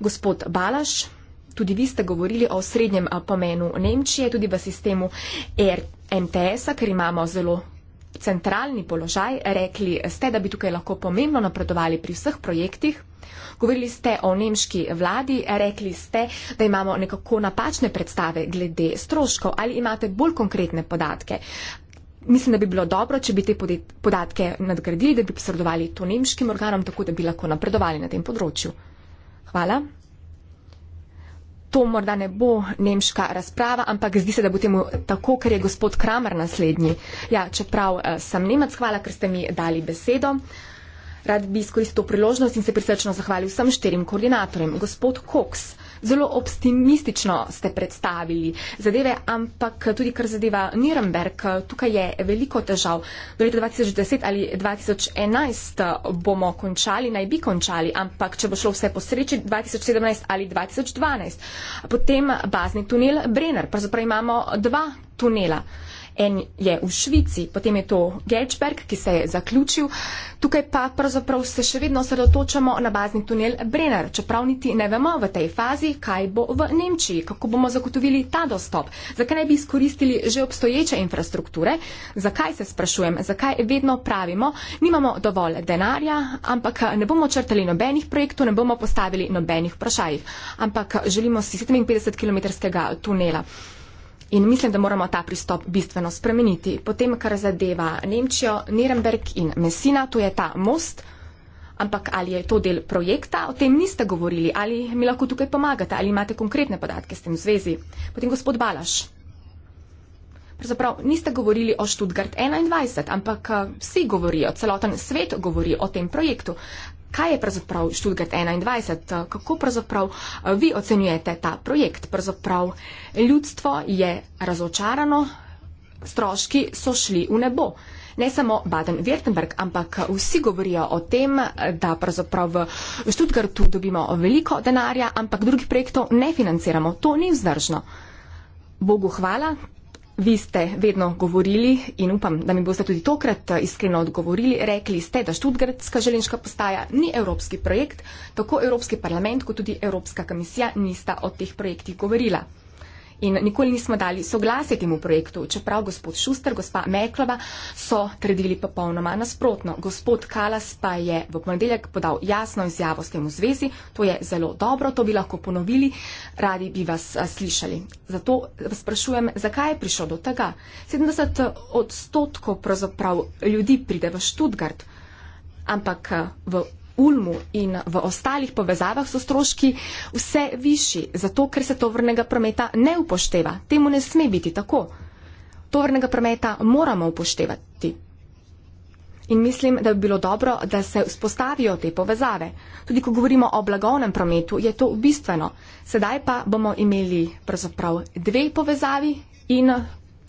gospod Balaš, tudi vi ste govorili o srednjem eh, pomenu Nemčije, tudi v sistemu RMTS-a, ker imamo zelo centralni položaj. Rekli ste, da bi tukaj lahko pomembno napredovali pri vseh projektih. Govorili ste o nemški vladi, rekli ste, da imamo nekako napačne predstave glede stroškov ali imate bolj konkretne podatke mislim, da bi bilo dobro, če bi te podatke nadgradili, da bi posredovali to nemškim organom, tako da bi lahko napredovali na tem področju. Hvala. To morda ne bo nemška razprava, ampak zdi se, da bo temu tako, ker je gospod Kramer naslednji. Ja, čeprav eh, sem Nemec, hvala, ker ste mi dali besedo. Rad bi izkoristil to priložnost in se prisrčno zahvalil vsem štirim koordinatorjem. Gospod Koks zelo optimistično ste predstavili zadeve, ampak tudi kar zadeva Nuremberg, tukaj je veliko težav. Do leta 2010 ali 2011 bomo končali, naj bi končali, ampak če bo šlo vse po sreči, 2017 ali 2012. Potem bazni tunel Brenner, pravzaprav imamo dva tunela. En je v Švici, potem je to Gečberg, ki se je zaključil, tukaj pa pravzaprav se še vedno sredotočamo na bazni tunel Brenner, čeprav niti ne vemo v tej fazi, kaj bo v Nemčiji, kako bomo zagotovili ta dostop, zakaj ne bi izkoristili že obstoječe infrastrukture, zakaj se sprašujem, zakaj vedno pravimo, nimamo dovolj denarja, ampak ne bomo črtali nobenih projektov, ne bomo postavili nobenih vprašajih, ampak želimo si 57 km tunela. In mislim, da moramo ta pristop bistveno spremeniti. Potem, kar zadeva Nemčijo, Nirenberg in Messina, to je ta most, ampak ali je to del projekta, o tem niste govorili, ali mi lahko tukaj pomagate, ali imate konkretne podatke s tem v zvezi. Potem gospod Balaš. Pravzaprav niste govorili o Študgard 21, ampak eh, vsi govorijo, celoten svet govori o tem projektu kaj je pravzaprav Študgard 21, kako pravzaprav eh, vi ocenjujete ta projekt. Pravzaprav ljudstvo je razočarano, stroški so šli v nebo. Ne samo Baden-Württemberg, ampak vsi govorijo o tem, da pravzaprav v Študgardu dobimo veliko denarja, ampak drugih projektov ne financiramo. To ni vzdržno. Bogu hvala, Vi ste vedno govorili in upam, da mi boste tudi tokrat eh, iskreno odgovorili. Rekli ste, da Študgardska želinska postaja ni evropski projekt, tako Evropski parlament kot tudi Evropska komisija nista o teh projektih govorila in nikoli nismo dali soglasje temu projektu, čeprav gospod Šuster, gospa Meklova so trdili popolnoma nasprotno. Gospod Kalas pa je v ponedeljek podal jasno izjavo s tem v zvezi, to je zelo dobro, to bi lahko ponovili, radi bi vas slišali. Zato vas sprašujem, zakaj je prišlo do tega? 70 odstotkov pravzaprav ljudi pride v Študgard, ampak v Ulmu in v ostalih povezavah so stroški vse višji, zato ker se tovrnega prometa ne upošteva. Temu ne sme biti tako. Tovrnega prometa moramo upoštevati. In mislim, da bi bilo dobro, da se vzpostavijo te povezave. Tudi ko govorimo o blagovnem prometu, je to bistveno. Sedaj pa bomo imeli pravzaprav dve povezavi in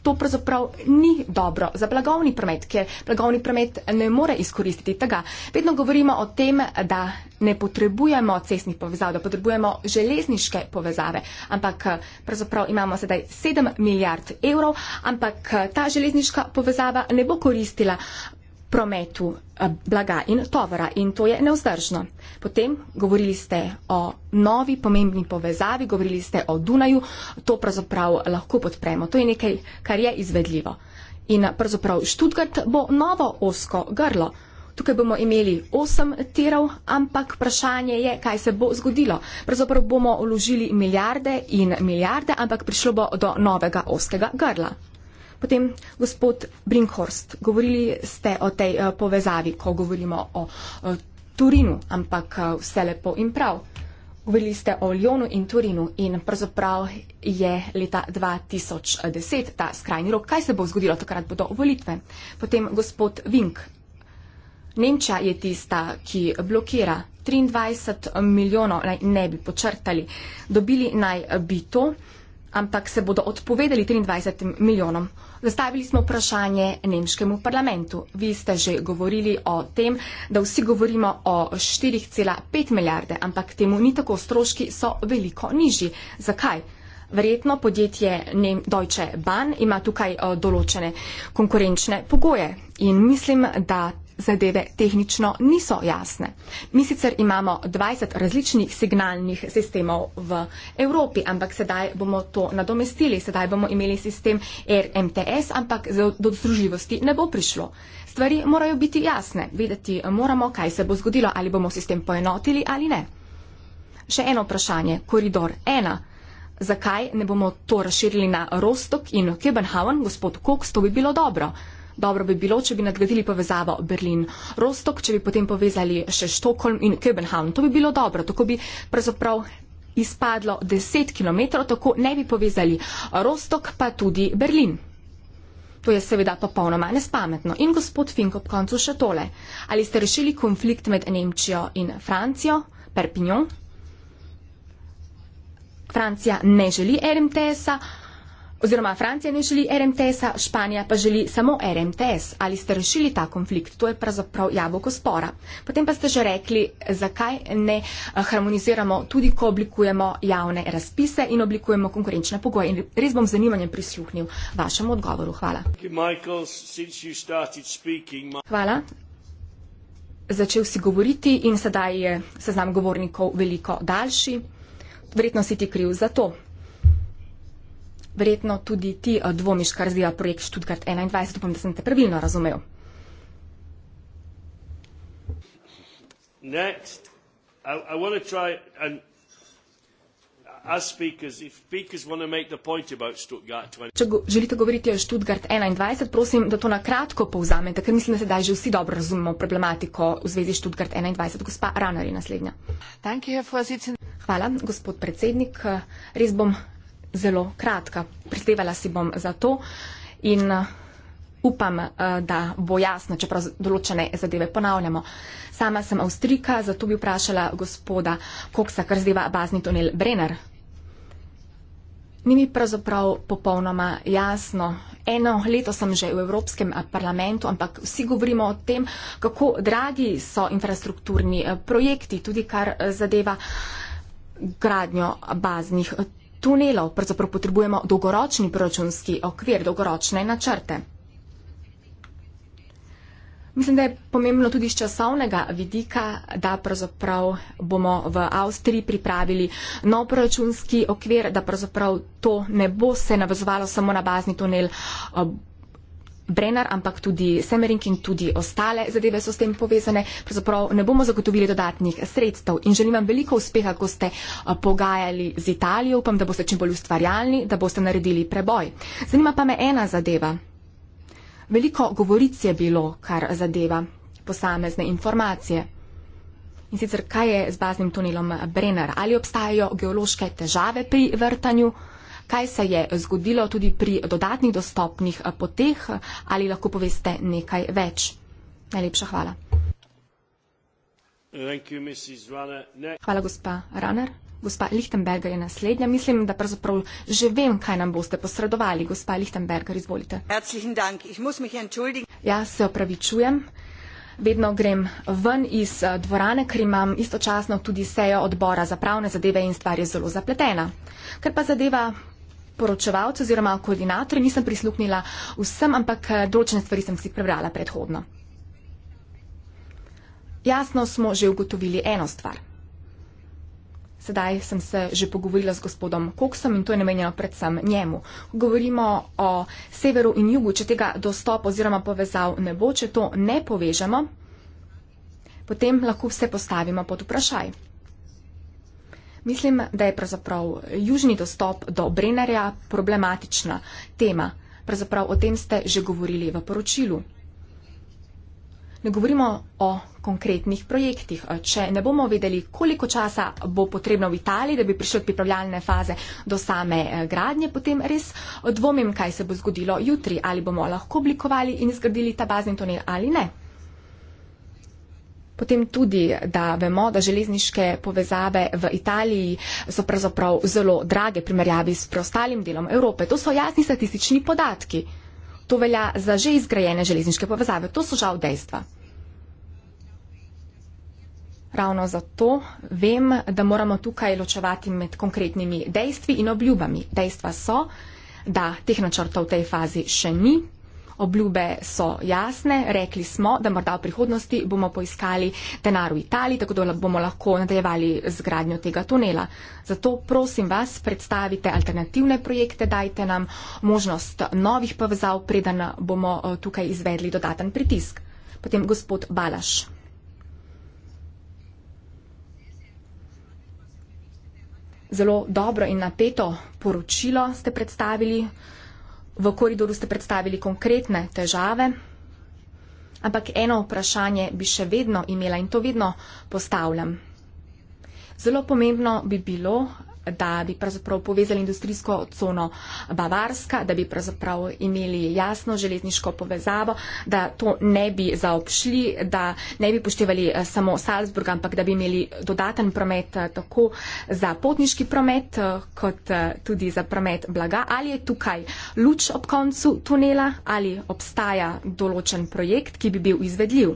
to pravzaprav ni dobro za blagovni promet, ker blagovni promet ne more izkoristiti tega. Vedno govorimo o tem, da ne potrebujemo cestnih povezav, da potrebujemo železniške povezave, ampak pravzaprav imamo sedaj 7 milijard evrov, ampak ta železniška povezava ne bo koristila prometu eh, blaga in tovora in to je neozdržno. Potem govorili ste o novi pomembni povezavi, govorili ste o Dunaju, to pravzaprav lahko podpremo, to je nekaj, kar je izvedljivo. In pravzaprav Študgard bo novo osko grlo. Tukaj bomo imeli osem tirov, ampak vprašanje je, kaj se bo zgodilo. Pravzaprav bomo uložili milijarde in milijarde, ampak prišlo bo do novega oskega grla. Potem gospod Brinkhorst, govorili ste o tej uh, povezavi, ko govorimo o uh, Turinu, ampak uh, vse lepo in prav. Govorili ste o Ljonu in Turinu in pravzaprav je leta 2010 ta skrajni rok. Kaj se bo zgodilo, takrat bodo volitve? Potem gospod Vink. Nemčija je tista, ki blokira 23 milijonov, naj ne bi počrtali, dobili naj bi to, ampak se bodo odpovedali 23 milijonom. Zastavili smo vprašanje nemškemu parlamentu. Vi ste že govorili o tem, da vsi govorimo o 4,5 milijarde, ampak temu ni tako, stroški so veliko nižji. Zakaj? Verjetno podjetje Nem Deutsche Bahn ima tukaj eh, določene konkurenčne pogoje in mislim, da zadeve tehnično niso jasne. Mi sicer imamo 20 različnih signalnih sistemov v Evropi, ampak sedaj bomo to nadomestili. Sedaj bomo imeli sistem RMTS, ampak do združljivosti ne bo prišlo. Stvari morajo biti jasne. Vedeti moramo, kaj se bo zgodilo, ali bomo sistem poenotili ali ne. Še eno vprašanje. Koridor 1. Zakaj ne bomo to razširili na Rostock in Kebenhavn, gospod Koks, to bi bilo dobro. Dobro bi bilo, če bi nadgradili povezavo Berlin-Rostok, če bi potem povezali še Štokholm in Köbenhavn. To bi bilo dobro. Tako bi pravzaprav izpadlo 10 km, tako ne bi povezali Rostok, pa tudi Berlin. To je seveda popolnoma nespametno. In gospod Fink ob koncu še tole. Ali ste rešili konflikt med Nemčijo in Francijo, Perpignan? Francija ne želi RMTS-a. Oziroma, Francija ne želi RMTS-a, Španija pa želi samo RMTS. Ali ste rešili ta konflikt? To je pravzaprav jaboko spora. Potem pa ste že rekli, zakaj ne eh, harmoniziramo tudi, ko oblikujemo javne razpise in oblikujemo konkurenčne pogoje. In res bom z zanimanjem prisluhnil vašemu odgovoru. Hvala. Hvala. Začel si govoriti in sedaj je seznam govornikov veliko daljši. Verjetno si ti kriv za to verjetno tudi ti eh, dvomiš, kar zdaj je projekt Študgard 21, upam, da sem te pravilno razumel. Next, I, I want to try and as speakers, if speakers want to make the point about Stuttgart 21. Če go, želite govoriti o Stuttgart 21, prosim, da to na kratko povzamete, ker mislim, da sedaj že vsi dobro razumemo problematiko v zvezi Stuttgart 21. Gospa Ranar je naslednja. Hvala, gospod predsednik. Res bom zelo kratka. Prispevala si bom za to in uh, upam, uh, da bo jasno, čeprav določene zadeve ponavljamo. Sama sem Avstrika, zato bi vprašala gospoda Koksa, kar zdeva bazni tunel Brenner. Ni mi pravzaprav popolnoma jasno. Eno leto sem že v Evropskem eh, parlamentu, ampak vsi govorimo o tem, kako dragi so infrastrukturni eh, projekti, tudi kar eh, zadeva gradnjo baznih tunelov, pravzaprav potrebujemo dolgoročni proračunski okvir, dolgoročne načrte. Mislim, da je pomembno tudi iz časovnega vidika, da pravzaprav bomo v Avstriji pripravili nov proračunski okvir, da pravzaprav to ne bo se navezovalo samo na bazni tunel. Brenner, ampak tudi Semerink in tudi ostale zadeve so s tem povezane. Pravzaprav ne bomo zagotovili dodatnih sredstev in želim vam veliko uspeha, ko ste pogajali z Italijo. Upam, da boste čim bolj ustvarjalni, da boste naredili preboj. Zanima pa me ena zadeva. Veliko govoric je bilo, kar zadeva posamezne informacije. In sicer, kaj je z baznim tunelom Brenner? Ali obstajajo geološke težave pri vrtanju? kaj se je zgodilo tudi pri dodatnih dostopnih eh, poteh ali lahko poveste nekaj več. Najlepša hvala. You, hvala, gospa Raner. Gospa Lichtenberger je naslednja. Mislim, da pravzaprav že vem, kaj nam boste posredovali. Gospa Lichtenberger, izvolite. Dank. Ich muss mich ja, se opravičujem. Vedno grem ven iz eh, dvorane, ker imam istočasno tudi sejo odbora za pravne zadeve in stvar je zelo zapletena. Ker pa zadeva poročevalcu oziroma koordinatorju, nisem prisluhnila vsem, ampak eh, določene stvari sem si prebrala predhodno. Jasno smo že ugotovili eno stvar. Sedaj sem se že pogovorila z gospodom Koksom in to je namenjeno predvsem njemu. Govorimo o severu in jugu, če tega dostop oziroma povezav ne bo, če to ne povežemo, potem lahko vse postavimo pod vprašaj. Mislim, da je pravzaprav južni dostop do Brenerja problematična tema. Pravzaprav o tem ste že govorili v poročilu. Ne govorimo o konkretnih projektih. Če ne bomo vedeli, koliko časa bo potrebno v Italiji, da bi prišli od pripravljalne faze do same eh, gradnje, potem res dvomim, kaj se bo zgodilo jutri, ali bomo lahko oblikovali in zgradili ta bazen tunel ali ne. Potem tudi, da vemo, da železniške povezave v Italiji so pravzaprav zelo drage primerjavi s preostalim delom Evrope. To so jasni statistični podatki. To velja za že izgrajene železniške povezave. To so žal dejstva. Ravno zato vem, da moramo tukaj ločevati med konkretnimi dejstvi in obljubami. Dejstva so, da teh načrtov v tej fazi še ni obljube so jasne, rekli smo, da morda v prihodnosti bomo poiskali denar v Italiji, tako da bomo lahko nadaljevali zgradnjo tega tunela. Zato prosim vas, predstavite alternativne projekte, dajte nam možnost novih povezav, preden bomo eh, tukaj izvedli dodaten pritisk. Potem gospod Balaš. Zelo dobro in napeto poročilo ste predstavili. V koridoru ste predstavili konkretne težave, ampak eno vprašanje bi še vedno imela in to vedno postavljam. Zelo pomembno bi bilo, da bi pravzaprav povezali industrijsko cono Bavarska, da bi pravzaprav imeli jasno železniško povezavo, da to ne bi zaobšli, da ne bi poštevali eh, samo Salzburg, ampak da bi imeli dodaten promet eh, tako za potniški promet, eh, kot tudi za promet blaga. Ali je tukaj luč ob koncu tunela ali obstaja določen projekt, ki bi bil izvedljiv?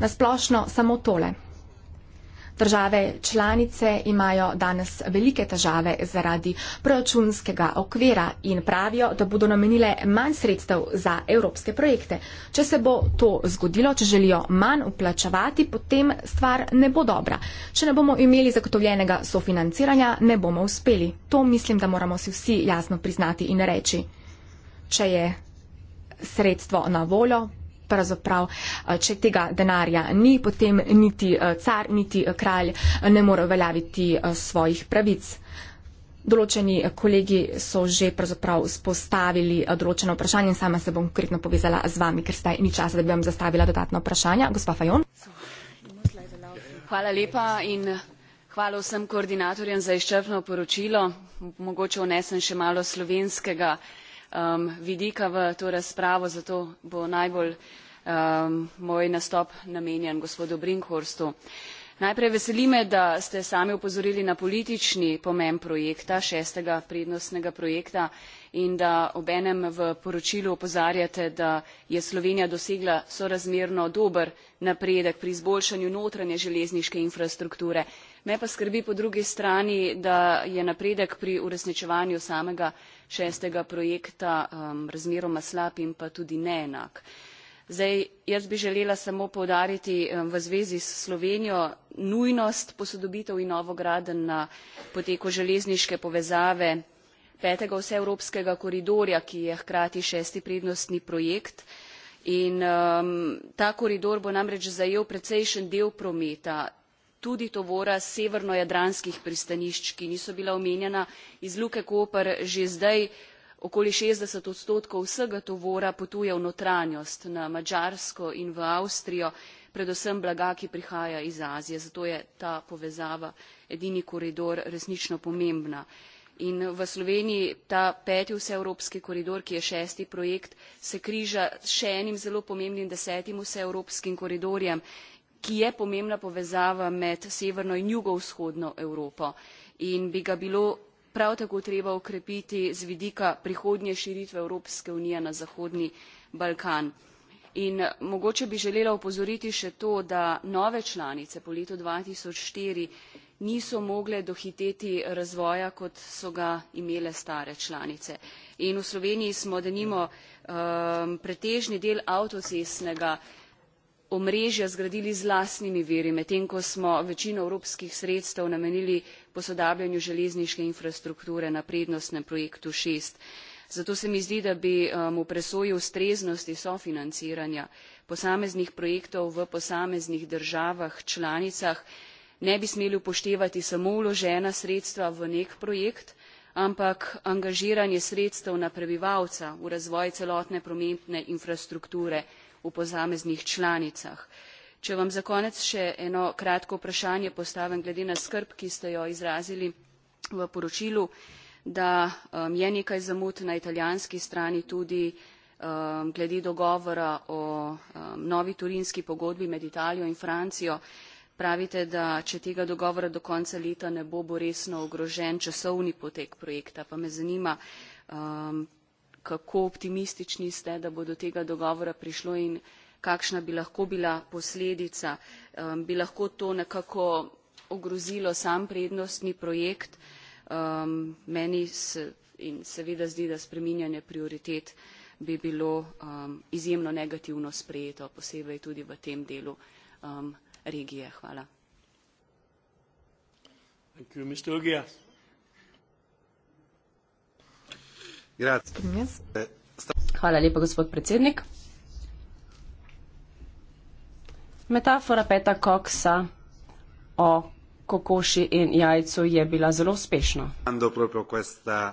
Nasplošno samo tole. Države članice imajo danes velike težave zaradi proračunskega okvira in pravijo, da bodo namenile manj sredstev za evropske projekte. Če se bo to zgodilo, če želijo manj uplačevati, potem stvar ne bo dobra. Če ne bomo imeli zagotovljenega sofinanciranja, ne bomo uspeli. To mislim, da moramo si vsi jasno priznati in reči. Če je sredstvo na voljo, pravzaprav, eh, če tega denarja ni, potem niti eh, car, niti eh, kralj ne more uveljaviti svojih pravic. Določeni kolegi so že pravzaprav spostavili določeno vprašanje in sama se bom konkretno povezala z vami, ker zdaj ni časa, da bi vam zastavila dodatno vprašanje. Gospa Fajon. Hvala lepa in hvala vsem koordinatorjem za izčrpno poročilo. Mogoče vnesem še malo slovenskega. Um, vidika v to razpravo zato bo najbolj um, moj nastop namenjen gospodu brinkhorstu. najprej veseli me da ste sami opozorili na politični pomen projekta šestega prednostnega projekta in da obenem v poročilu opozarjate da je slovenija dosegla sorazmerno dober napredek pri izboljšanju notranje železniške infrastrukture. me pa skrbi po drugi strani da je napredek pri uresničevanju samega šestega projekta um, razmeroma slab in pa tudi neenak. Zdaj, jaz bi želela samo povdariti um, v zvezi s Slovenijo nujnost posodobitev in novograden na poteku železniške povezave petega vseevropskega koridorja, ki je hkrati šesti prednostni projekt. In um, ta koridor bo namreč zajel precejšen del prometa tudi tovora s severnojadranskih pristanišč ki niso bila omenjena iz luke koper že zdaj okoli šestdeset odstotkov vsega tovora potuje v notranjost na madžarsko in v avstrijo predvsem blaga ki prihaja iz azije zato je ta povezava edini koridor resnično pomembna. in v sloveniji ta peti vseevropski koridor ki je šesti projekt se križa s še enim zelo pomembnim desetim vseevropskim koridorjem ki je pomembna povezava med severno in jugovzhodno evropo in bi ga bilo prav tako treba okrepiti z vidika prihodnje širitve evropske unije na zahodni balkan. in mogoče bi želela opozoriti še to da nove članice po letu dva tisoč štiri niso mogle dohiteti razvoja kot so ga imele stare članice in v sloveniji smo denimo ehm, pretežni del avtocestnega omrežja zgradili z lastnimi viri medtem ko smo večino evropskih sredstev namenili posodabljanju železniške infrastrukture na prednostnem projektu šest zato se mi zdi da bi um, v presoji ustreznosti sofinanciranja posameznih projektov v posameznih državah članicah ne bi smeli upoštevati samo vložena sredstva v nek projekt ampak angažiranje sredstev na prebivalca v razvoj celotne prometne infrastrukture v posameznih članicah. Če vam za konec še eno kratko vprašanje postavim glede na skrb, ki ste jo izrazili v poročilu, da um, je nekaj zamud na italijanski strani tudi um, glede dogovora o um, novi turinski pogodbi med Italijo in Francijo. Pravite, da če tega dogovora do konca leta ne bo, bo resno ogrožen časovni potek projekta. Pa me zanima, um, kako optimistični ste, da bo do tega dogovora prišlo in kakšna bi lahko bila posledica. Um, bi lahko to nekako ogrozilo sam prednostni projekt. Um, meni se in seveda zdi, da spreminjanje prioritet bi bilo um, izjemno negativno sprejeto, posebej tudi v tem delu um, regije. Hvala. Thank you, Mr. Ogias. Hvala lepa, gospod predsednik. Metafora Peta Koksa o kokoši in jajcu je bila zelo uspešna. Eh,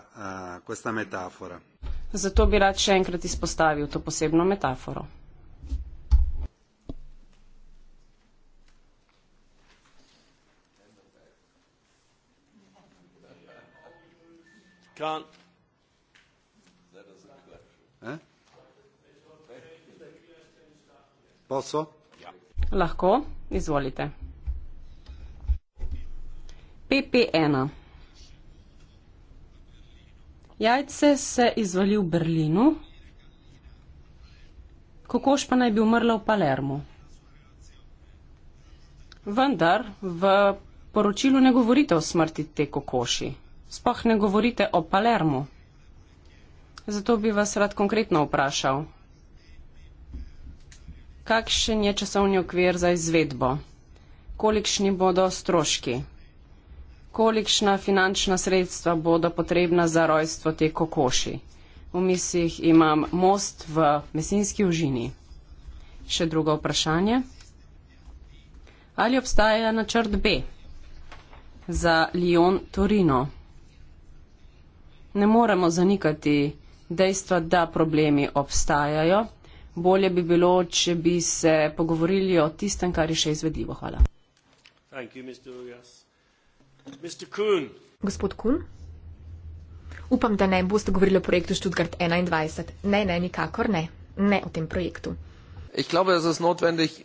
Zato bi rad še enkrat izpostavil to posebno metaforo. Can't Eh? PP ja. ena. Jajce se izvali v Berlinu, kokoš pa naj bi umrla v Palermu. Vendar v poročilu ne govorite o smrti te kokoši, spoh ne govorite o Palermu. Zato bi vas rad konkretno vprašal, kakšen je časovni okvir za izvedbo, kolikšni bodo stroški, kolikšna finančna sredstva bodo potrebna za rojstvo te kokoši. V mislih imam most v mesinski užini. Še drugo vprašanje. Ali obstaja načrt B za Lyon Torino? Ne moremo zanikati, da je dejstva, da problemi obstajajo. Bolje bi bilo, če bi se pogovorili o tistem, kar je še izvedljivo. Hvala. You, Mr. Mr. Kuhn. Gospod Kuhn, upam, da ne boste govorili o projektu Študgard 21. Ne, ne, nikakor ne. Ne o tem projektu. Ich glaube, das ist notwendig,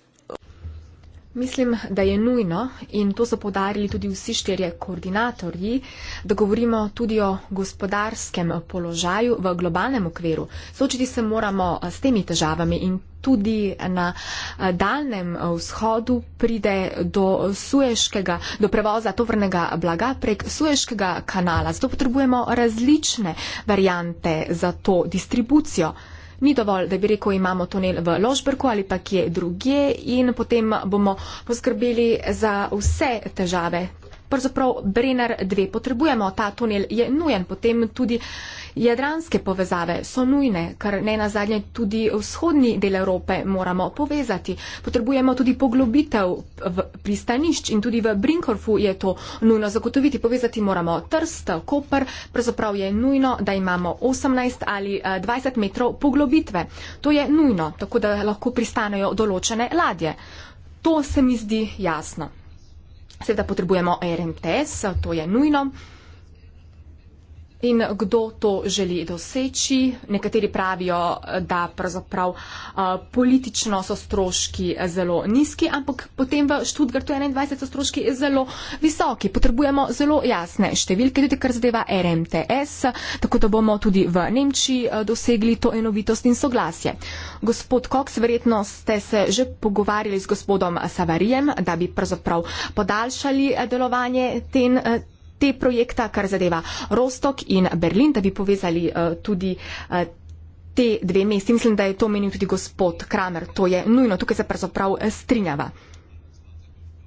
Mislim, da je nujno, in to so podarili tudi vsi štirje koordinatorji, da govorimo tudi o gospodarskem položaju v globalnem okviru. Sočiti se moramo s temi težavami in tudi na daljem vzhodu pride do, suješkega, do prevoza tovrnega blaga prek suješkega kanala. Zato potrebujemo različne variante za to distribucijo ni dovolj, da bi rekel, imamo tunel v Ložbrku ali pa kje drugje in potem bomo poskrbeli za vse težave pravzaprav Brenner 2 potrebujemo. Ta tunel je nujen, potem tudi jadranske povezave so nujne, ker ne nazadnje tudi vzhodni del Evrope moramo povezati. Potrebujemo tudi poglobitev v pristanišč in tudi v Brinkorfu je to nujno zagotoviti. Povezati moramo Trst, Koper, pravzaprav je nujno, da imamo 18 ali 20 eh, metrov poglobitve. To je nujno, tako da lahko pristanejo določene ladje. To se mi zdi jasno. Seveda potrebujemo RMTS, to je nujno, In kdo to želi doseči? Nekateri pravijo, da pravzaprav politično so stroški zelo nizki, ampak potem v Študgartu 21 so stroški zelo visoki. Potrebujemo zelo jasne številke, tudi kar zadeva RMTS, tako da bomo tudi v Nemčiji dosegli to enovitost in soglasje. Gospod Cox, verjetno ste se že pogovarjali z gospodom Savarijem, da bi pravzaprav podaljšali delovanje ten te projekta, kar zadeva Rostok in Berlin, da bi povezali uh, tudi. Uh, Te dve mesti, mislim, da je to menil tudi gospod Kramer, to je nujno, tukaj se pravzaprav eh, strinjava.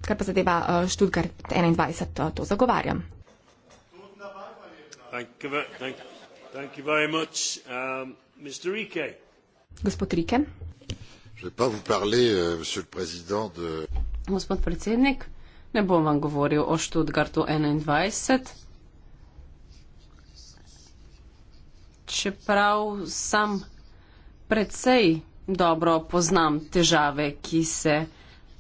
Kar pa zadeva Študgard 21, to zagovarjam. Um, gospod Rike. Euh, gospod predsednik. Ne bom vam govoril o Študgartu 21. Čeprav sam precej dobro poznam težave, ki se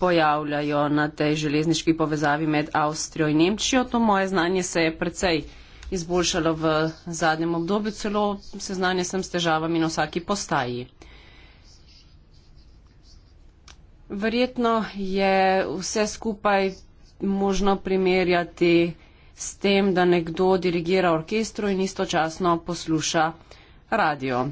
pojavljajo na tej železniški povezavi med Avstrijo in Nemčijo, to moje znanje se je precej izboljšalo v zadnjem obdobju, celo seznanje sem s težavami na vsaki postaji. Verjetno je vse skupaj možno primerjati s tem, da nekdo dirigira orkestru in istočasno posluša radio.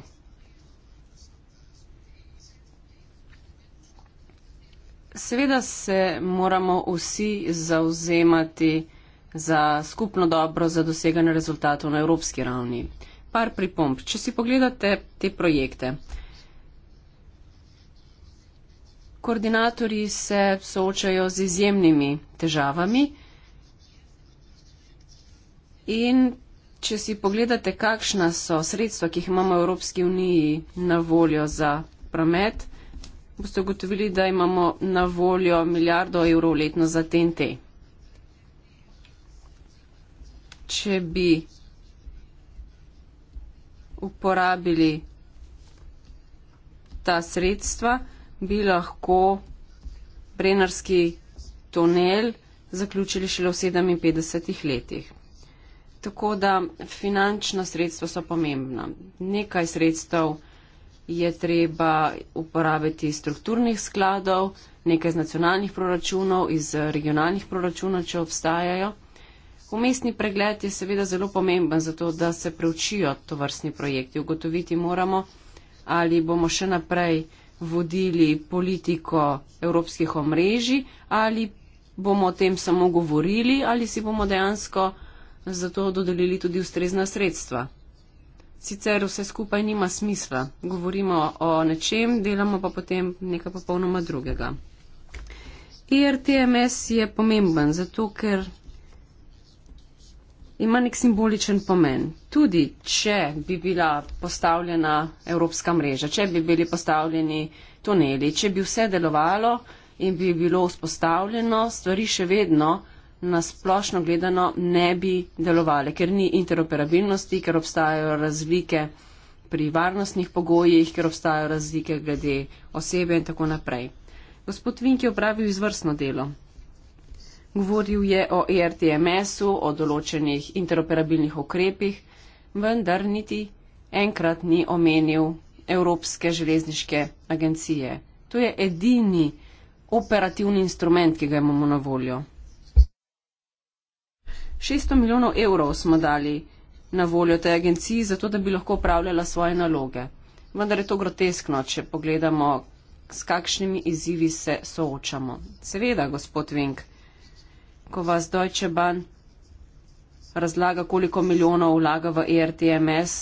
Seveda se moramo vsi zauzemati za skupno dobro, za doseganje rezultatov na evropski ravni. Par pripomp. Če si pogledate te projekte, koordinatorji se soočajo z izjemnimi težavami. In če si pogledate, kakšna so sredstva, ki jih imamo v Evropski uniji na voljo za promet, boste ugotovili, da imamo na voljo milijardo evrov letno za TNT. Če bi uporabili ta sredstva, bi lahko Brenarski tunel zaključili šele v 57 letih. Tako da finančna sredstva so pomembna. Nekaj sredstev je treba uporabiti iz strukturnih skladov, nekaj iz nacionalnih proračunov, iz regionalnih proračunov, če obstajajo. Umestni pregled je seveda zelo pomemben, zato da se preučijo to vrstni projekti. Ugotoviti moramo, ali bomo še naprej vodili politiko evropskih omrežij ali bomo o tem samo govorili ali si bomo dejansko za to dodelili tudi ustrezna sredstva. Sicer vse skupaj nima smisla, govorimo o nečem, delamo pa potem nekaj popolnoma drugega. IRTMS e je pomemben zato, ker ima nek simboličen pomen. Tudi, če bi bila postavljena evropska mreža, če bi bili postavljeni tuneli, če bi vse delovalo in bi bilo vzpostavljeno, stvari še vedno na splošno gledano ne bi delovale, ker ni interoperabilnosti, ker obstajajo razlike pri varnostnih pogojih, ker obstajajo razlike glede osebe in tako naprej. Gospod Vink je upravil izvrstno delo. Govoril je o ERTMS-u, o določenih interoperabilnih ukrepih, vendar niti enkrat ni omenil Evropske železniške agencije. To je edini operativni instrument, ki ga imamo na voljo. 600 milijonov evrov smo dali na voljo tej agenciji, zato da bi lahko upravljala svoje naloge. Vendar je to groteskno, če pogledamo, s kakšnimi izzivi se soočamo. Seveda, gospod Vink, ko vas Deutsche Bahn razlaga, koliko milijonov vlaga v ERTMS,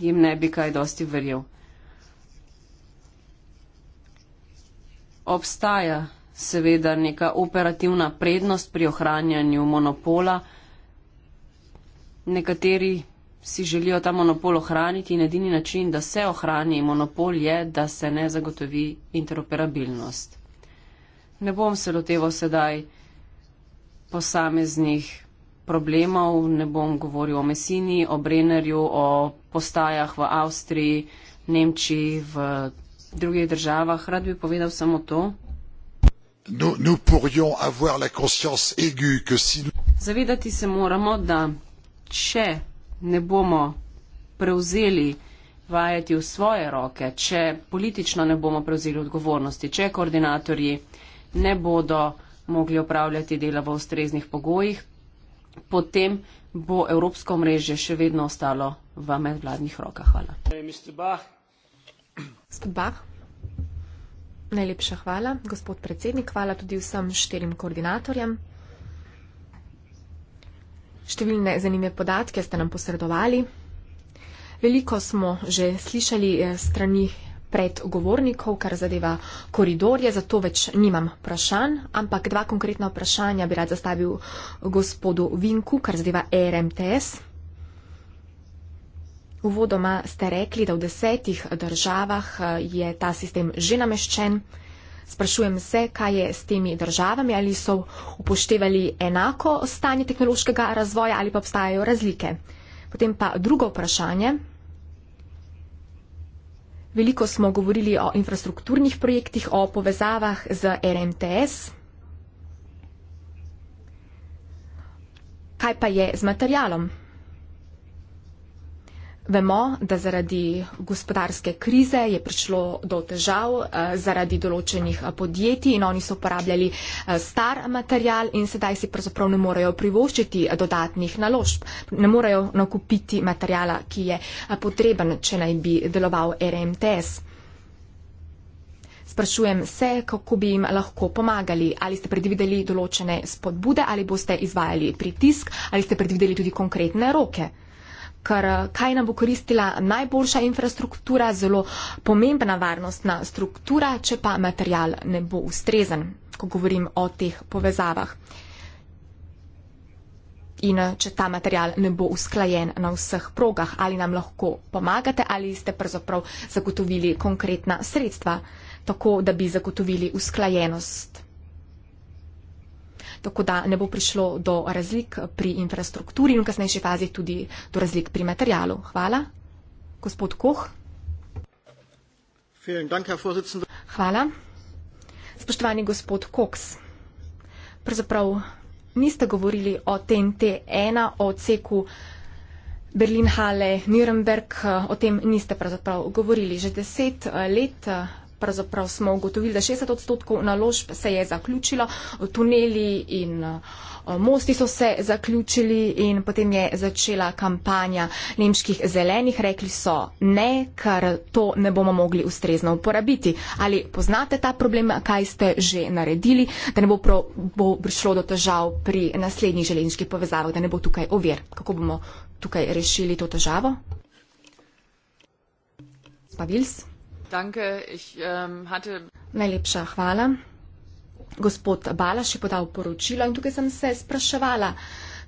jim ne bi kaj dosti verjel. Obstaja seveda neka operativna prednost pri ohranjanju monopola. Nekateri si želijo ta monopol ohraniti in edini način, da se ohrani monopol, je, da se ne zagotovi interoperabilnost. Ne bom se loteval sedaj posameznih problemov, ne bom govoril o Messini, o Brennerju, o postajah v Avstriji, Nemčiji, v drugih državah. Rad bi povedal samo to. Nous, nous pourrions avoir la conscience aiguë que si nous... Zavedati se moramo, da če ne bomo prevzeli vajeti v svoje roke, če politično ne bomo prevzeli odgovornosti, če koordinatorji ne bodo mogli opravljati dela v ustreznih pogojih, potem bo evropsko mreže še vedno ostalo v medvladnih rokah. Hvala. Torej, najlepša hvala, gospod predsednik. Hvala tudi vsem štirim koordinatorjem. Številne zanimive podatke ste nam posredovali. Veliko smo že slišali eh, strani pred govornikov, kar zadeva koridorje, zato več nimam vprašanj, ampak dva konkretna vprašanja bi rad zastavil gospodu Vinku, kar zadeva e RMTS. Uvodoma ste rekli, da v desetih državah eh, je ta sistem že nameščen. Sprašujem se, kaj je s temi državami, ali so upoštevali enako stanje tehnološkega razvoja ali pa obstajajo razlike. Potem pa drugo vprašanje. Veliko smo govorili o infrastrukturnih projektih, o povezavah z RMTS. Kaj pa je z materialom? Vemo, da zaradi gospodarske krize je prišlo do težav eh, zaradi določenih eh, podjetij in oni so uporabljali eh, star material in sedaj si pravzaprav ne morejo privoščiti dodatnih naložb, ne morejo nakupiti materijala, ki je potreben, če naj bi deloval RMTS. Sprašujem se, kako bi jim lahko pomagali. Ali ste predvideli določene spodbude, ali boste izvajali pritisk, ali ste predvideli tudi konkretne roke ker eh, kaj nam bo koristila najboljša infrastruktura, zelo pomembna varnostna struktura, če pa material ne bo ustrezen, ko govorim o teh povezavah. In eh, če ta material ne bo usklajen na vseh progah, ali nam lahko pomagate, ali ste pravzaprav zagotovili konkretna sredstva, tako da bi zagotovili usklajenost tako da ne bo prišlo do razlik pri infrastrukturi in v kasnejši fazi tudi do razlik pri materialu. Hvala. Gospod Koh. Hvala. Spoštovani gospod Koks, pravzaprav niste govorili o TNT-1, o odseku Berlin-Hale-Nürnberg, o tem niste pravzaprav govorili. Že deset eh, let eh, pravzaprav smo ugotovili, da 60 odstotkov naložb se je zaključilo, tuneli in eh, mosti so se zaključili in potem je začela kampanja nemških zelenih. Rekli so ne, ker to ne bomo mogli ustrezno uporabiti. Ali poznate ta problem, kaj ste že naredili, da ne bo, pro, bo prišlo do težav pri naslednjih železniških povezavah, da ne bo tukaj ovir? Kako bomo tukaj rešili to težavo? Pavils? Danke, ich, um, hatte... Najlepša hvala. Gospod Balaš je podal poročilo in tukaj sem se spraševala,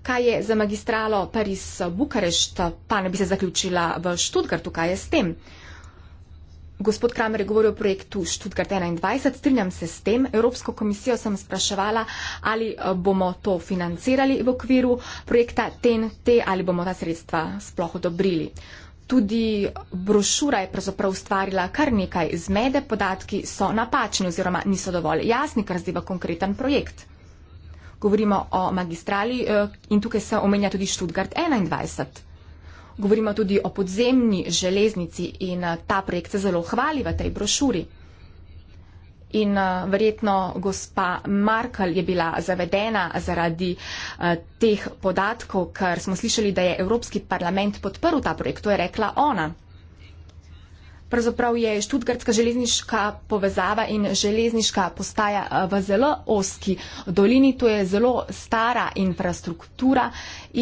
kaj je za magistralo Paris-Bukarešt, pa ne bi se zaključila v Študgartu, kaj je s tem. Gospod Kramer je govoril o projektu Študgart 21, strinjam se s tem. Evropsko komisijo sem spraševala, ali eh, bomo to financirali v okviru projekta TNT ali bomo ta sredstva sploh odobrili. Tudi brošura je pravzaprav ustvarila kar nekaj zmede, podatki so napačni oziroma niso dovolj jasni, kar zdaj v konkreten projekt. Govorimo o magistrali eh, in tukaj se omenja tudi Študgard 21. Govorimo tudi o podzemni železnici in eh, ta projekt se zelo hvali v tej brošuri. In eh, verjetno gospa Markel je bila zavedena zaradi eh, teh podatkov, ker smo slišali, da je Evropski parlament podprl ta projekt, to je rekla ona. Pravzaprav je študgardska železniška povezava in železniška postaja eh, v zelo oski dolini, to je zelo stara infrastruktura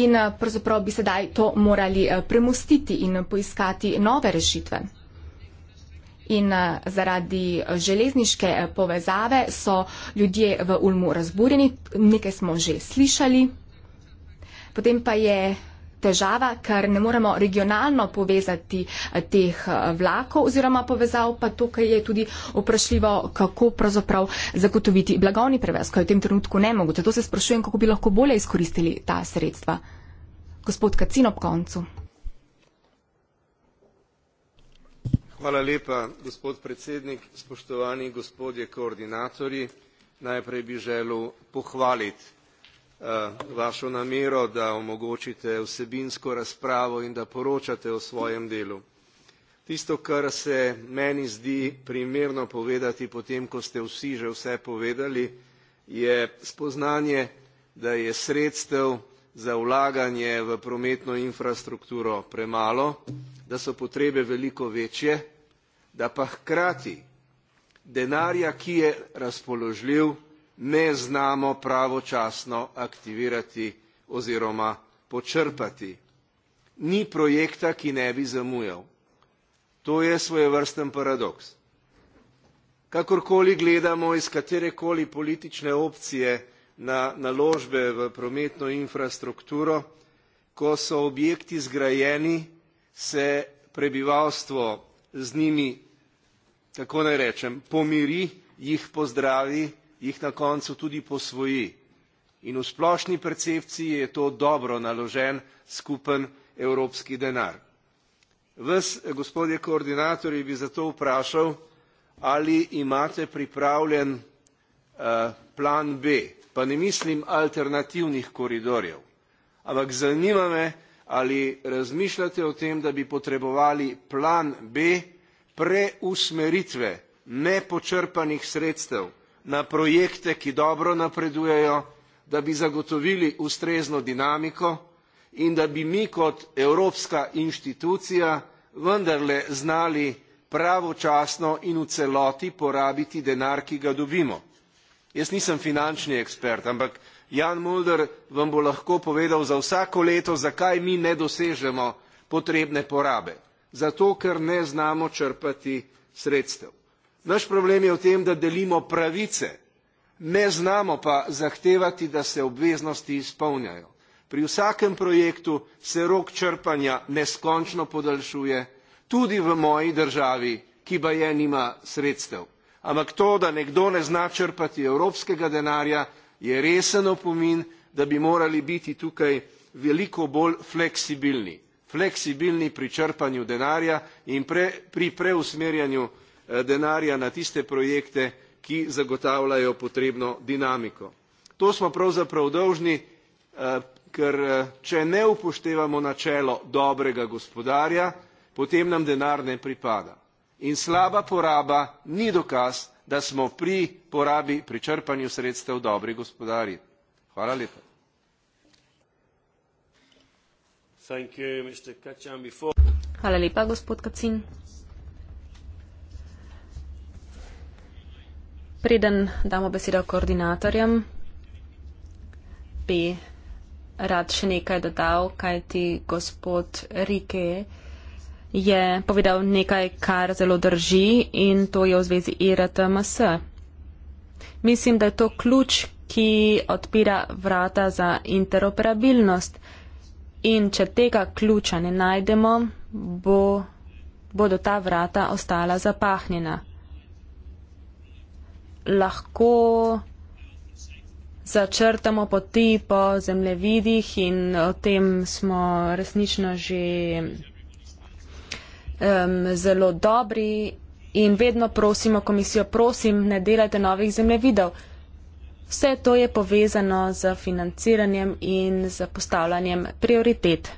in pravzaprav bi sedaj to morali premustiti in poiskati nove rešitve in eh, zaradi eh, železniške eh, povezave so ljudje v Ulmu razburjeni, nekaj smo že slišali. Potem pa je težava, ker ne moremo regionalno povezati teh vlakov oziroma povezav, pa tukaj je tudi vprašljivo, kako pravzaprav zagotoviti blagovni prevez, ko je v tem trenutku nemogoče. Zato se sprašujem, kako bi lahko bolje izkoristili ta sredstva. Gospod Kacin ob koncu. hvala lepa gospod predsednik spoštovani gospodje koordinatorji najprej bi želel pohvaliti eh, vašo namero da omogočite vsebinsko razpravo in da poročate o svojem delu tisto kar se meni zdi primerno povedati potem ko ste vsi že vse povedali je spoznanje da je sredstev za vlaganje v prometno infrastrukturo premalo, da so potrebe veliko večje, da pa hkrati denarja, ki je razpoložljiv, ne znamo pravočasno aktivirati oziroma počrpati. Ni projekta, ki ne bi zamujal. To je svojevrsten paradoks. Kakorkoli gledamo iz katerekoli politične opcije, na naložbe v prometno infrastrukturo. Ko so objekti zgrajeni, se prebivalstvo z njimi, kako naj rečem, pomiri, jih pozdravi, jih na koncu tudi posvoji. In v splošni percepciji je to dobro naložen skupen evropski denar. Ves, gospodje koordinatorji, bi zato vprašal, ali imate pripravljen eh, plan B pa ne mislim alternativnih koridorjev ampak zanima me ali razmišljate o tem da bi potrebovali plan b preusmeritve nepočrpanih sredstev na projekte ki dobro napredujejo da bi zagotovili ustrezno dinamiko in da bi mi kot evropska inštitucija vendarle znali pravočasno in v celoti porabiti denar ki ga dobimo jaz nisem finančni ekspert, ampak Jan Mulder vam bo lahko povedal za vsako leto, zakaj mi ne dosežemo potrebne porabe. Zato, ker ne znamo črpati sredstev. Naš problem je v tem, da delimo pravice, ne znamo pa zahtevati, da se obveznosti izpolnjajo. Pri vsakem projektu se rok črpanja neskončno podaljšuje, tudi v moji državi, ki pa je nima sredstev ampak to, da nekdo ne zna črpati evropskega denarja, je resen opomin, da bi morali biti tukaj veliko bolj fleksibilni, fleksibilni pri črpanju denarja in pre, pri preusmerjanju eh, denarja na tiste projekte, ki zagotavljajo potrebno dinamiko. To smo pravzaprav dolžni, eh, ker eh, če ne upoštevamo načelo dobrega gospodarja, potem nam denar ne pripada in slaba poraba ni dokaz da smo pri porabi pri črpanju sredstev dobri gospodarji. preden damo besedo koordinatorjem bi rad še nekaj dodal kajti gospod riquet je povedal nekaj, kar zelo drži in to je v zvezi IRTMS. Mislim, da je to ključ, ki odpira vrata za interoperabilnost in če tega ključa ne najdemo, bo, bodo ta vrata ostala zapahnjena. Lahko začrtamo poti po zemljevidih in o tem smo resnično že um, zelo dobri in vedno prosimo komisijo, prosim, ne delajte novih zemljevidov. Vse to je povezano z financiranjem in z postavljanjem prioritet.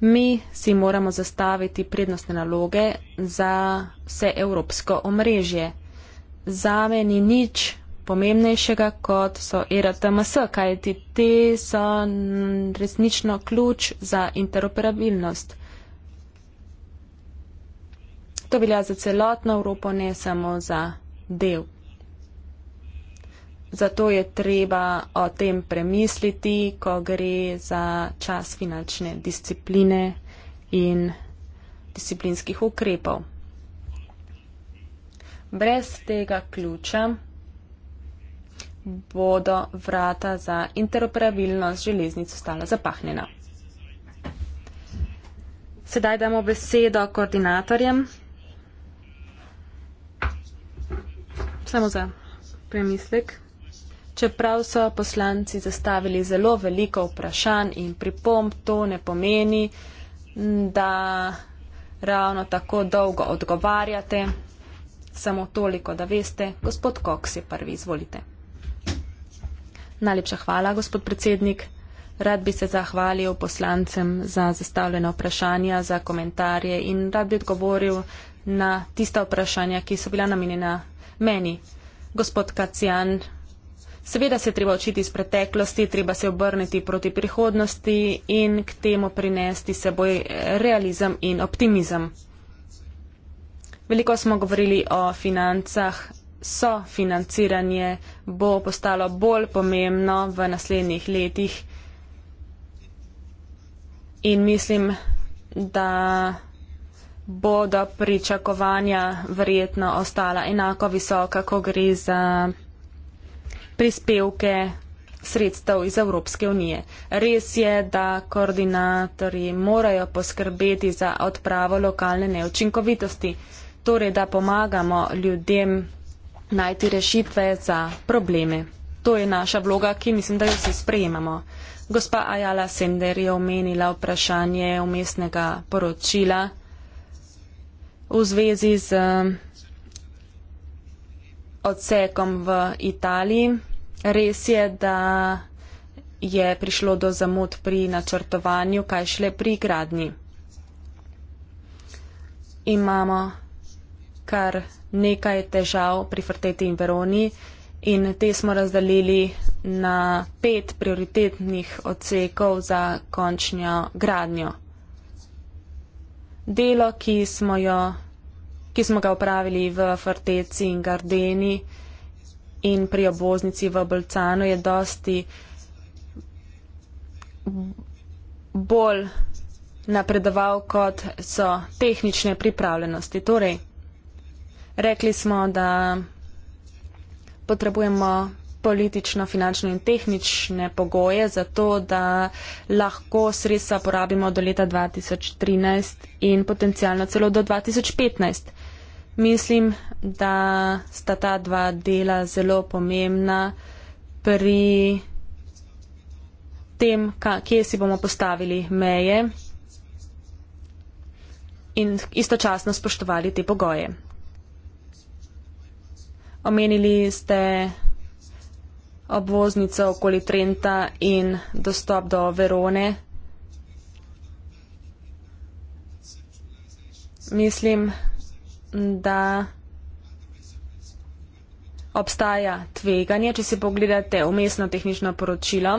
Mi si moramo zastaviti prednostne naloge za vse evropsko omrežje. Zame ni nič pomembnejšega kot so ERTMS, kajti te so resnično ključ za interoperabilnost. To velja za celotno Evropo, ne samo za del. Zato je treba o tem premisliti, ko gre za čas finančne discipline in disciplinskih ukrepov. Brez tega ključa bodo vrata za interoperabilnost železnic ostala zapahnjena. Sedaj damo besedo koordinatorjem. samo za premislek. Čeprav so poslanci zastavili zelo veliko vprašanj in pripomb, to ne pomeni, da ravno tako dolgo odgovarjate. Samo toliko, da veste, gospod Koks je prvi, izvolite. Najlepša hvala, gospod predsednik. Rad bi se zahvalil poslancem za zastavljena vprašanja, za komentarje in rad bi odgovoril na tista vprašanja, ki so bila namenjena meni. Gospod Kacijan, seveda se je treba očiti iz preteklosti, treba se obrniti proti prihodnosti in k temu prinesti seboj realizem in optimizem. Veliko smo govorili o financah, so financiranje bo postalo bolj pomembno v naslednjih letih. In mislim, da bodo pričakovanja verjetno ostala enako visoka, ko gre za prispevke sredstev iz Evropske unije. Res je, da koordinatorji morajo poskrbeti za odpravo lokalne neučinkovitosti, torej da pomagamo ljudem najti rešitve za probleme. To je naša vloga, ki mislim, da jo vsi sprejemamo. Gospa Ajala Sender je omenila vprašanje umestnega poročila v zvezi z eh, odsekom v Italiji. Res je, da je prišlo do zamud pri načrtovanju, kaj šle pri gradnji. Imamo kar nekaj težav pri Forteti in Veroni in te smo razdalili na pet prioritetnih odsekov za končnjo gradnjo delo, ki smo, jo, ki smo ga upravili v Forteci in Gardeni in pri oboznici v Bolcano, je dosti bolj napredoval, kot so tehnične pripravljenosti. Torej, rekli smo, da potrebujemo politično, finančno in tehnične pogoje za to, da lahko sredstva porabimo do leta 2013 in potencijalno celo do 2015. Mislim, da sta ta dva dela zelo pomembna pri tem, kje si bomo postavili meje in istočasno spoštovali te pogoje. Omenili ste obvoznico okoli Trenta in dostop do Verone. Mislim, da obstaja tveganje, če si pogledate umestno tehnično poročilo,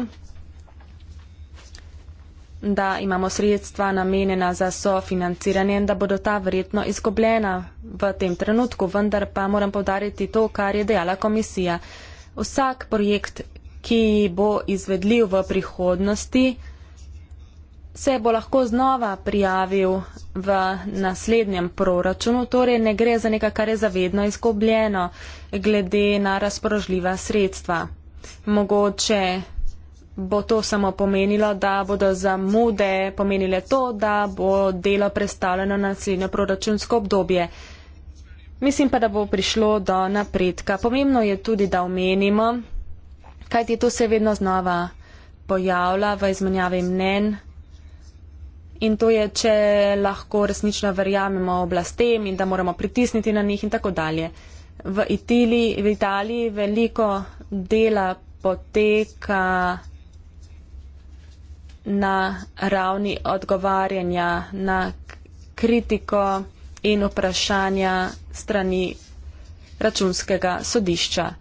da imamo sredstva namenjena za sofinanciranje in da bodo ta verjetno izgubljena v tem trenutku, vendar pa moram povdariti to, kar je dejala komisija vsak projekt, ki bo izvedljiv v prihodnosti, se bo lahko znova prijavil v naslednjem proračunu, torej ne gre za nekaj, kar je zavedno izgubljeno glede na razpoložljiva sredstva. Mogoče bo to samo pomenilo, da bodo zamude pomenile to, da bo delo predstavljeno na naslednjo proračunsko obdobje. Mislim pa, da bo prišlo do napredka. Pomembno je tudi, da omenimo, kajti to se vedno znova pojavlja v izmenjavi mnen. In to je, če lahko resnično verjamemo oblastem in da moramo pritisniti na njih in tako dalje. V Italiji, v Italiji veliko dela poteka na ravni odgovarjanja, na kritiko in vprašanja strani računskega sodišča.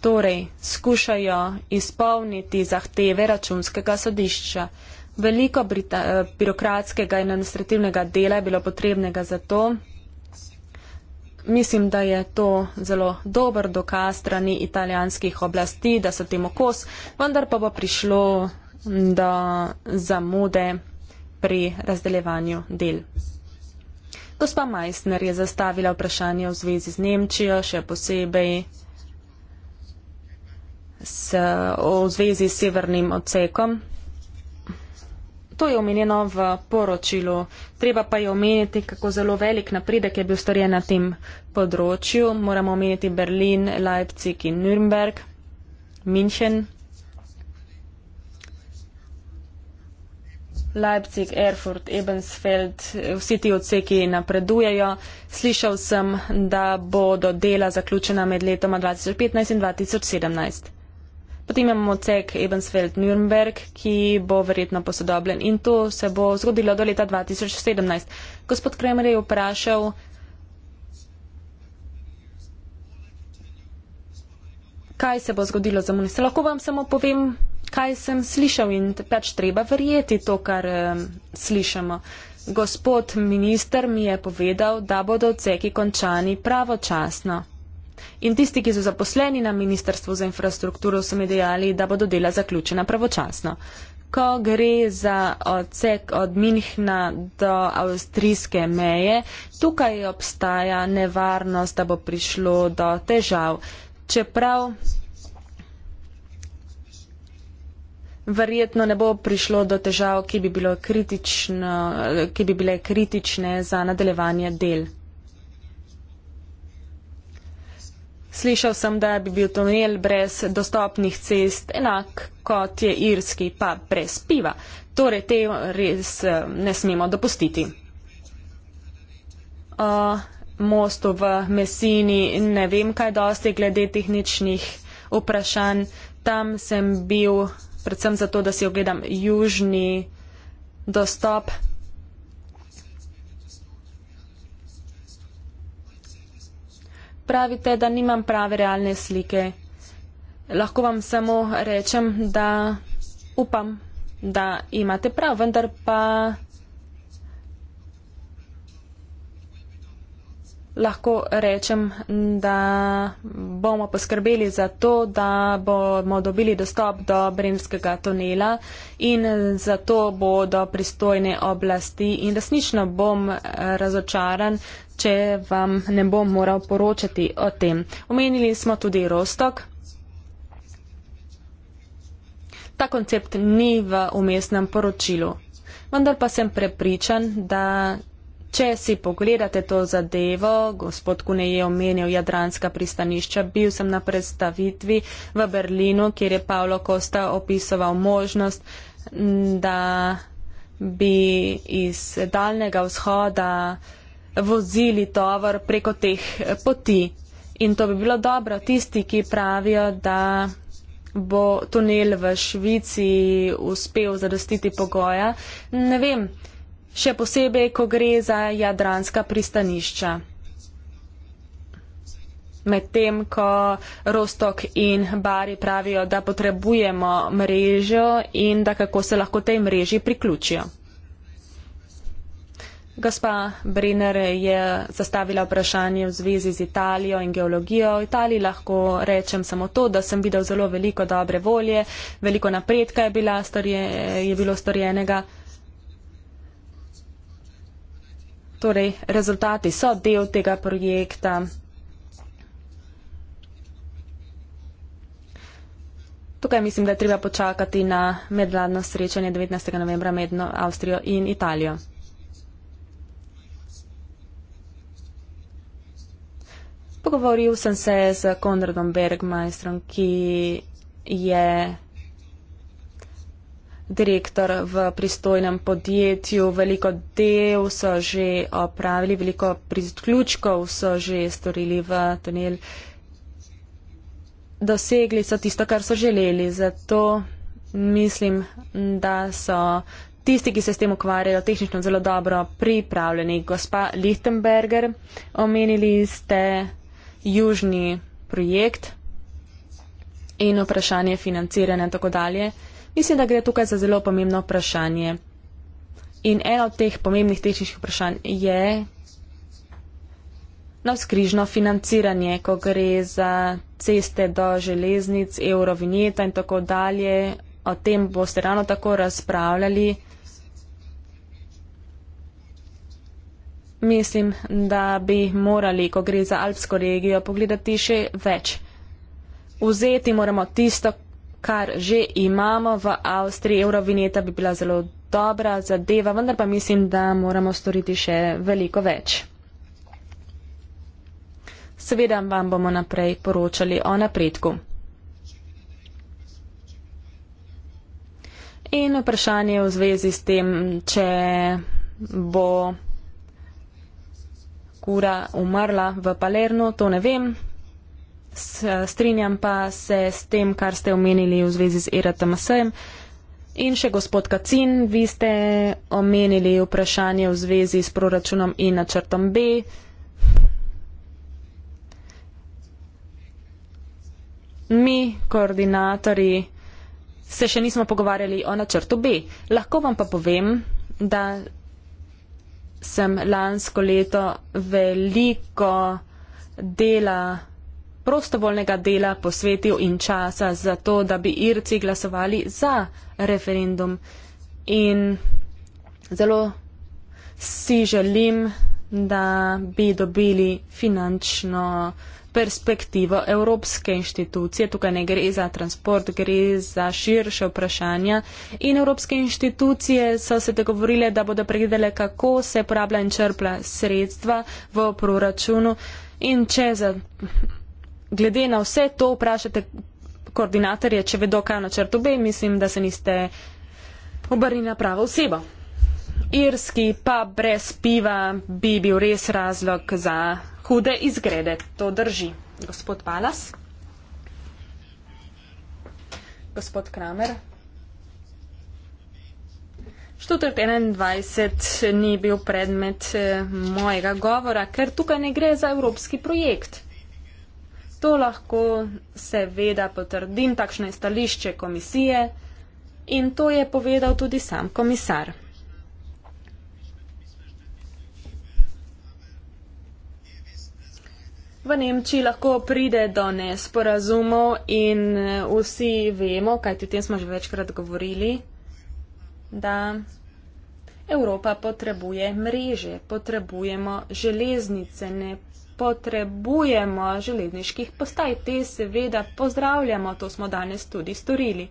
Torej, skušajo izpolniti zahteve računskega sodišča. Veliko eh, birokratskega in administrativnega dela je bilo potrebnega za to. Mislim, da je to zelo dober dokaz strani italijanskih oblasti, da so temu kos, vendar pa bo prišlo do zamude pri razdeljevanju del. Gospa Meissner je zastavila vprašanje v zvezi z Nemčijo, še posebej s, v zvezi s severnim odsekom. To je omenjeno v poročilu. Treba pa je omeniti, kako zelo velik napredek je bil storjen na tem področju. Moramo omeniti Berlin, Leipzig in Nürnberg, München. Leipzig, Erfurt, Ebensfeld, vsi ti odseki napredujejo. Slišal sem, da bodo dela zaključena med letoma 2015 in 2017. Potem imamo odsek Ebensfeld-Nürnberg, ki bo verjetno posodobljen in to se bo zgodilo do leta 2017. Gospod Kremer je vprašal, kaj se bo zgodilo za Munich. Lahko vam samo povem, kaj sem slišal in pač treba verjeti to, kar uh, slišamo. Gospod minister mi je povedal, da bodo odseki končani pravočasno. In tisti, ki so zaposleni na Ministrstvu za infrastrukturo, so mi dejali, da bodo dela zaključena pravočasno. Ko gre za odsek od Minhna do avstrijske meje, tukaj obstaja nevarnost, da bo prišlo do težav. Čeprav verjetno ne bo prišlo do težav, ki bi, ki bi bile kritične za nadaljevanje del. Slišal sem, da bi bil tunel brez dostopnih cest enak kot je irski, pa brez piva. Torej, te res eh, ne smemo dopustiti. O mostu v Mesini ne vem kaj dosti glede tehničnih vprašanj. Tam sem bil predvsem zato, da si ogledam južni dostop. Pravite, da nimam prave realne slike. Lahko vam samo rečem, da upam, da imate prav, vendar pa. lahko rečem, da bomo poskrbeli za to, da bomo dobili dostop do Bremskega tunela in zato bodo pristojne oblasti in resnično bom eh, razočaran, če vam ne bom moral poročati o tem. Omenili smo tudi Rostok. Ta koncept ni v umestnem poročilu. Vendar pa sem prepričan, da Če si pogledate to zadevo, gospod Kune je omenil jadranska pristanišča, bil sem na predstavitvi v Berlinu, kjer je Pavlo Kosta opisoval možnost, da bi iz daljnega vzhoda vozili tovor preko teh poti. In to bi bilo dobro tisti, ki pravijo, da bo tunel v Švici uspel zadostiti pogoja. Ne vem še posebej, ko gre za jadranska pristanišča. Medtem, ko Rostok in Bari pravijo, da potrebujemo mrežo in da kako se lahko tej mreži priključijo. Gospa Brenner je zastavila vprašanje v zvezi z Italijo in geologijo. V Italiji lahko rečem samo to, da sem videl zelo veliko dobre volje, veliko napredka je, bila, je bilo storjenega. torej rezultati so del tega projekta. Tukaj mislim, da je treba počakati na medvladno srečanje 19. novembra med no-, Avstrijo in Italijo. Pogovoril sem se z Konradom Bergmajstrom, ki je direktor v pristojnem podjetju, veliko del so že opravili, veliko prizključkov so že storili v tunel. Dosegli so tisto, kar so želeli, zato mislim, da so tisti, ki se s tem ukvarjajo, tehnično zelo dobro pripravljeni. Gospa Lichtenberger, omenili ste južni projekt in vprašanje financiranja in tako dalje. Mislim, da gre tukaj za zelo pomembno vprašanje. In eno od teh pomembnih tehničnih vprašanj je navskrižno financiranje, ko gre za ceste do železnic, eurovinjeta in tako dalje. O tem boste ravno tako razpravljali. Mislim, da bi morali, ko gre za alpsko regijo, pogledati še več. Vzeti moramo tisto, kar že imamo v Avstriji. Eurovineta bi bila zelo dobra zadeva, vendar pa mislim, da moramo storiti še veliko več. Seveda vam bomo naprej poročali o napredku. In vprašanje v zvezi s tem, če bo kura umrla v Palermo, to ne vem strinjam pa se s tem, kar ste omenili v zvezi z ERTMS-em. In še gospod Kacin, vi ste omenili vprašanje v zvezi s proračunom in načrtom B. Mi, koordinatori, se še nismo pogovarjali o načrtu B. Lahko vam pa povem, da sem lansko leto veliko dela prostovoljnega dela posvetil in časa za to, da bi Irci glasovali za referendum. In zelo si želim, da bi dobili finančno perspektivo Evropske inštitucije. Tukaj ne gre za transport, gre za širše vprašanja. In Evropske inštitucije so se dogovorile, da bodo pregledale, kako se porablja in črpla sredstva v proračunu. In če za glede na vse to vprašate koordinatorje, če vedo, kaj je na črtu B, mislim, da se niste obrnili na pravo osebo. Irski pa brez piva bi bil res razlog za hude izgrede. To drži. Gospod Palas. Gospod Kramer. Štutrt 21 ni bil predmet eh, mojega govora, ker tukaj ne gre za evropski projekt. To lahko seveda potrdim, takšno je stališče komisije in to je povedal tudi sam komisar. V Nemčiji lahko pride do nesporazumov in eh, vsi vemo, kajti o tem smo že večkrat govorili, da Evropa potrebuje mreže, potrebujemo železnice, ne potrebujemo železniških postaj. Te seveda pozdravljamo, to smo danes tudi storili.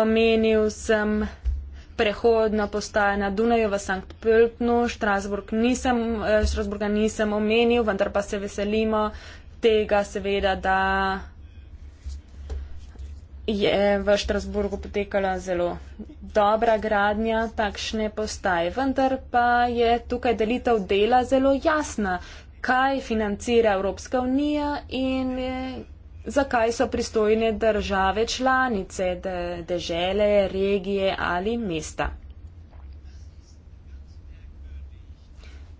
Omenil sem prehodno postajo na Dunaju v Sankt Pöltnu, Strasburg nisem, Strasburga eh, nisem omenil, vendar pa se veselimo tega seveda, da je v Štrasburgu potekala zelo dobra gradnja takšne postaje, vendar pa je tukaj delitev dela zelo jasna, kaj financira Evropska unija in eh, zakaj so pristojne države članice, dežele, regije ali mesta.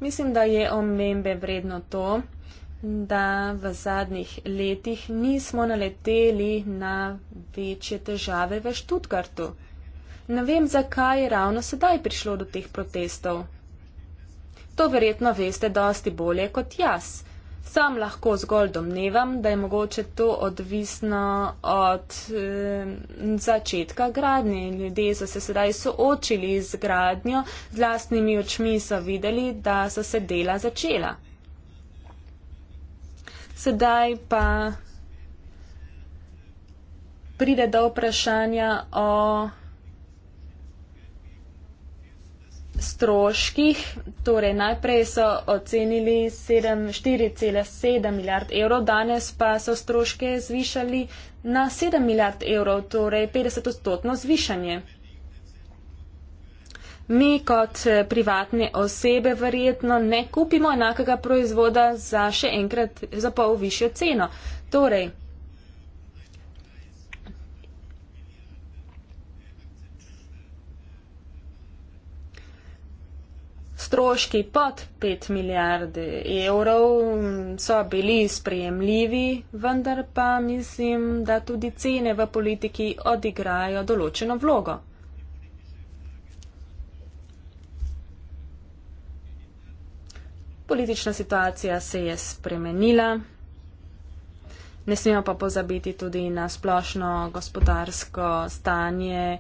Mislim, da je omembe vredno to, da v zadnjih letih nismo naleteli na večje težave v Študgartu. Ne vem, zakaj je ravno sedaj prišlo do teh protestov. To verjetno veste dosti bolje kot jaz. Sam lahko zgolj domnevam, da je mogoče to odvisno od eh, začetka gradnje. Ljudje so se sedaj soočili z gradnjo, z vlastnimi očmi so videli, da so se dela začela. Sedaj pa pride do vprašanja o stroških. Torej, najprej so ocenili 4,7 milijard evrov, danes pa so stroške zvišali na 7 milijard evrov, torej 50-odstotno zvišanje mi kot eh, privatne osebe verjetno ne kupimo enakega proizvoda za še enkrat za pol višjo ceno. Torej, stroški pod 5 milijarde evrov so bili sprejemljivi, vendar pa mislim, da tudi cene v politiki odigrajo določeno vlogo. Politična situacija se je spremenila, ne smemo pa pozabiti tudi na splošno gospodarsko stanje,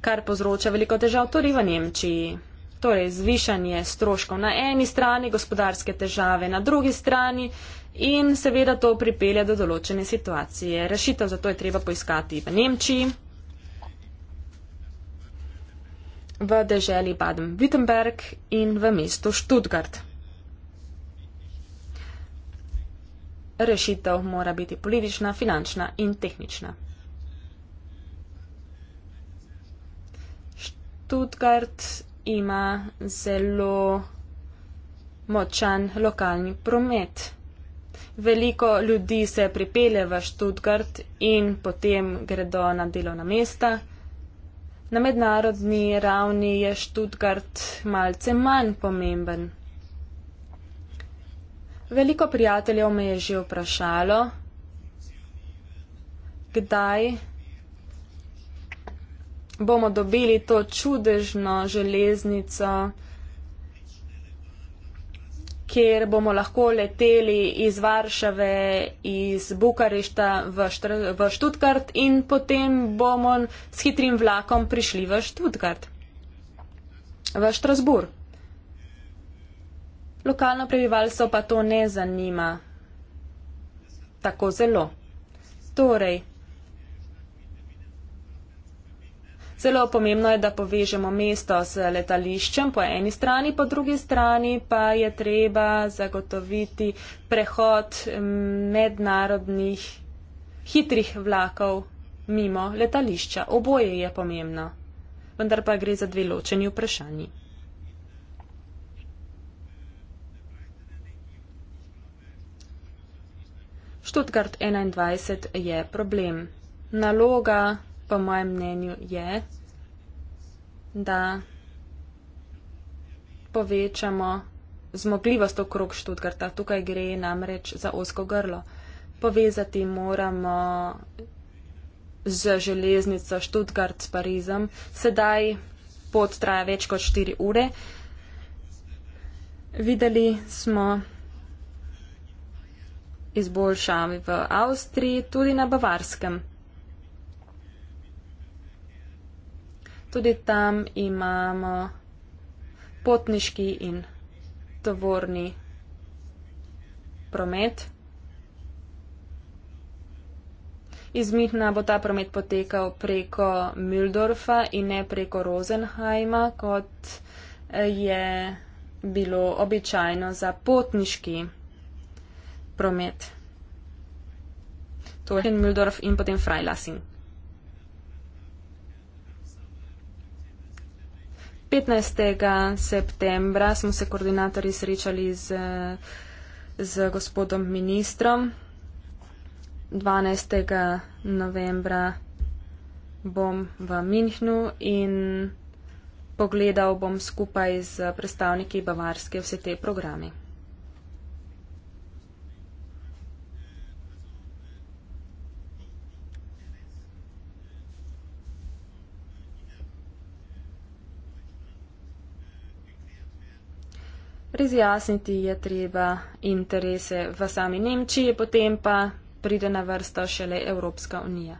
kar povzroča veliko težav tudi torej v Nemčiji. Torej, zvišanje stroškov na eni strani, gospodarske težave na drugi strani in seveda to pripelja do določene situacije. Rešitev za to je treba poiskati v Nemčiji, v deželi Baden-Württemberg in v mestu Študgard. Rešitev mora biti politična, finančna in tehnična. Študgard ima zelo močan lokalni promet. Veliko ljudi se pripelje v Študgard in potem gredo na delovna mesta. Na mednarodni ravni je Študgard malce manj pomemben. Veliko prijateljev me je že vprašalo, kdaj bomo dobili to čudežno železnico, kjer bomo lahko leteli iz Varšave, iz Bukarešta v, Štr v Štutgart in potem bomo s hitrim vlakom prišli v Štutgart, v Štrasburg lokalno prebivalstvo pa to ne zanima tako zelo. Torej, zelo pomembno je, da povežemo mesto s letališčem po eni strani, po drugi strani pa je treba zagotoviti prehod mm, mednarodnih hitrih vlakov mimo letališča. Oboje je pomembno, vendar pa gre za dve ločeni vprašanji. Stuttgart 21 je problem. Naloga, po mojem mnenju, je, da povečamo zmogljivost okrog Študgarta. Tukaj gre namreč za osko grlo. Povezati moramo z železnico Študgart s Parizom. Sedaj pot traja več kot 4 ure. Videli smo izboljšavi v Avstriji, tudi na Bavarskem. Tudi tam imamo potniški in tovorni promet. Iz Mihna bo ta promet potekal preko Mühldorfa in ne preko Rosenheima, kot je bilo običajno za potniški promet promet. To je Mildorf in potem Freilassing. 15. septembra smo se koordinatorji srečali z, z gospodom ministrom. 12. novembra bom v Minhnu in pogledal bom skupaj z predstavniki Bavarske vse te programe. Razjasniti je treba interese v sami Nemčiji, potem pa pride na vrsto šele Evropska unija.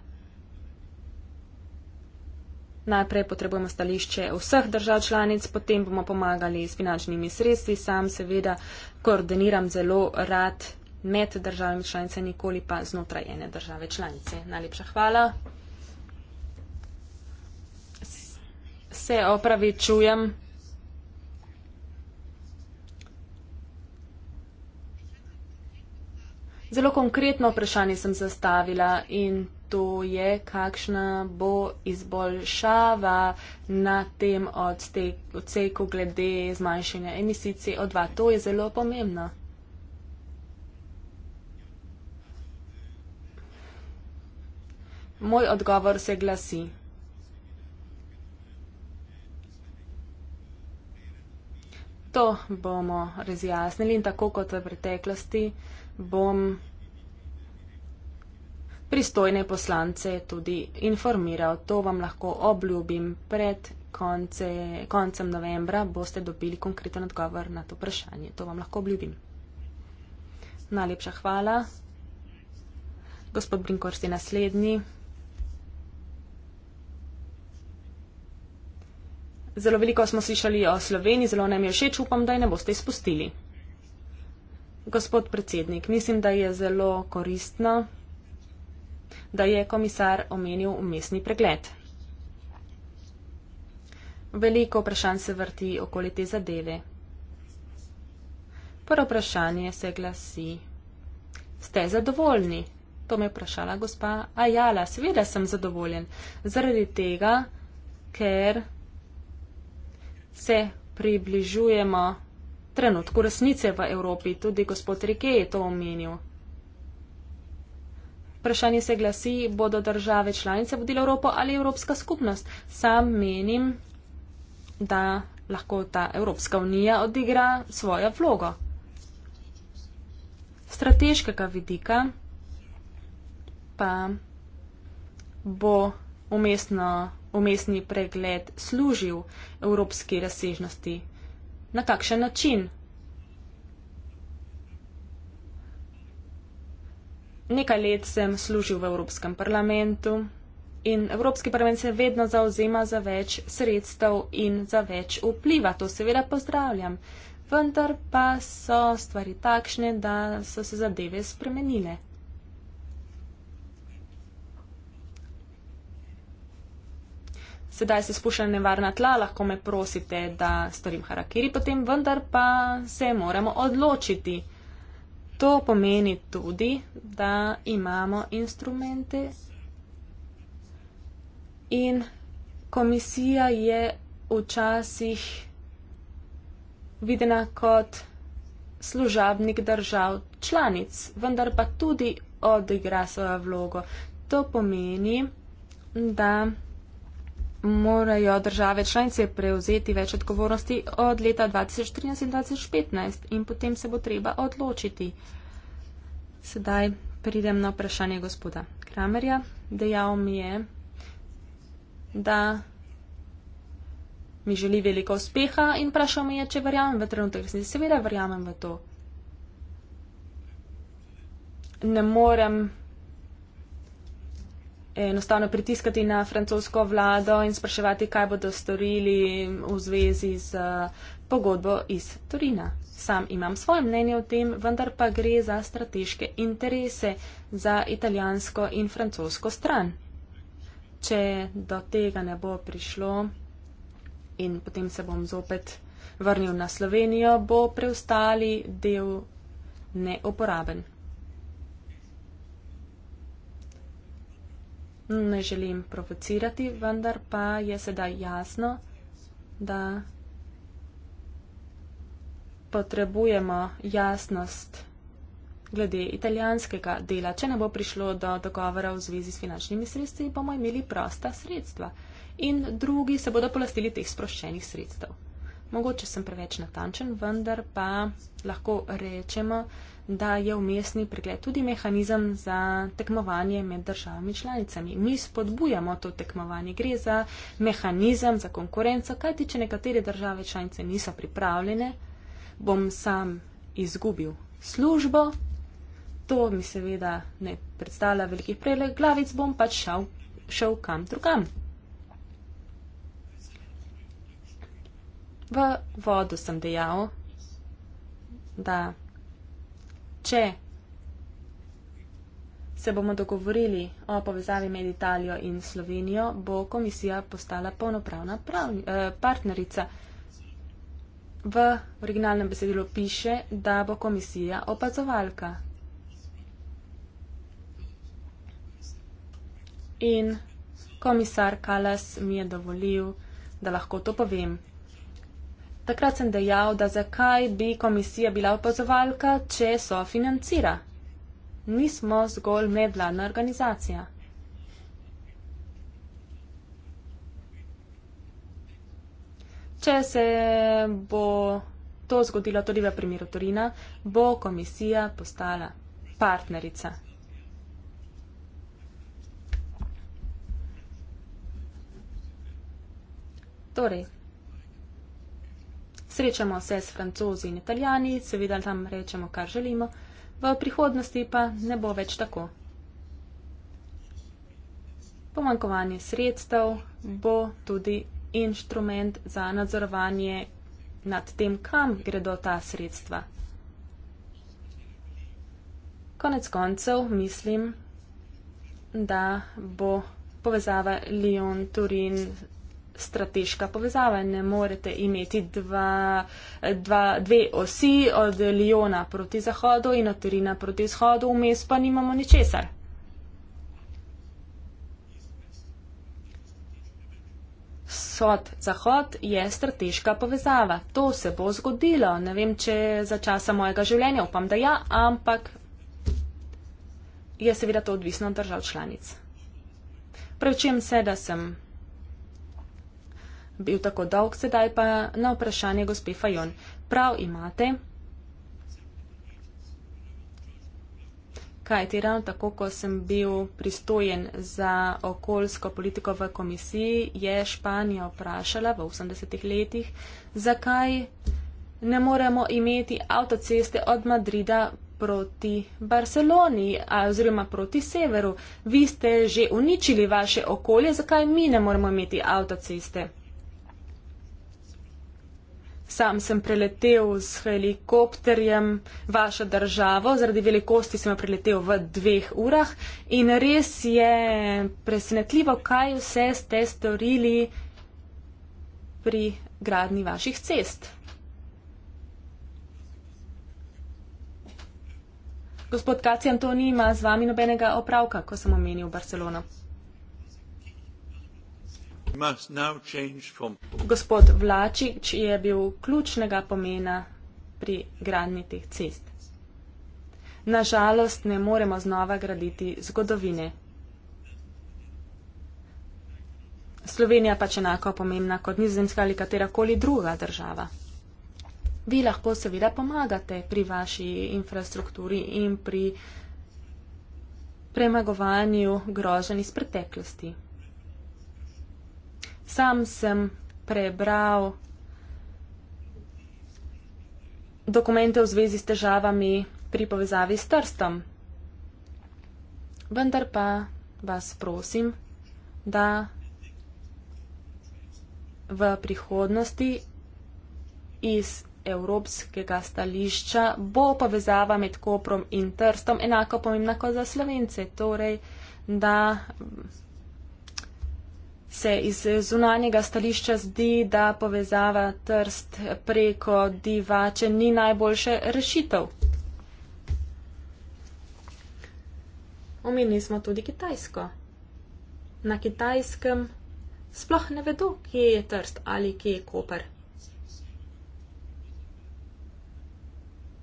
Najprej potrebujemo stališče vseh držav članic, potem bomo pomagali s finančnimi sredstvi. Sam seveda koordiniram zelo rad med državami članice, nikoli pa znotraj ene države članice. Najlepša hvala. Se opravičujem. Zelo konkretno vprašanje sem zastavila in to je, kakšna bo izboljšava na tem odseku glede zmanjšanja emisij CO2. To je zelo pomembno. Moj odgovor se glasi. To bomo razjasnili in tako kot v preteklosti bom pristojne poslance tudi informiral. To vam lahko obljubim. Pred konce, koncem novembra boste dobili konkreten odgovor na to vprašanje. To vam lahko obljubim. Najlepša hvala. Gospod Brinkor, ste naslednji. Zelo veliko smo slišali o Sloveniji, zelo nam je všeč, upam, da je ne boste izpustili. Gospod predsednik, mislim, da je zelo koristno, da je komisar omenil umestni pregled. Veliko vprašanj se vrti okoli te zadeve. Prvo vprašanje se glasi. Ste zadovoljni? To me je vprašala gospa Ajala. Seveda sem zadovoljen. Zaradi tega, ker se približujemo trenutku resnice v Evropi, tudi gospod Rike je to omenil. Vprašanje se glasi, bodo države članice vodile Evropo ali Evropska skupnost. Sam menim, da lahko ta Evropska unija odigra svojo vlogo. Strateškega vidika pa bo umestno, umestni pregled služil Evropski razsežnosti na kakšen način. Nekaj let sem služil v Evropskem parlamentu in Evropski parlament se vedno zauzema za več sredstev in za več vpliva. To seveda pozdravljam, vendar pa so stvari takšne, da so se zadeve spremenile. sedaj se spuščam nevarna tla, lahko me prosite, da storim harakiri, potem vendar pa se moramo odločiti. To pomeni tudi, da imamo instrumente in komisija je včasih videna kot služabnik držav članic, vendar pa tudi odigra svojo vlogo. To pomeni, da morajo države članice prevzeti več odgovornosti od leta 2013 in 2015 in potem se bo treba odločiti. Sedaj pridem na vprašanje gospoda Kramerja. Dejal mi je, da mi želi veliko uspeha in vprašal mi je, če verjamem v trenutek. Seveda verjamem v to. Ne morem enostavno pritiskati na francosko vlado in spraševati, kaj bodo storili v zvezi z eh, pogodbo iz Turina. Sam imam svoje mnenje o tem, vendar pa gre za strateške interese za italijansko in francosko stran. Če do tega ne bo prišlo in potem se bom zopet vrnil na Slovenijo, bo preostali del neuporaben. ne želim provocirati, vendar pa je sedaj jasno, da potrebujemo jasnost glede italijanskega dela. Če ne bo prišlo do dogovora v zvezi s finančnimi sredstvi, bomo imeli prosta sredstva in drugi se bodo polastili teh sproščenih sredstev. Mogoče sem preveč natančen, vendar pa lahko rečemo, da je umestni pregled tudi mehanizem za tekmovanje med državami članicami. Mi spodbujamo to tekmovanje, gre za mehanizem, za konkurenco, kajti če nekatere države članice niso pripravljene, bom sam izgubil službo, to mi seveda ne predstavlja velikih prele, glavic bom pač šel, šel kam drugam. V vodu sem dejal, da če se bomo dogovorili o povezavi med Italijo in Slovenijo, bo komisija postala polnopravna pravni, eh, partnerica. V originalnem besedilu piše, da bo komisija opazovalka. In komisar Kalas mi je dovolil, da lahko to povem. Takrat sem dejal, da zakaj bi komisija bila opozovalka, če so financira. Mi smo zgolj medvladna organizacija. Če se bo to zgodilo tudi v primeru Torina, bo komisija postala partnerica. Torej, Srečamo se s francozi in italijani, seveda tam rečemo, kar želimo, v prihodnosti pa ne bo več tako. Pomankovanje sredstev bo tudi inštrument za nadzorovanje nad tem, kam gredo ta sredstva. Konec koncev mislim, da bo povezava Lyon-Turin strateška povezava. Ne morete imeti dva, dva, dve osi od Liona proti zahodu in od Turina proti vzhodu, vmes pa nimamo ničesar. Sod zahod je strateška povezava. To se bo zgodilo. Ne vem, če za časa mojega življenja, upam, da ja, ampak je seveda to odvisno od držav članic. Prevečujem se, da sem bil tako dolg, sedaj pa na vprašanje gospe Fajon. Prav imate, kaj ti ravno tako, ko sem bil pristojen za okoljsko politiko v komisiji, je Španija vprašala v 80-ih letih, zakaj ne moremo imeti avtoceste od Madrida proti Barceloni oziroma proti severu. Vi ste že uničili vaše okolje, zakaj mi ne moremo imeti avtoceste? Sam sem preletel s helikopterjem vašo državo, zaradi velikosti sem jo preletel v dveh urah in res je presenetljivo, kaj vse ste storili pri gradni vaših cest. Gospod Kacijan, to nima z vami nobenega opravka, ko sem omenil Barcelono. Gospod Vlačič je bil ključnega pomena pri gradnji teh cest. Nažalost ne moremo znova graditi zgodovine. Slovenija pač enako pomembna kot nizozemska ali katerakoli druga država. Vi lahko seveda pomagate pri vaši infrastrukturi in pri premagovanju groženj iz preteklosti. Sam sem prebral dokumente v zvezi s težavami pri povezavi s trstom. Vendar pa vas prosim, da v prihodnosti iz evropskega stališča bo povezava med koprom in trstom enako pomembna kot za slovence. Torej, da se iz zunanjega stališča zdi, da povezava trst preko divače ni najboljše rešitev. Omenili smo tudi Kitajsko. Na Kitajskem sploh ne vedo, kje je trst ali kje je koper.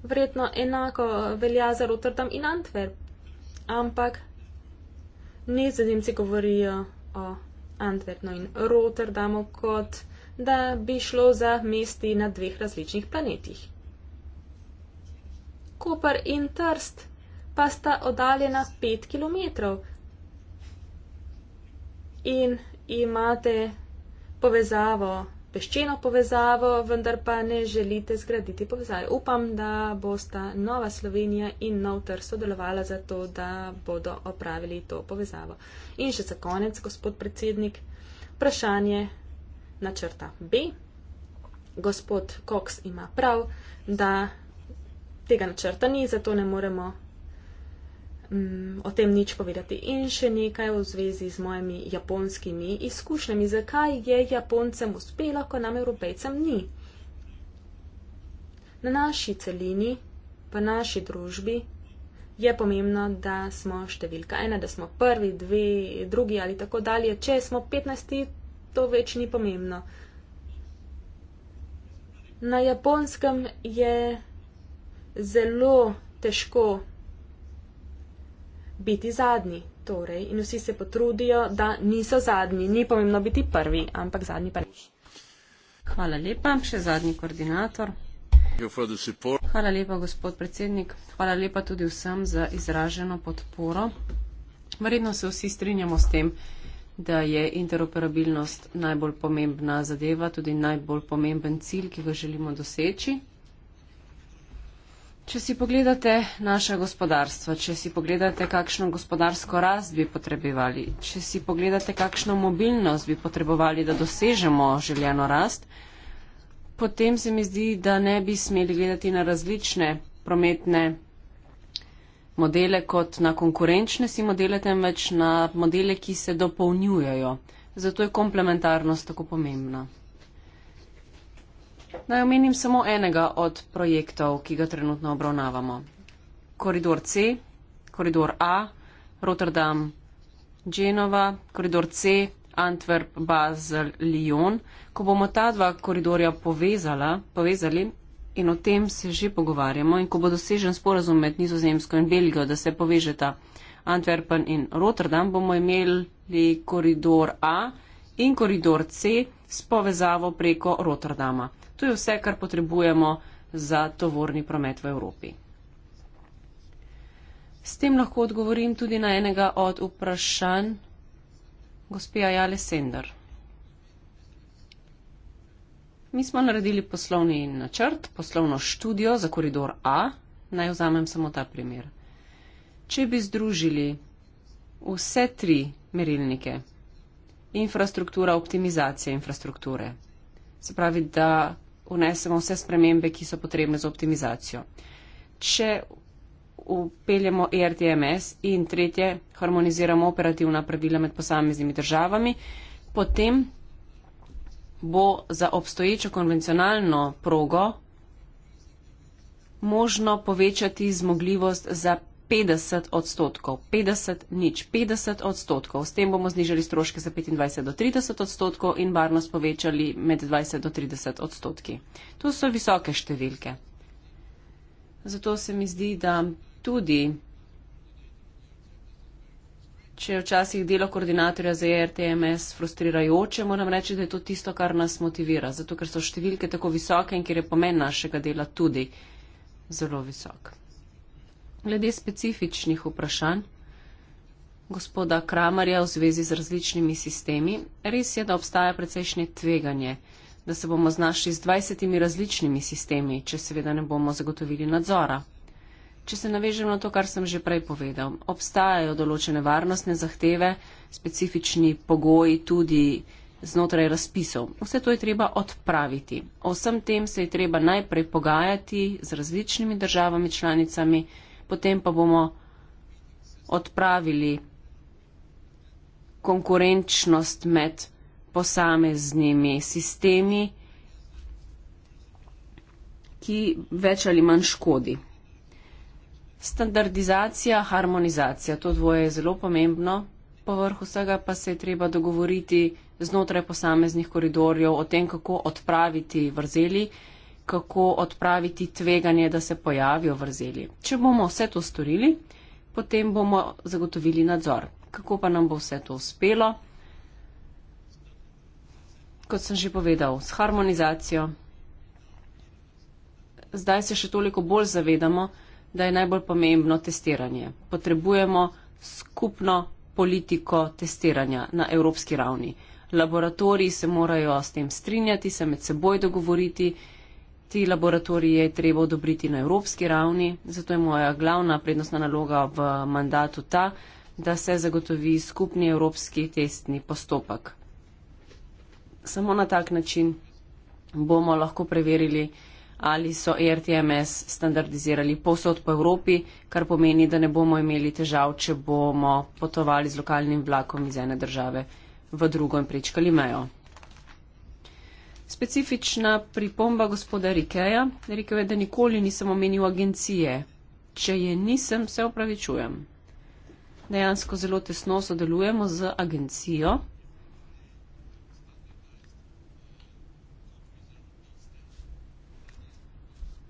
Vredno enako velja za Rotterdam in Antwerp, ampak nizozemci govorijo o Antwerpno in Rotterdamo, kot da bi šlo za mesti na dveh različnih planetih. Koper in Trst pa sta oddaljena 5 km in imate povezavo peščeno povezavo, vendar pa ne želite zgraditi povezave. Upam, da bosta Nova Slovenija in Novter sodelovala za to, da bodo opravili to povezavo. In še za konec, gospod predsednik, vprašanje na črta B. Gospod Cox ima prav, da tega načrta ni, zato ne moremo mm, o tem nič povedati. In še nekaj v zvezi z mojimi japonskimi izkušnjami, zakaj je Japoncem uspelo, ko nam Evropejcem ni. Na naši celini, pa naši družbi je pomembno, da smo številka ena, da smo prvi, dve, drugi ali tako dalje. Če smo 15, to več ni pomembno. Na japonskem je zelo težko biti zadnji. Torej, in vsi se potrudijo, da niso zadnji. Ni pomembno biti prvi, ampak zadnji prvi. Hvala lepa, še zadnji koordinator. Hvala lepa, gospod predsednik. Hvala lepa tudi vsem za izraženo podporo. Verjetno se vsi strinjamo s tem, da je interoperabilnost najbolj pomembna zadeva, tudi najbolj pomemben cilj, ki ga želimo doseči. Če si pogledate naše gospodarstvo, če si pogledate, kakšno gospodarsko rast bi potrebovali, če si pogledate, kakšno mobilnost bi potrebovali, da dosežemo željeno rast, potem se mi zdi, da ne bi smeli gledati na različne prometne modele kot na konkurenčne si modele, temveč na modele, ki se dopolnjujejo. Zato je komplementarnost tako pomembna. Naj omenim samo enega od projektov, ki ga trenutno obravnavamo. Koridor C, koridor A, Rotterdam, Genova, koridor C, Antwerp, Basel, Lyon. Ko bomo ta dva koridorja povezala, povezali in o tem se že pogovarjamo in ko bo dosežen sporazum med Nizozemsko in Belgijo, da se povežeta Antwerpen in Rotterdam, bomo imeli koridor A in koridor C s povezavo preko Rotterdama. To je vse, kar potrebujemo za tovorni promet v Evropi. S tem lahko odgovorim tudi na enega od vprašanj gospija Jale Sender. Mi smo naredili poslovni načrt, poslovno študijo za koridor A. Naj vzamem samo ta primer. Če bi združili vse tri merilnike, infrastruktura, optimizacija infrastrukture, se pravi, da vnesemo vse spremembe, ki so potrebne za optimizacijo. Če upeljemo ERTMS in tretje, harmoniziramo operativna pravila med posameznimi državami, potem bo za obstoječo konvencionalno progo možno povečati zmogljivost za 50 odstotkov, 50 nič, 50 odstotkov. S tem bomo znižali stroške za 25 do 30 odstotkov in varnost povečali med 20 do 30 odstotki. To so visoke številke. Zato se mi zdi, da tudi, če je včasih delo koordinatorja za e RTMS frustrirajoče, moram reči, da je to tisto, kar nas motivira. Zato, ker so številke tako visoke in ker je pomen našega dela tudi zelo visok glede specifičnih vprašanj gospoda Kramarja v zvezi z različnimi sistemi. Res je, da obstaja precejšnje tveganje, da se bomo znašli z 20 različnimi sistemi, če seveda ne bomo zagotovili nadzora. Če se navežem na to, kar sem že prej povedal, obstajajo določene varnostne zahteve, specifični pogoji tudi znotraj razpisov. Vse to je treba odpraviti. O vsem tem se je treba najprej pogajati z različnimi državami članicami, potem pa bomo odpravili konkurenčnost med posameznimi sistemi, ki več ali manj škodi. Standardizacija, harmonizacija, to dvoje je zelo pomembno. Povrh vsega pa se je treba dogovoriti znotraj posameznih koridorjev o tem, kako odpraviti vrzeli kako odpraviti tveganje, da se pojavijo vrzeli. Če bomo vse to storili, potem bomo zagotovili nadzor. Kako pa nam bo vse to uspelo? Kot sem že povedal, s harmonizacijo. Zdaj se še toliko bolj zavedamo, da je najbolj pomembno testiranje. Potrebujemo skupno politiko testiranja na evropski ravni. Laboratoriji se morajo s tem strinjati, se med seboj dogovoriti, Ti laboratoriji je treba odobriti na evropski ravni, zato je moja glavna prednostna naloga v mandatu ta, da se zagotovi skupni evropski testni postopek. Samo na tak način bomo lahko preverili, ali so ERTMS standardizirali posod po Evropi, kar pomeni, da ne bomo imeli težav, če bomo potovali z lokalnim vlakom iz ene države v drugo in prečkali mejo specifična pripomba gospoda Rikeja. Rikej je, da nikoli nisem omenil agencije. Če je nisem, se opravičujem. Dejansko zelo tesno sodelujemo z agencijo.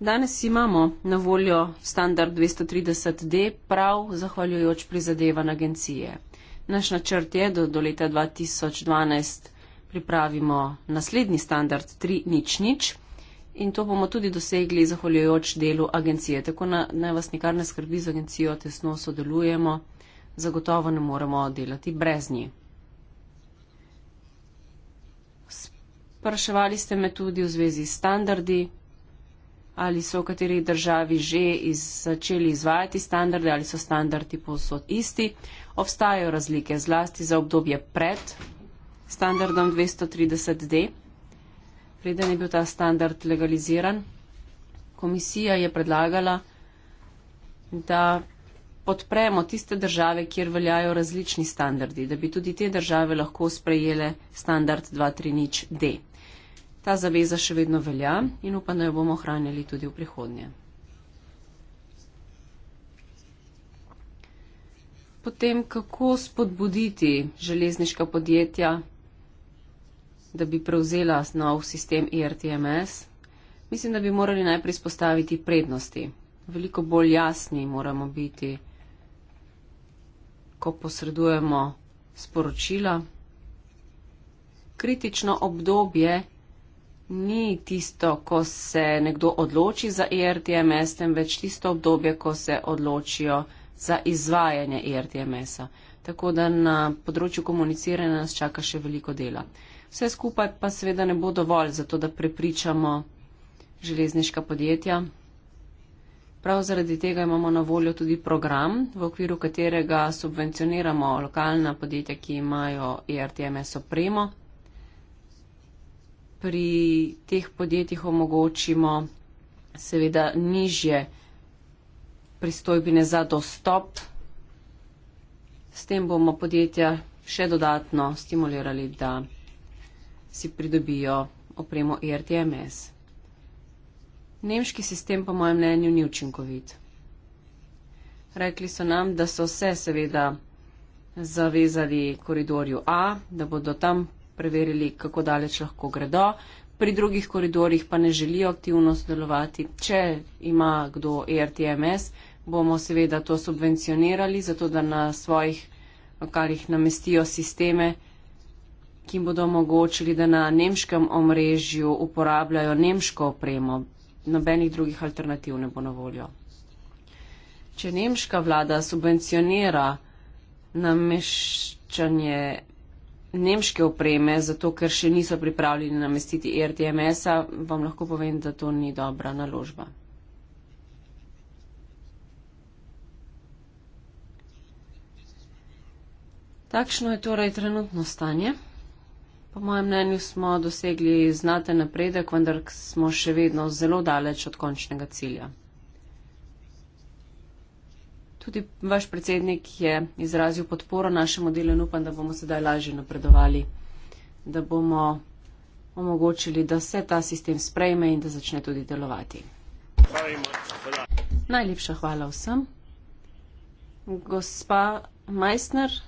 Danes imamo na voljo standard 230D prav zahvaljujoč prizadevan agencije. Naš načrt je, da do leta 2012 pripravimo naslednji standard 3000 in to bomo tudi dosegli zahvaljujoč delu agencije. Tako na, naj vas nikar ne skrbi z agencijo, tesno sodelujemo, zagotovo ne moremo delati brez nje. Spraševali ste me tudi v zvezi s standardi, ali so v kateri državi že iz, začeli izvajati standarde, ali so standardi povsod isti. Obstajajo razlike zlasti za obdobje pred standardom 230D, preden je bil ta standard legaliziran. Komisija je predlagala, da podpremo tiste države, kjer veljajo različni standardi, da bi tudi te države lahko sprejele standard 230D. Ta zaveza še vedno velja in upam, da jo bomo ohranjali tudi v prihodnje. Potem, kako spodbuditi železniška podjetja, da bi prevzela nov sistem IRTMS, e mislim, da bi morali najprej spostaviti prednosti. Veliko bolj jasni moramo biti, ko posredujemo sporočila. Kritično obdobje ni tisto, ko se nekdo odloči za IRTMS, e temveč tisto obdobje, ko se odločijo za izvajanje IRTMS-a. E Tako da na področju komuniciranja nas čaka še veliko dela. Vse skupaj pa seveda ne bo dovolj za to, da prepričamo železniška podjetja. Prav zaradi tega imamo na voljo tudi program, v okviru katerega subvencioniramo lokalna podjetja, ki imajo ERTMS opremo. Pri teh podjetjih omogočimo seveda nižje pristojbine za dostop. S tem bomo podjetja še dodatno stimulirali, da si pridobijo opremo IRTMS. E Nemški sistem, po mojem mnenju, ni učinkovit. Rekli so nam, da so se seveda zavezali koridorju A, da bodo tam preverili, kako daleč lahko gredo. Pri drugih koridorjih pa ne želijo aktivno sodelovati. Če ima kdo ERTMS, bomo seveda to subvencionirali, zato da na svojih lokalih namestijo sisteme, ki bodo omogočili, da na nemškem omrežju uporabljajo nemško opremo. Nobenih drugih alternativ ne bo na voljo. Če nemška vlada subvencionira nameščanje nemške opreme, zato ker še niso pripravljeni namestiti e RTMS-a, vam lahko povem, da to ni dobra naložba. Takšno je torej trenutno stanje. Po mojem mnenju smo dosegli znaten napredek, vendar smo še vedno zelo daleč od končnega cilja. Tudi vaš predsednik je izrazil podporo našemu delu in upam, da bomo sedaj lažje napredovali, da bomo omogočili, da se ta sistem sprejme in da začne tudi delovati. Najlepša hvala vsem. Gospa Meissner.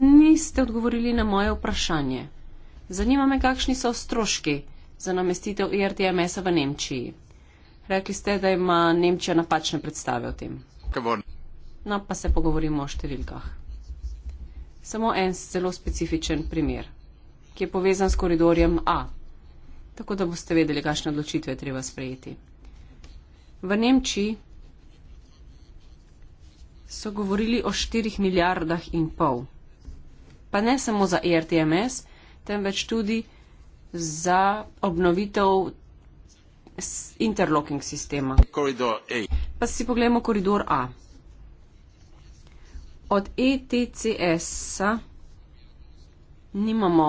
Niste odgovorili na moje vprašanje. Zanima me, kakšni so stroški za namestitev IRTMS-a e v Nemčiji. Rekli ste, da ima Nemčija napačne predstave o tem. No, pa se pogovorimo o številkah. Samo en zelo specifičen primer, ki je povezan s koridorjem A, tako da boste vedeli, kakšne odločitve treba sprejeti. V Nemčiji so govorili o 4 milijardah in pol pa ne samo za ERTMS, temveč tudi za obnovitev interlocking sistema. Pa si pogledamo koridor A. Od ETCS-a nimamo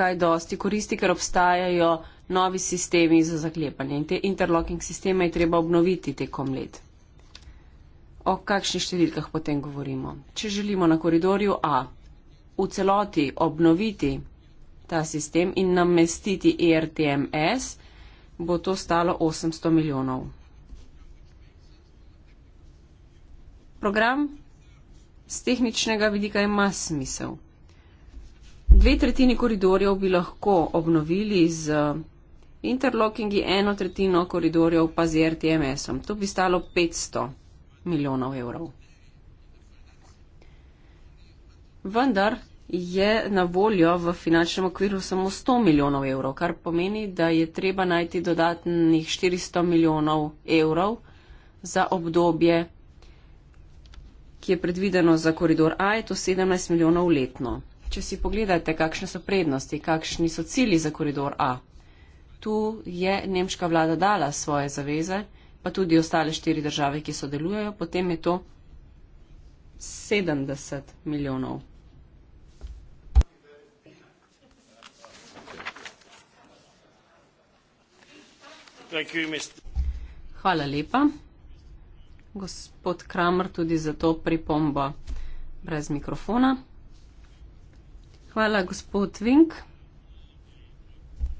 kaj dosti koristi, ker obstajajo novi sistemi za zaklepanje in te interlocking sisteme je treba obnoviti tekom let. O kakšnih številkah potem govorimo? Če želimo na koridorju A v celoti obnoviti ta sistem in namestiti ERTMS, bo to stalo 800 milijonov. Program z tehničnega vidika ima smisel. Dve tretjini koridorjev bi lahko obnovili z interlockingi, eno tretjino koridorjev pa z e RTMS-om. To bi stalo 500 milijonov evrov vendar je na voljo v finančnem okviru samo 100 milijonov evrov, kar pomeni, da je treba najti dodatnih 400 milijonov evrov za obdobje, ki je predvideno za koridor A, je to 17 milijonov letno. Če si pogledate, kakšne so prednosti, kakšni so cili za koridor A, tu je nemška vlada dala svoje zaveze, pa tudi ostale štiri države, ki sodelujejo, potem je to 70 milijonov. Hvala lepa. Gospod Kramer, tudi za to pripombo brez mikrofona. Hvala, gospod Vink.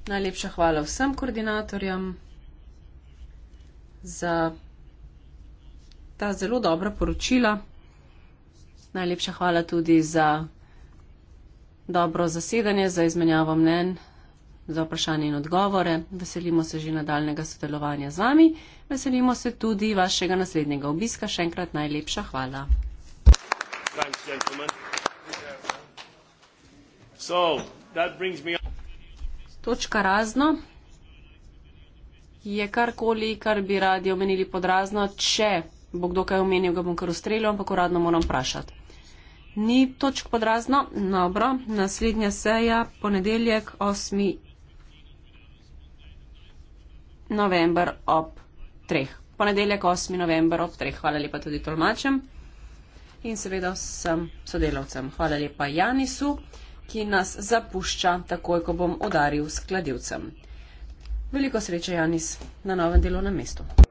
Najlepša hvala vsem koordinatorjem za ta zelo dobra poročila. Najlepša hvala tudi za dobro zasedanje, za izmenjavo mnen za vprašanje in odgovore. Veselimo se že nadaljnega sodelovanja z vami. Veselimo se tudi vašega naslednjega obiska. Še enkrat najlepša hvala. Thanks, so, Točka razno je karkoli, kar bi radi omenili pod razno. Če bo kdo kaj omenil, ga bom kar ustrelil, ampak uradno moram vprašati. Ni točk pod razno? Dobro, naslednja seja, ponedeljek 8 november ob treh. Ponedeljek 8. november ob treh. Hvala lepa tudi tolmačem in seveda vsem sodelavcem. Hvala lepa Janisu, ki nas zapušča takoj, ko bom udaril s kladivcem. Veliko sreče, Janis, na novem delovnem mestu.